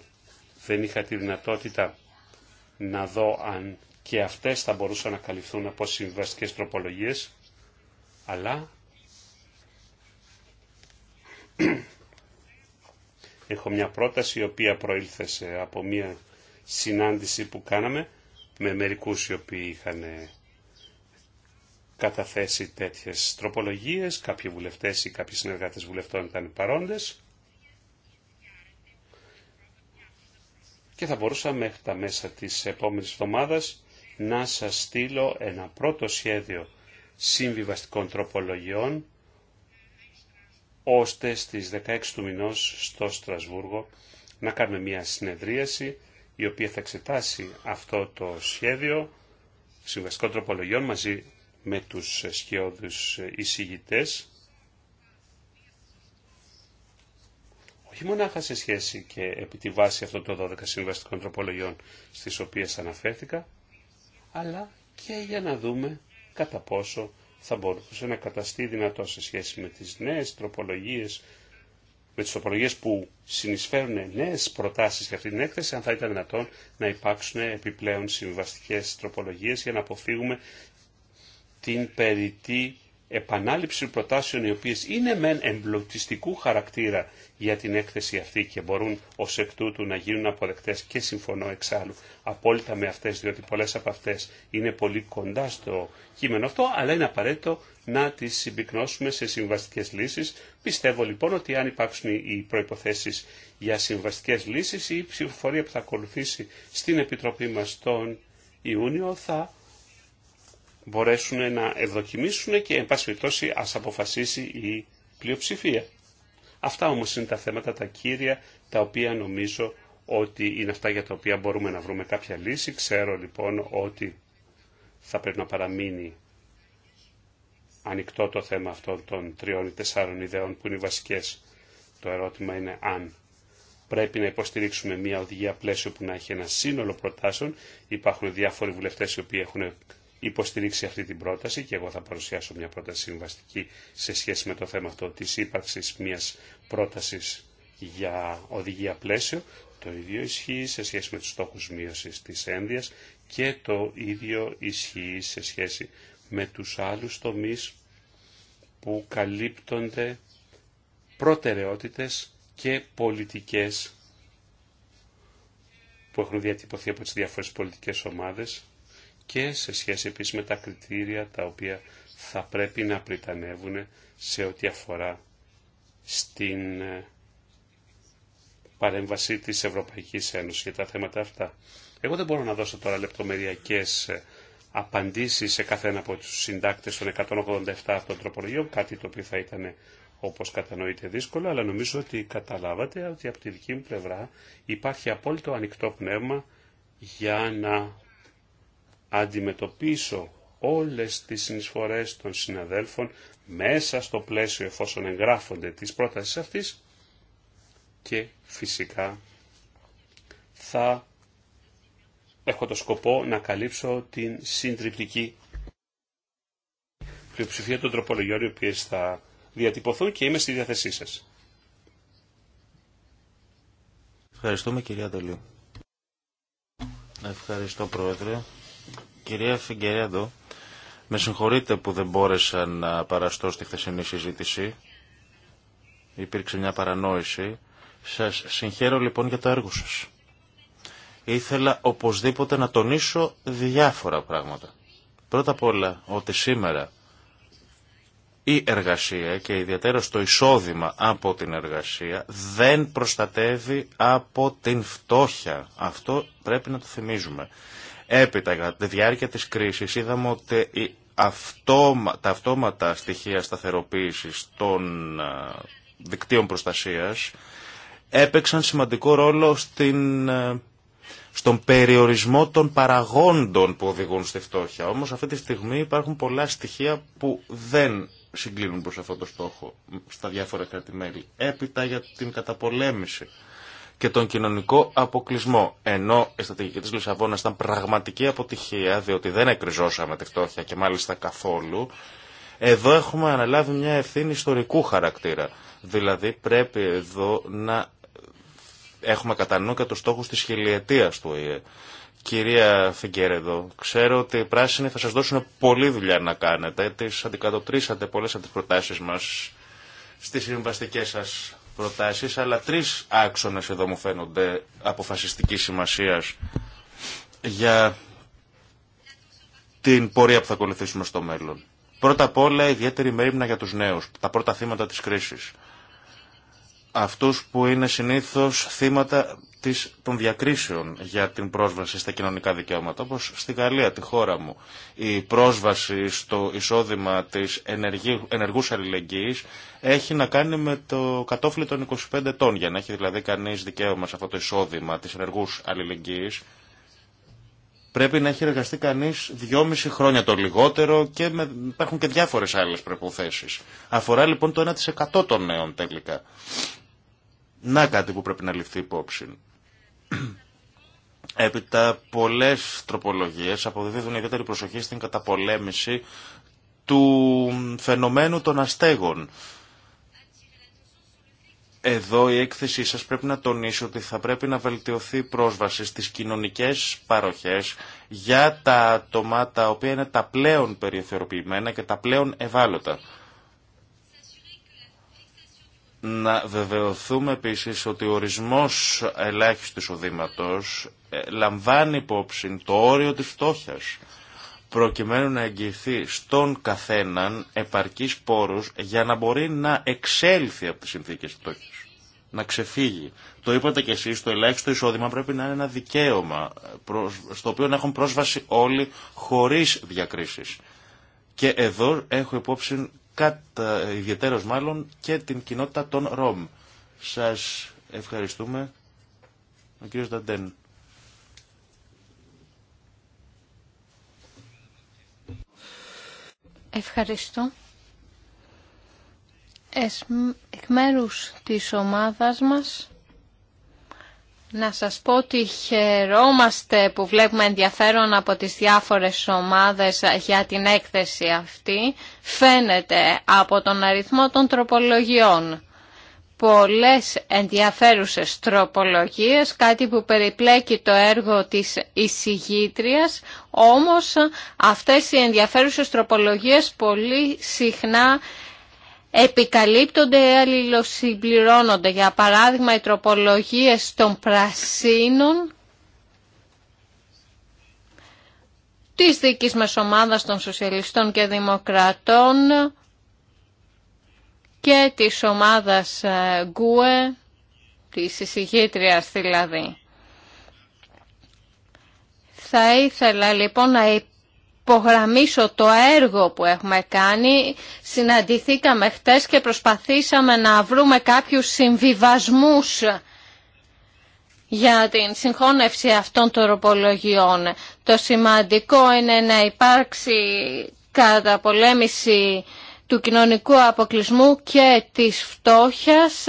δεν είχα τη δυνατότητα να δω αν και αυτές θα μπορούσαν να καλυφθούν από συμβαστικές τροπολογίες αλλά έχω μια πρόταση η οποία προήλθε σε, από μια συνάντηση που κάναμε με μερικούς οι οποίοι είχαν καταθέσει τέτοιες τροπολογίες, κάποιοι βουλευτές ή κάποιοι συνεργάτες βουλευτών ήταν παρόντες και θα μπορούσα μέχρι τα μέσα της επόμενης εβδομάδας να σας στείλω ένα πρώτο σχέδιο συμβιβαστικών τροπολογιών, ώστε στις 16 του μηνός στο Στρασβούργο να κάνουμε μια συνεδρίαση η οποία θα εξετάσει αυτό το σχέδιο συμβαστικών τροπολογιών μαζί με τους σχεώδους εισηγητές. Όχι μονάχα σε σχέση και επί τη βάση αυτών των 12 συμβαστικών τροπολογιών στις οποίες αναφέρθηκα, αλλά και για να δούμε κατά πόσο θα μπορούσε να καταστεί δυνατό σε σχέση με τις νέες τροπολογίες, με τις τροπολογίες που συνεισφέρουν νέες προτάσεις για αυτή την έκθεση, αν θα ήταν δυνατόν να υπάρξουν επιπλέον συμβαστικές τροπολογίες για να αποφύγουμε την περιττή επανάληψη προτάσεων οι οποίες είναι μεν εμπλουτιστικού χαρακτήρα για την έκθεση αυτή και μπορούν ως εκ τούτου να γίνουν αποδεκτές και συμφωνώ εξάλλου απόλυτα με αυτές διότι πολλές από αυτές είναι πολύ κοντά στο κείμενο αυτό αλλά είναι απαραίτητο να τις συμπυκνώσουμε σε συμβαστικές λύσεις. Πιστεύω λοιπόν ότι αν υπάρξουν οι προϋποθέσεις για συμβαστικές λύσεις η ψηφοφορία που θα ακολουθήσει στην Επιτροπή μας τον Ιούνιο θα μπορέσουν να ευδοκιμήσουν και εν πάση περιπτώσει ας αποφασίσει η πλειοψηφία. Αυτά όμως είναι τα θέματα τα κύρια τα οποία νομίζω ότι είναι αυτά για τα οποία μπορούμε να βρούμε κάποια λύση. Ξέρω λοιπόν ότι θα πρέπει να παραμείνει ανοιχτό το θέμα αυτών των τριών ή τεσσάρων ιδεών που είναι οι βασικές. Το ερώτημα είναι αν πρέπει να υποστηρίξουμε μια οδηγία πλαίσιο που να έχει ένα σύνολο προτάσεων. Υπάρχουν διάφοροι βουλευτές οι οποίοι έχουν υποστηρίξει αυτή την πρόταση και εγώ θα παρουσιάσω μια πρόταση συμβαστική σε σχέση με το θέμα αυτό της ύπαρξης μιας πρότασης για οδηγία πλαίσιο. Το ίδιο ισχύει σε σχέση με τους στόχους μείωσης της ένδυας και το ίδιο ισχύει σε σχέση με τους άλλους τομείς που καλύπτονται προτεραιότητες και πολιτικές που έχουν διατυπωθεί από τις διάφορες πολιτικές ομάδες και σε σχέση επίσης με τα κριτήρια τα οποία θα πρέπει να πριτανεύουν σε ό,τι αφορά στην ε, παρέμβαση της Ευρωπαϊκής Ένωσης για τα θέματα αυτά. Εγώ δεν μπορώ να δώσω τώρα λεπτομεριακές ε, απαντήσεις σε καθένα από τους συντάκτες των 187 αυτών τροπολογιών, κάτι το οποίο θα ήταν όπως κατανοείται δύσκολο, αλλά νομίζω ότι καταλάβατε ότι από τη δική μου πλευρά υπάρχει απόλυτο ανοιχτό πνεύμα για να αντιμετωπίσω όλες τις συνεισφορές των συναδέλφων μέσα στο πλαίσιο εφόσον εγγράφονται τις πρότασεις αυτής και φυσικά θα έχω το σκοπό να καλύψω την συντριπτική πλειοψηφία των τροπολογιών οι οποίες θα διατυπωθούν και είμαι στη διάθεσή σας. Ευχαριστούμε κυρία Δελίου. Ευχαριστώ πρόεδρε. Κυρία Φιγκερέντο, με συγχωρείτε που δεν μπόρεσα να παραστώ στη χθεσινή συζήτηση. Υπήρξε μια παρανόηση. Σας συγχαίρω λοιπόν για το έργο σας. Ήθελα οπωσδήποτε να τονίσω διάφορα πράγματα. Πρώτα απ' όλα ότι σήμερα η εργασία και ιδιαίτερα στο εισόδημα από την εργασία δεν προστατεύει από την φτώχεια. Αυτό πρέπει να το θυμίζουμε. Έπειτα, για τη διάρκεια της κρίσης είδαμε ότι τα αυτόματα στοιχεία σταθεροποίησης των ε, δικτύων προστασίας έπαιξαν σημαντικό ρόλο ε, στον περιορισμό των παραγόντων που οδηγούν στη φτώχεια. Όμως αυτή τη στιγμή υπάρχουν πολλά στοιχεία που δεν συγκλίνουν προς αυτό το στόχο στα διάφορα κράτη-μέλη. Έπειτα για την καταπολέμηση και τον κοινωνικό αποκλεισμό. Ενώ η στρατηγική τη Λισαβόνα ήταν πραγματική αποτυχία, διότι δεν εκριζώσαμε τη φτώχεια και μάλιστα καθόλου, εδώ έχουμε αναλάβει μια ευθύνη ιστορικού χαρακτήρα. Δηλαδή πρέπει εδώ να έχουμε κατά νου και τους στόχους της χιλιετίας του ΟΗΕ. Κυρία Φιγκέρεδο, ξέρω ότι οι πράσινοι θα σας δώσουν πολλή δουλειά να κάνετε. Τις αντικατοπτρίσατε πολλές από τις προτάσεις μας στις συμβαστικές σας αλλά τρει άξονες εδώ μου φαίνονται αποφασιστικής σημασίας για την πορεία που θα ακολουθήσουμε στο μέλλον. Πρώτα απ' όλα ιδιαίτερη μερίμνα για τους νέους, τα πρώτα θύματα της κρίσης αυτούς που είναι συνήθως θύματα της, των διακρίσεων για την πρόσβαση στα κοινωνικά δικαιώματα, όπως στη Γαλλία, τη χώρα μου. Η πρόσβαση στο εισόδημα της ενεργή, ενεργούς αλληλεγγύης έχει να κάνει με το κατόφλι των 25 ετών, για να έχει δηλαδή κανείς δικαίωμα σε αυτό το εισόδημα της ενεργούς αλληλεγγύης. Πρέπει να έχει εργαστεί κανείς δυόμιση χρόνια το λιγότερο και με, υπάρχουν και διάφορες άλλες προποθέσει. Αφορά λοιπόν το 1% των νέων τελικά. Να κάτι που πρέπει να ληφθεί υπόψη. Έπειτα πολλές τροπολογίες αποδίδουν ιδιαίτερη προσοχή στην καταπολέμηση του φαινομένου των αστέγων. Εδώ η έκθεσή σας πρέπει να τονίσει ότι θα πρέπει να βελτιωθεί η πρόσβαση στις κοινωνικές παροχές για τα άτομα τα οποία είναι τα πλέον περιθωριοποιημένα και τα πλέον ευάλωτα. Να βεβαιωθούμε επίσης ότι ο ορισμός ελάχιστου εισοδήματος ε, λαμβάνει υπόψη το όριο της φτώχειας προκειμένου να εγγυηθεί στον καθέναν επαρκής πόρους για να μπορεί να εξέλθει από τις συνθήκες φτώχειας, να ξεφύγει. Το είπατε κι εσείς, το ελάχιστο εισόδημα πρέπει να είναι ένα δικαίωμα στο οποίο να έχουν πρόσβαση όλοι χωρίς διακρίσεις. Και εδώ έχω υπόψη κατά ιδιαίτερος μάλλον και την κοινότητα των ΡΟΜ. Σας ευχαριστούμε. Ο κύριος Δαντέν. Ευχαριστώ. Εκ μέρους της ομάδας μας να σας πω ότι χαιρόμαστε που βλέπουμε ενδιαφέρον από τις διάφορες ομάδες για την έκθεση αυτή. Φαίνεται από τον αριθμό των τροπολογιών. Πολλές ενδιαφέρουσες τροπολογίες, κάτι που περιπλέκει το έργο της εισηγήτριας, όμως αυτές οι ενδιαφέρουσες τροπολογίες πολύ συχνά επικαλύπτονται, αλληλοσυμπληρώνονται. Για παράδειγμα, οι τροπολογίες των πρασίνων της δικής μας ομάδας των Σοσιαλιστών και Δημοκρατών και της ομάδας ε, Γκουε, της εισηγήτριας δηλαδή. Θα ήθελα λοιπόν να υπογραμμίσω το έργο που έχουμε κάνει. Συναντηθήκαμε χτες και προσπαθήσαμε να βρούμε κάποιους συμβιβασμούς για την συγχώνευση αυτών των ροπολογιών. Το σημαντικό είναι να υπάρξει καταπολέμηση του κοινωνικού αποκλεισμού και της φτώχειας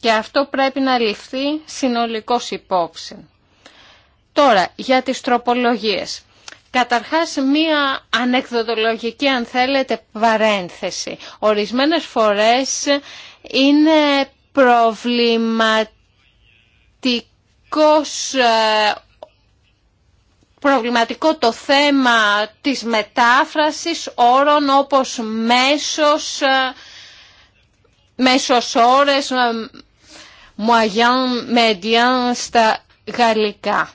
και αυτό πρέπει να ληφθεί συνολικός υπόψη. Τώρα, για τις τροπολογίες. Καταρχάς, μία ανεκδοτολογική, αν θέλετε, παρένθεση. Ορισμένες φορές είναι προβληματικός ε, προβληματικό το θέμα της μετάφρασης όρων όπως μέσος, ε, μέσος ώρες, ε, moyen, médian στα γαλλικά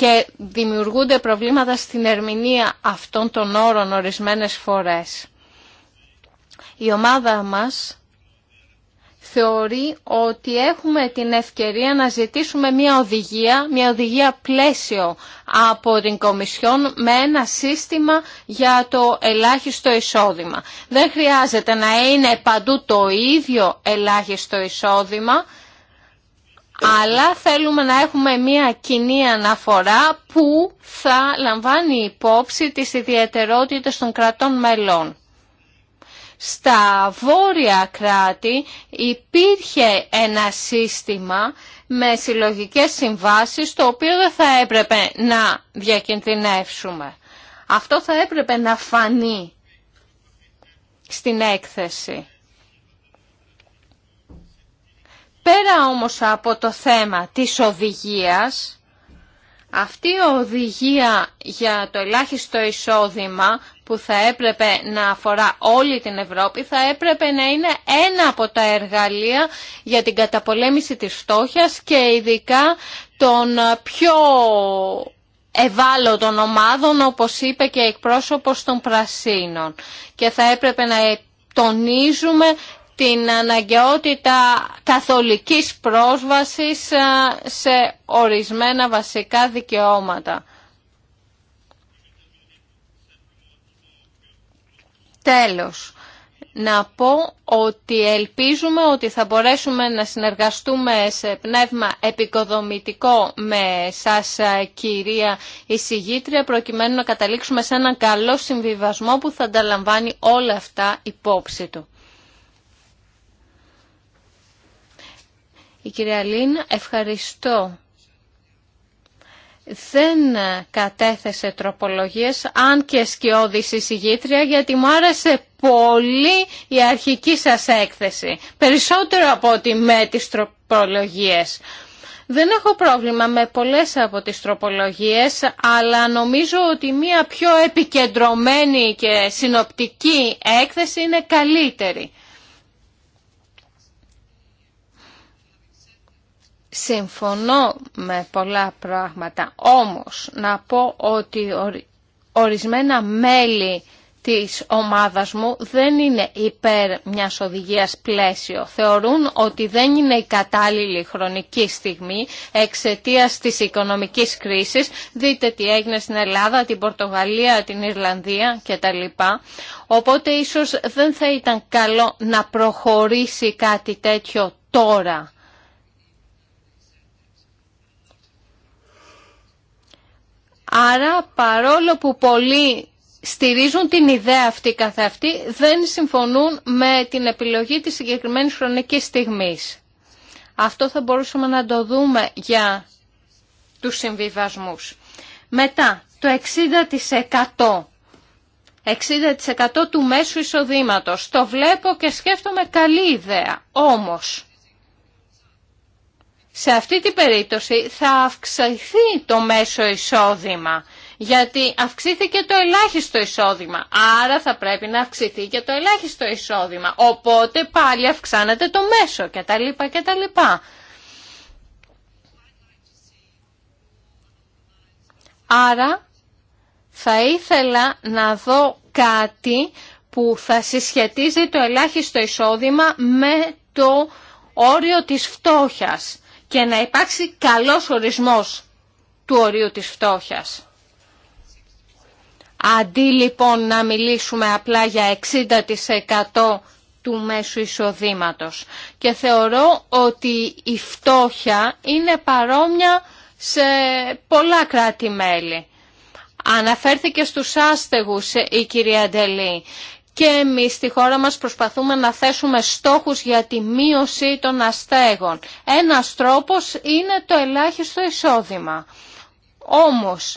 και δημιουργούνται προβλήματα στην ερμηνεία αυτών των όρων ορισμένες φορές. Η ομάδα μας θεωρεί ότι έχουμε την ευκαιρία να ζητήσουμε μια οδηγία, μια οδηγία πλαίσιο από την Κομισιόν με ένα σύστημα για το ελάχιστο εισόδημα. Δεν χρειάζεται να είναι παντού το ίδιο ελάχιστο εισόδημα, αλλά θέλουμε να έχουμε μια κοινή αναφορά που θα λαμβάνει υπόψη τις ιδιαιτερότητες των κρατών μελών. Στα βόρεια κράτη υπήρχε ένα σύστημα με συλλογικές συμβάσεις το οποίο δεν θα έπρεπε να διακινδυνεύσουμε. Αυτό θα έπρεπε να φανεί στην έκθεση. Πέρα όμως από το θέμα της οδηγίας, αυτή η οδηγία για το ελάχιστο εισόδημα που θα έπρεπε να αφορά όλη την Ευρώπη θα έπρεπε να είναι ένα από τα εργαλεία για την καταπολέμηση της φτώχειας και ειδικά των πιο ευάλωτων ομάδων όπως είπε και εκπρόσωπος των Πρασίνων και θα έπρεπε να τονίζουμε την αναγκαιότητα καθολικής πρόσβασης σε ορισμένα βασικά δικαιώματα. Τέλος, να πω ότι ελπίζουμε ότι θα μπορέσουμε να συνεργαστούμε σε πνεύμα επικοδομητικό με σας κυρία εισηγήτρια προκειμένου να καταλήξουμε σε έναν καλό συμβιβασμό που θα ανταλαμβάνει όλα αυτά υπόψη του. Η κυρία Λίν, ευχαριστώ. Δεν κατέθεσε τροπολογίες, αν και σκιώδη εισηγήτρια, γιατί μου άρεσε πολύ η αρχική σας έκθεση. Περισσότερο από ότι με τις τροπολογίες. Δεν έχω πρόβλημα με πολλές από τις τροπολογίες, αλλά νομίζω ότι μια πιο επικεντρωμένη και συνοπτική έκθεση είναι καλύτερη. Συμφωνώ με πολλά πράγματα, όμως να πω ότι ορισμένα μέλη της ομάδας μου δεν είναι υπέρ μιας οδηγίας πλαίσιο. Θεωρούν ότι δεν είναι η κατάλληλη χρονική στιγμή εξαιτίας της οικονομικής κρίσης. Δείτε τι έγινε στην Ελλάδα, την Πορτογαλία, την Ιρλανδία κτλ. Οπότε ίσως δεν θα ήταν καλό να προχωρήσει κάτι τέτοιο τώρα. Άρα παρόλο που πολλοί στηρίζουν την ιδέα αυτή καθ' αυτή, δεν συμφωνούν με την επιλογή της συγκεκριμένης χρονικής στιγμής. Αυτό θα μπορούσαμε να το δούμε για τους συμβιβασμούς. Μετά, το 60%. 60% του μέσου εισοδήματος. Το βλέπω και σκέφτομαι καλή ιδέα. Όμως, σε αυτή την περίπτωση θα αυξηθεί το μέσο εισόδημα, γιατί αυξήθηκε το ελάχιστο εισόδημα, άρα θα πρέπει να αυξηθεί και το ελάχιστο εισόδημα, οπότε πάλι αυξάνεται το μέσο κτλ. κτλ. Άρα θα ήθελα να δω κάτι που θα συσχετίζει το ελάχιστο εισόδημα με το όριο της φτώχειας και να υπάρξει καλός ορισμός του ορίου της φτώχειας. Αντί λοιπόν να μιλήσουμε απλά για 60% του μέσου εισοδήματος. Και θεωρώ ότι η φτώχεια είναι παρόμοια σε πολλά κράτη-μέλη. Αναφέρθηκε στους άστεγους ε, η κυρία Ντελή και εμείς στη χώρα μας προσπαθούμε να θέσουμε στόχους για τη μείωση των αστέγων. Ένας τρόπος είναι το ελάχιστο εισόδημα. Όμως,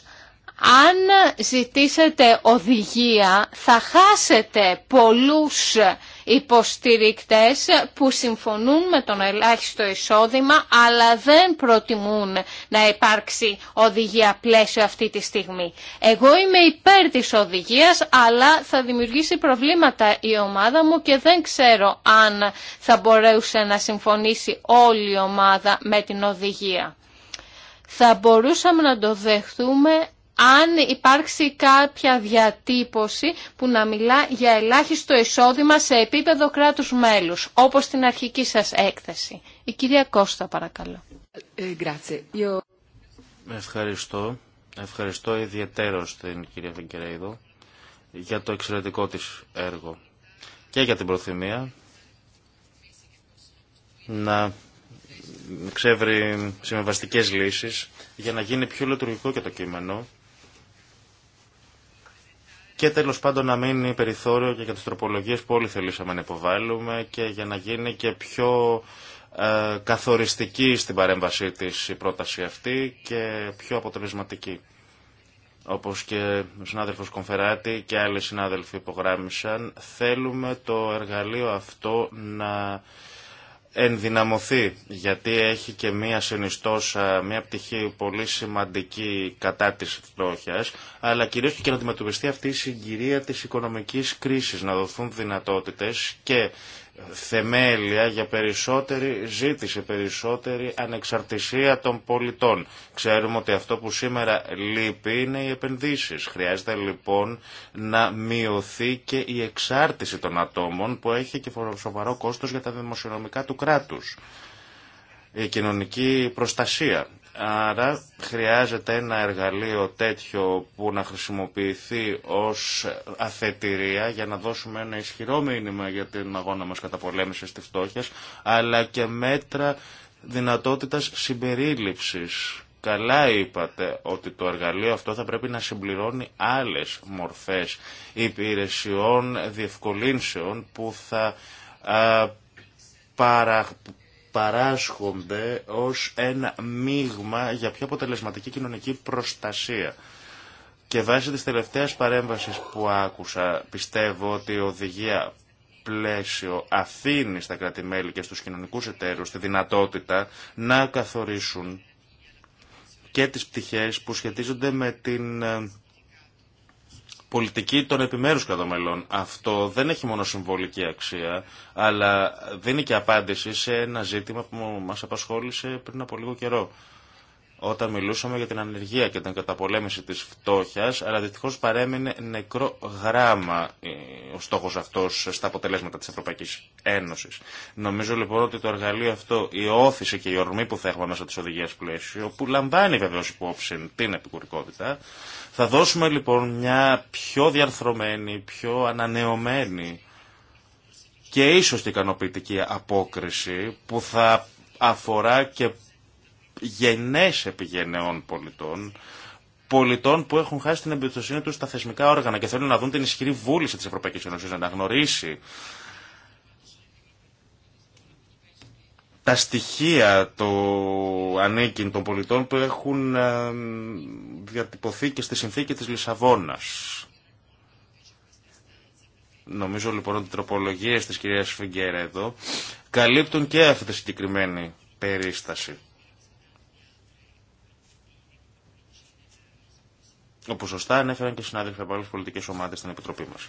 αν ζητήσετε οδηγία θα χάσετε πολλούς υποστηρικτές που συμφωνούν με τον ελάχιστο εισόδημα αλλά δεν προτιμούν να υπάρξει οδηγία πλαίσιο αυτή τη στιγμή. Εγώ είμαι υπέρ της οδηγίας αλλά θα δημιουργήσει προβλήματα η ομάδα μου και δεν ξέρω αν θα μπορέσει να συμφωνήσει όλη η ομάδα με την οδηγία. Θα μπορούσαμε να το δεχθούμε; αν υπάρξει κάποια διατύπωση που να μιλά για ελάχιστο εισόδημα σε επίπεδο κράτους μέλους, όπως στην αρχική σας έκθεση. Η κυρία Κώστα, παρακαλώ. Ε, Ευχαριστώ. Ευχαριστώ ιδιαίτερο την κυρία Φιγκερέιδο για το εξαιρετικό της έργο και για την προθυμία να ξεύρει συμβαστικές λύσεις για να γίνει πιο λειτουργικό και το κείμενο και τέλος πάντων να μείνει περιθώριο και για τις τροπολογίες που όλοι θελήσαμε να υποβάλουμε και για να γίνει και πιο ε, καθοριστική στην παρέμβασή της η πρόταση αυτή και πιο αποτελεσματική. Όπως και ο συνάδελφος Κομφεράτη και άλλοι συνάδελφοι υπογράμμισαν, θέλουμε το εργαλείο αυτό να ενδυναμωθεί γιατί έχει και μία συνιστόσα, μία πτυχή πολύ σημαντική κατά της φτώχειας αλλά κυρίως και να αντιμετωπιστεί αυτή η συγκυρία της οικονομικής κρίσης να δοθούν δυνατότητες και θεμέλια για περισσότερη ζήτηση, περισσότερη ανεξαρτησία των πολιτών. Ξέρουμε ότι αυτό που σήμερα λείπει είναι οι επενδύσεις. Χρειάζεται λοιπόν να μειωθεί και η εξάρτηση των ατόμων που έχει και σοβαρό κόστος για τα δημοσιονομικά του κράτους. Η κοινωνική προστασία Άρα χρειάζεται ένα εργαλείο τέτοιο που να χρησιμοποιηθεί ως αθετηρία για να δώσουμε ένα ισχυρό μήνυμα για την αγώνα μας κατά πολέμησης της φτώχειας, αλλά και μέτρα δυνατότητας συμπερίληψης. Καλά είπατε ότι το εργαλείο αυτό θα πρέπει να συμπληρώνει άλλες μορφές υπηρεσιών διευκολύνσεων που θα παρα, παράσχονται ως ένα μείγμα για πιο αποτελεσματική κοινωνική προστασία. Και βάσει της τελευταίας παρέμβασης που άκουσα, πιστεύω ότι η οδηγία πλαίσιο αφήνει στα κρατη και στους κοινωνικούς εταίρους τη δυνατότητα να καθορίσουν και τις πτυχές που σχετίζονται με την ε, πολιτική των επιμέρους κρατομελών. Αυτό δεν έχει μόνο συμβολική αξία, αλλά δίνει και απάντηση σε ένα ζήτημα που μας απασχόλησε πριν από λίγο καιρό. Όταν μιλούσαμε για την ανεργία και την καταπολέμηση της φτώχειας, αλλά δυστυχώς παρέμεινε νεκρό γράμμα ε, ο στόχος αυτός στα αποτελέσματα της Ευρωπαϊκής Ένωσης. Νομίζω λοιπόν ότι το εργαλείο αυτό, η όθηση και η ορμή που θα έχουμε μέσα της οδηγίας πλαίσιο, που λαμβάνει βεβαίως υπόψη την επικουρικότητα, θα δώσουμε λοιπόν μια πιο διαρθρωμένη, πιο ανανεωμένη και ίσως και ικανοποιητική απόκριση που θα αφορά και επί επιγενεών πολιτών, πολιτών που έχουν χάσει την εμπιστοσύνη τους στα θεσμικά όργανα και θέλουν να δουν την ισχυρή βούληση της Ευρωπαϊκής Ένωσης να αναγνωρίσει τα στοιχεία του ανήκειν των πολιτών που έχουν διατυπωθεί και στη συνθήκη της Λισαβόνας. Νομίζω λοιπόν ότι οι τροπολογίες της κυρίας Φιγκέρα εδώ καλύπτουν και αυτή τη συγκεκριμένη περίσταση. Όπως σωστά ανέφεραν και συνάδελφοι από άλλες πολιτικές ομάδες στην Επιτροπή μας.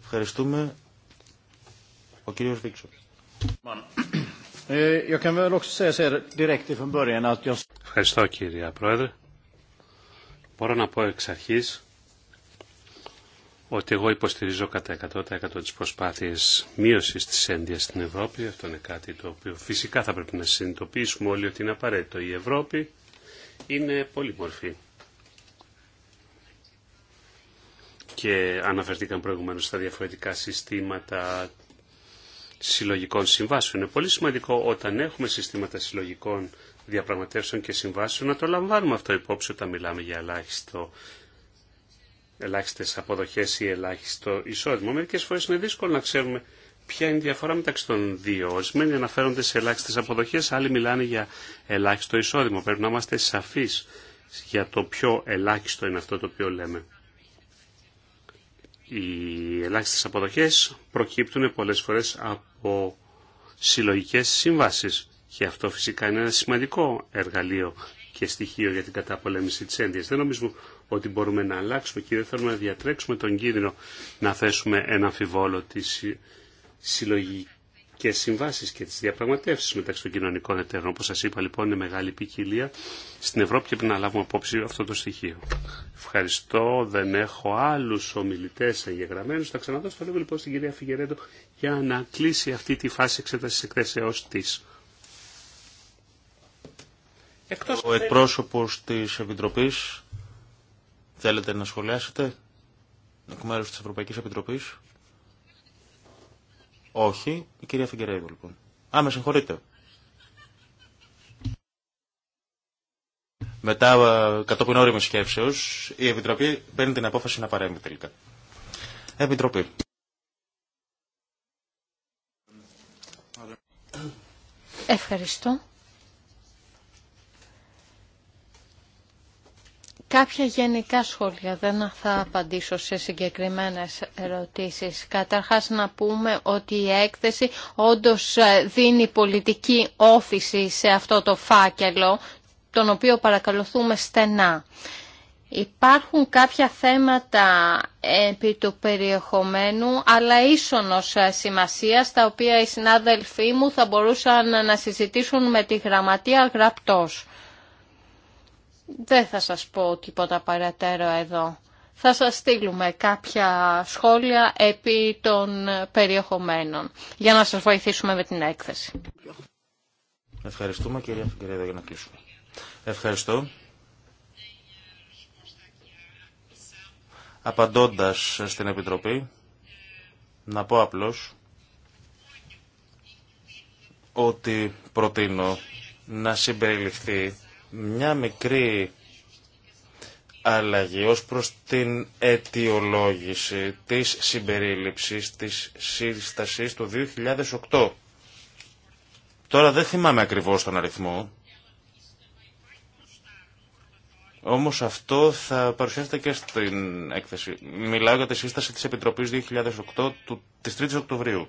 Ευχαριστούμε. Ο κύριος Βίξον. Ε, Ευχαριστώ κύριε Πρόεδρε. Μπορώ να πω εξ αρχής ότι εγώ υποστηρίζω κατά 100% τις προσπάθειες μείωσης της ένδυας στην Ευρώπη. Αυτό είναι κάτι το οποίο φυσικά θα πρέπει να συνειδητοποιήσουμε όλοι ότι είναι απαραίτητο. Η Ευρώπη είναι πολυμορφή. Και αναφερθήκαν προηγουμένως στα διαφορετικά συστήματα συλλογικών συμβάσεων. Είναι πολύ σημαντικό όταν έχουμε συστήματα συλλογικών διαπραγματεύσεων και συμβάσεων να το λαμβάνουμε αυτό υπόψη όταν μιλάμε για ελάχιστο ελάχιστες αποδοχές ή ελάχιστο εισόδημα. Μερικές φορές είναι δύσκολο να ξέρουμε ποια είναι η διαφορά μεταξύ των δύο. Ορισμένοι αναφέρονται σε ελάχιστες αποδοχές, άλλοι μιλάνε για ελάχιστο εισόδημα. Πρέπει να είμαστε σαφείς για το πιο ελάχιστο είναι αυτό το οποίο λέμε. Οι ελάχιστες αποδοχές προκύπτουν πολλές φορές από συλλογικές συμβάσεις και αυτό φυσικά είναι ένα σημαντικό εργαλείο και στοιχείο για την καταπολέμηση της ένδυας. Δεν νομίζουμε ότι μπορούμε να αλλάξουμε και δεν θέλουμε να διατρέξουμε τον κίνδυνο να θέσουμε ένα αμφιβόλο της συλλογική και συμβάσει και τι διαπραγματεύσει μεταξύ των κοινωνικών εταίρων. Όπω σα είπα, λοιπόν, είναι μεγάλη ποικιλία στην Ευρώπη και πρέπει να λάβουμε απόψη αυτό το στοιχείο. Ευχαριστώ. Δεν έχω άλλου ομιλητέ εγγεγραμμένου. Θα ξαναδώσω το λίγο, λοιπόν στην κυρία Φιγερέντο για να κλείσει αυτή τη φάση εξέταση εκθέσεώ τη. Εκτός... Ο εκπρόσωπο τη Επιτροπή, θέλετε να σχολιάσετε εκ μέρου τη Ευρωπαϊκή Επιτροπή. Όχι, η κυρία Φιγκερέιδου λοιπόν. Α, με συγχωρείτε. Μετά, ε, κατόπιν όριμη σκέψεω, η Επιτροπή παίρνει την απόφαση να παρέμβει τελικά. Επιτροπή. Ευχαριστώ. Κάποια γενικά σχόλια, δεν θα απαντήσω σε συγκεκριμένες ερωτήσεις. Καταρχάς να πούμε ότι η έκθεση όντως ε, δίνει πολιτική όφηση σε αυτό το φάκελο, τον οποίο παρακαλωθούμε στενά. Υπάρχουν κάποια θέματα ε, επί του περιεχομένου, αλλά ίσονος ε, σημασίας, τα οποία οι συνάδελφοί μου θα μπορούσαν να συζητήσουν με τη γραμματεία γραπτός. Δεν θα σας πω τίποτα παρατέρω εδώ. Θα σας στείλουμε κάποια σχόλια επί των περιεχομένων για να σας βοηθήσουμε με την έκθεση. Ευχαριστούμε κυρία Φιγκρέδα για να κλείσουμε. Ευχαριστώ. Απαντώντας στην Επιτροπή, να πω απλώς ότι προτείνω να συμπεριληφθεί μια μικρή αλλαγή ως προς την αιτιολόγηση της συμπερίληψης της σύστασης του 2008. Τώρα δεν θυμάμαι ακριβώς τον αριθμό, όμως αυτό θα παρουσιάζεται και στην έκθεση. Μιλάω για τη σύσταση της Επιτροπής 2008 του, της 3ης Οκτωβρίου.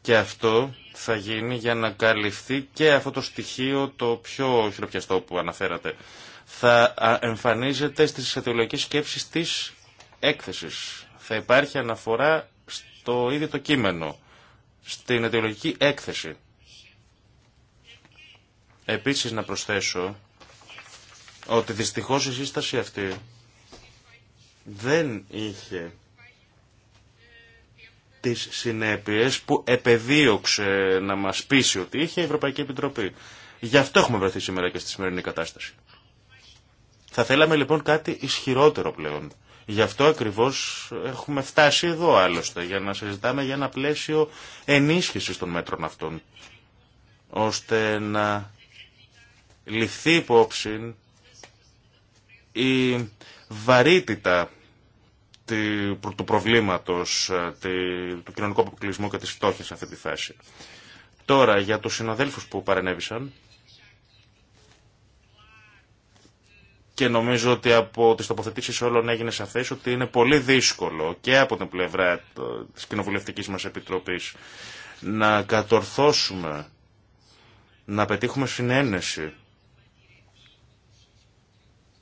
Και αυτό θα γίνει για να καλυφθεί και αυτό το στοιχείο το πιο χειροπιαστό που αναφέρατε. Θα εμφανίζεται στις αιτιολογικές σκέψεις της έκθεσης. Θα υπάρχει αναφορά στο ίδιο το κείμενο, στην αιτιολογική έκθεση. Επίσης να προσθέσω ότι δυστυχώς η σύσταση αυτή δεν είχε τις συνέπειες που επεδίωξε να μας πείσει ότι είχε η Ευρωπαϊκή Επιτροπή. Γι' αυτό έχουμε βρεθεί σήμερα και στη σημερινή κατάσταση. Θα θέλαμε λοιπόν κάτι ισχυρότερο πλέον. Γι' αυτό ακριβώς έχουμε φτάσει εδώ άλλωστε, για να συζητάμε για ένα πλαίσιο ενίσχυσης των μέτρων αυτών, ώστε να ληφθεί υπόψη η βαρύτητα του προβλήματος ε, του κοινωνικού αποκλεισμού και της φτώχειας σε αυτή τη φάση. Τώρα για τους συναδέλφους που παρενέβησαν και νομίζω ότι από τις τοποθετήσεις όλων έγινε σαφές ότι είναι πολύ δύσκολο και από την πλευρά της κοινοβουλευτικής μας επιτροπής να κατορθώσουμε να πετύχουμε συνένεση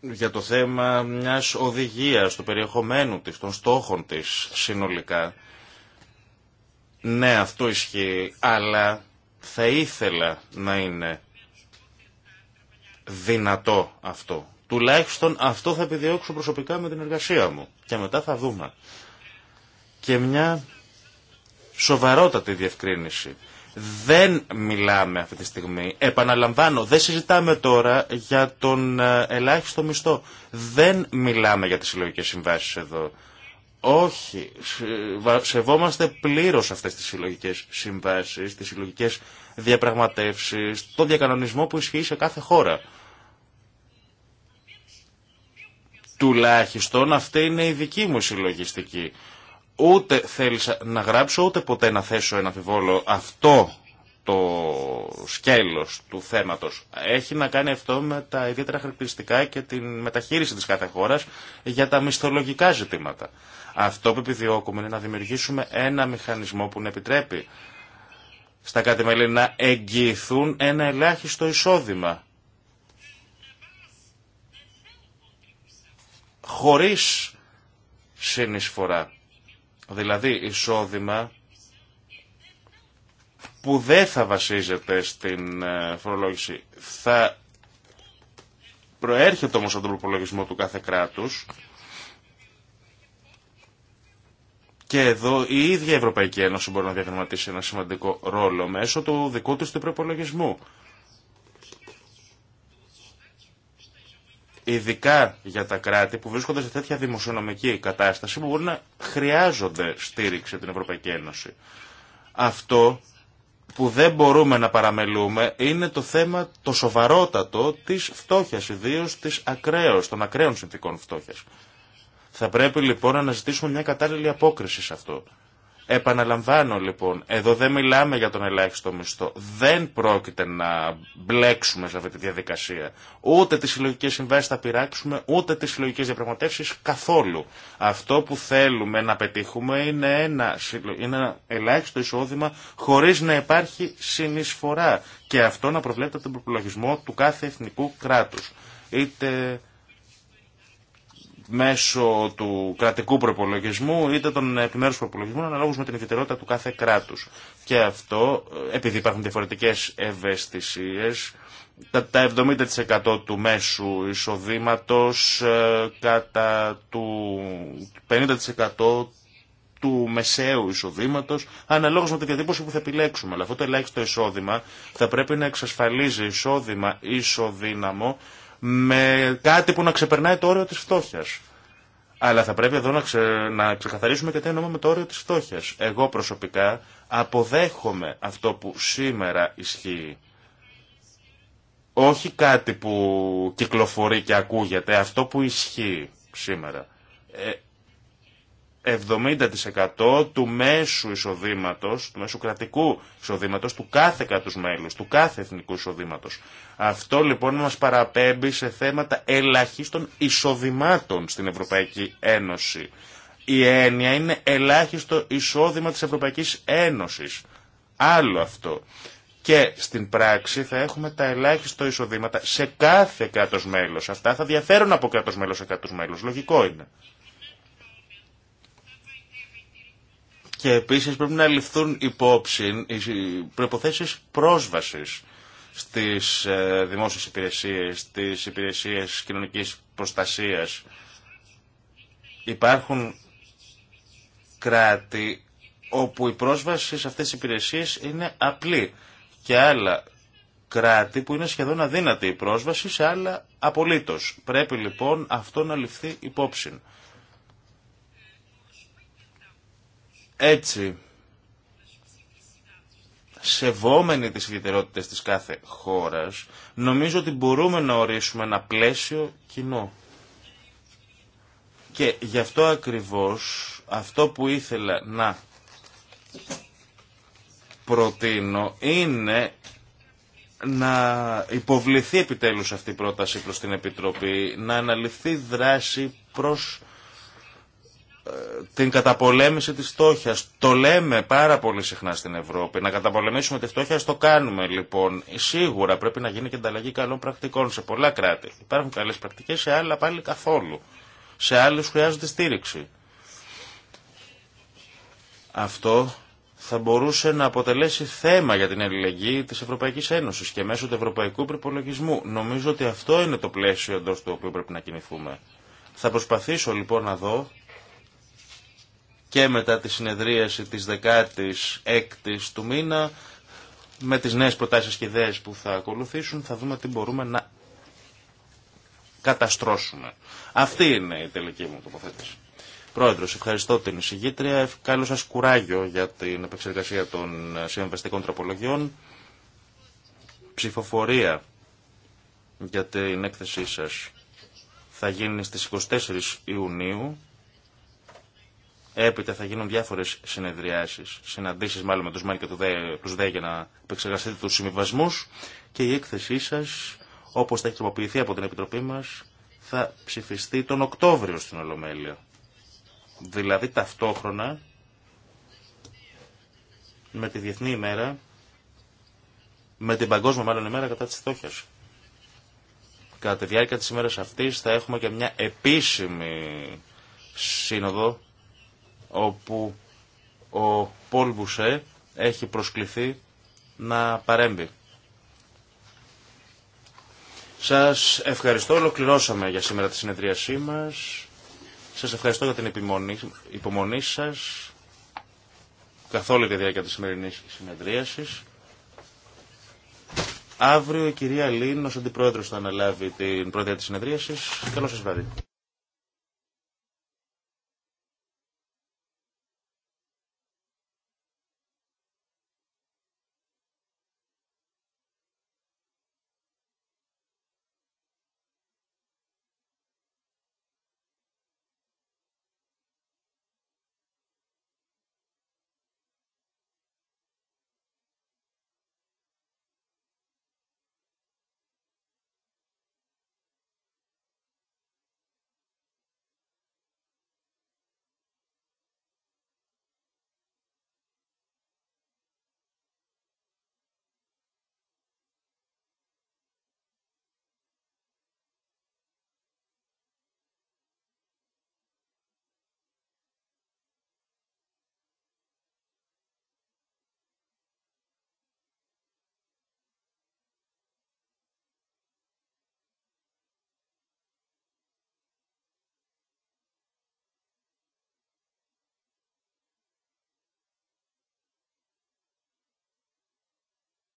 για το θέμα μιας οδηγίας, του περιεχομένου της, των στόχων της συνολικά. Ναι, αυτό ισχύει, αλλά θα ήθελα να είναι δυνατό αυτό. Τουλάχιστον αυτό θα επιδιώξω προσωπικά με την εργασία μου και μετά θα δούμε. Και μια σοβαρότατη διευκρίνηση δεν μιλάμε αυτή τη στιγμή. Επαναλαμβάνω, δεν συζητάμε τώρα για τον ε, ελάχιστο μισθό. Δεν μιλάμε για τις συλλογικές συμβάσεις εδώ. Όχι, σεβόμαστε πλήρως αυτές τις συλλογικές συμβάσεις, τις συλλογικές διαπραγματεύσεις, τον διακανονισμό που ισχύει σε κάθε χώρα. Τουλάχιστον αυτή είναι η δική μου συλλογιστική. Ούτε θέλησα να γράψω, ούτε ποτέ να θέσω ένα αμφιβόλο αυτό το σκέλος του θέματος. Έχει να κάνει αυτό με τα ιδιαίτερα χαρακτηριστικά και την μεταχείριση της κάθε χώρας για τα μισθολογικά ζητήματα. Αυτό που επιδιώκουμε είναι να δημιουργήσουμε ένα μηχανισμό που να επιτρέπει στα κάτι να εγγυηθούν ένα ελάχιστο εισόδημα. Χωρίς συνεισφορά δηλαδή εισόδημα που δεν θα βασίζεται στην ε, φορολόγηση. Θα προέρχεται όμως από τον προπολογισμό του κάθε κράτους και εδώ η ίδια η Ευρωπαϊκή Ένωση μπορεί να διαγραμματίσει ένα σημαντικό ρόλο μέσω του δικού της του προπολογισμού. ειδικά για τα κράτη που βρίσκονται σε τέτοια δημοσιονομική κατάσταση που μπορεί να χρειάζονται στήριξη από την Ευρωπαϊκή Ένωση. Αυτό που δεν μπορούμε να παραμελούμε είναι το θέμα το σοβαρότατο της φτώχειας, ιδίως της ακραίως, των ακραίων συνθήκων φτώχειας. Θα πρέπει λοιπόν να αναζητήσουμε μια κατάλληλη απόκριση σε αυτό. Επαναλαμβάνω λοιπόν, εδώ δεν μιλάμε για τον ελάχιστο μισθό. Δεν πρόκειται να μπλέξουμε σε αυτή τη διαδικασία. Ούτε τι συλλογικέ συμβάσει θα πειράξουμε, ούτε τι συλλογικέ διαπραγματεύσει καθόλου. Αυτό που θέλουμε να πετύχουμε είναι ένα, είναι ένα ελάχιστο εισόδημα χωρί να υπάρχει συνεισφορά. Και αυτό να προβλέπεται τον προπολογισμό του κάθε εθνικού κράτου. Είτε μέσω του κρατικού προπολογισμού είτε των επιμέρους προπολογισμού αναλόγως με την ιδιαιτερότητα του κάθε κράτους. Και αυτό, επειδή υπάρχουν διαφορετικές ευαισθησίες, τα 70% του μέσου εισοδήματος ε, κατά του 50% του μεσαίου εισοδήματο, αναλόγω με τη διατύπωση που θα επιλέξουμε. Αλλά αυτό το ελάχιστο εισόδημα θα πρέπει να εξασφαλίζει εισόδημα ισοδύναμο με κάτι που να ξεπερνάει το όριο της φτώχειας. Αλλά θα πρέπει εδώ να, ξε... να ξεκαθαρίσουμε και τι εννοούμε με το όριο της φτώχειας. Εγώ προσωπικά αποδέχομαι αυτό που σήμερα ισχύει. Όχι κάτι που κυκλοφορεί και ακούγεται, αυτό που ισχύει σήμερα. Ε, 70% του μέσου εισοδήματος, του μέσου κρατικού εισοδήματος, του κάθε κράτους μέλους, του κάθε εθνικού εισοδήματος. Αυτό λοιπόν μας παραπέμπει σε θέματα ελαχίστων εισοδημάτων στην Ευρωπαϊκή Ένωση. Η έννοια είναι ελάχιστο εισόδημα της Ευρωπαϊκής Ένωσης. Άλλο αυτό. Και στην πράξη θα έχουμε τα ελάχιστο εισοδήματα σε κάθε κράτος μέλος. Αυτά θα διαφέρουν από κράτος μέλος σε κράτος μέλος. Λογικό είναι. Και επίσης πρέπει να ληφθούν υπόψη οι προϋποθέσεις πρόσβασης στις ε, δημόσιες υπηρεσίες, στις υπηρεσίες κοινωνικής προστασίας. Υπάρχουν κράτη όπου η πρόσβαση σε αυτές τις υπηρεσίες είναι απλή και άλλα κράτη που είναι σχεδόν αδύνατη η πρόσβαση σε άλλα απολύτως. Πρέπει λοιπόν αυτό να ληφθεί υπόψη. Έτσι, σεβόμενοι τις ιδιαιτερότητες της κάθε χώρας, νομίζω ότι μπορούμε να ορίσουμε ένα πλαίσιο κοινό. Και γι' αυτό ακριβώς αυτό που ήθελα να προτείνω είναι να υποβληθεί επιτέλους αυτή η πρόταση προς την Επιτροπή, να αναλυθεί δράση προς την καταπολέμηση της φτώχεια. Το λέμε πάρα πολύ συχνά στην Ευρώπη. Να καταπολεμήσουμε τη φτώχεια, το κάνουμε λοιπόν. Σίγουρα πρέπει να γίνει και ανταλλαγή καλών πρακτικών σε πολλά κράτη. Υπάρχουν καλές πρακτικές, σε άλλα πάλι καθόλου. Σε άλλους χρειάζεται στήριξη. Αυτό θα μπορούσε να αποτελέσει θέμα για την ελληνική της Ευρωπαϊκής Ένωσης και μέσω του ευρωπαϊκού προπολογισμού. Νομίζω ότι αυτό είναι το πλαίσιο εντός του οποίου πρέπει να κινηθούμε. Θα προσπαθήσω λοιπόν να δω και μετά τη συνεδρίαση της 16ης του μήνα με τις νέες προτάσεις και ιδέες που θα ακολουθήσουν θα δούμε τι μπορούμε να καταστρώσουμε. Αυτή είναι η τελική μου τοποθέτηση. Πρόεδρος, ευχαριστώ την εισηγήτρια. Καλό σα κουράγιο για την επεξεργασία των συμβαστικών τροπολογιών. Ψηφοφορία για την έκθεσή σας θα γίνει στις 24 Ιουνίου Έπειτα θα γίνουν διάφορε συνεδριάσει, συναντήσει μάλλον με του ΜΑΝ και του ΔΕ, τους ΔΕ για να επεξεργαστείτε του συμβιβασμού και η έκθεσή σα, όπω θα έχει τροποποιηθεί από την Επιτροπή μα, θα ψηφιστεί τον Οκτώβριο στην Ολομέλεια. Δηλαδή ταυτόχρονα με τη Διεθνή ημέρα, με την Παγκόσμια μάλλον ημέρα κατά τη φτώχεια. Κατά τη διάρκεια τη ημέρα αυτή θα έχουμε και μια επίσημη σύνοδο όπου ο Πολ Μπουσέ έχει προσκληθεί να παρέμβει. Σας ευχαριστώ. Ολοκληρώσαμε για σήμερα τη συνεδρίασή μας. Σας ευχαριστώ για την υπομονή, υπομονή σας καθ' τη διάρκεια της σημερινής συνεδρίασης. Αύριο η κυρία Λίν ως αντιπρόεδρος θα αναλάβει την πρόεδρια της συνεδρίασης. Καλό σας βράδυ.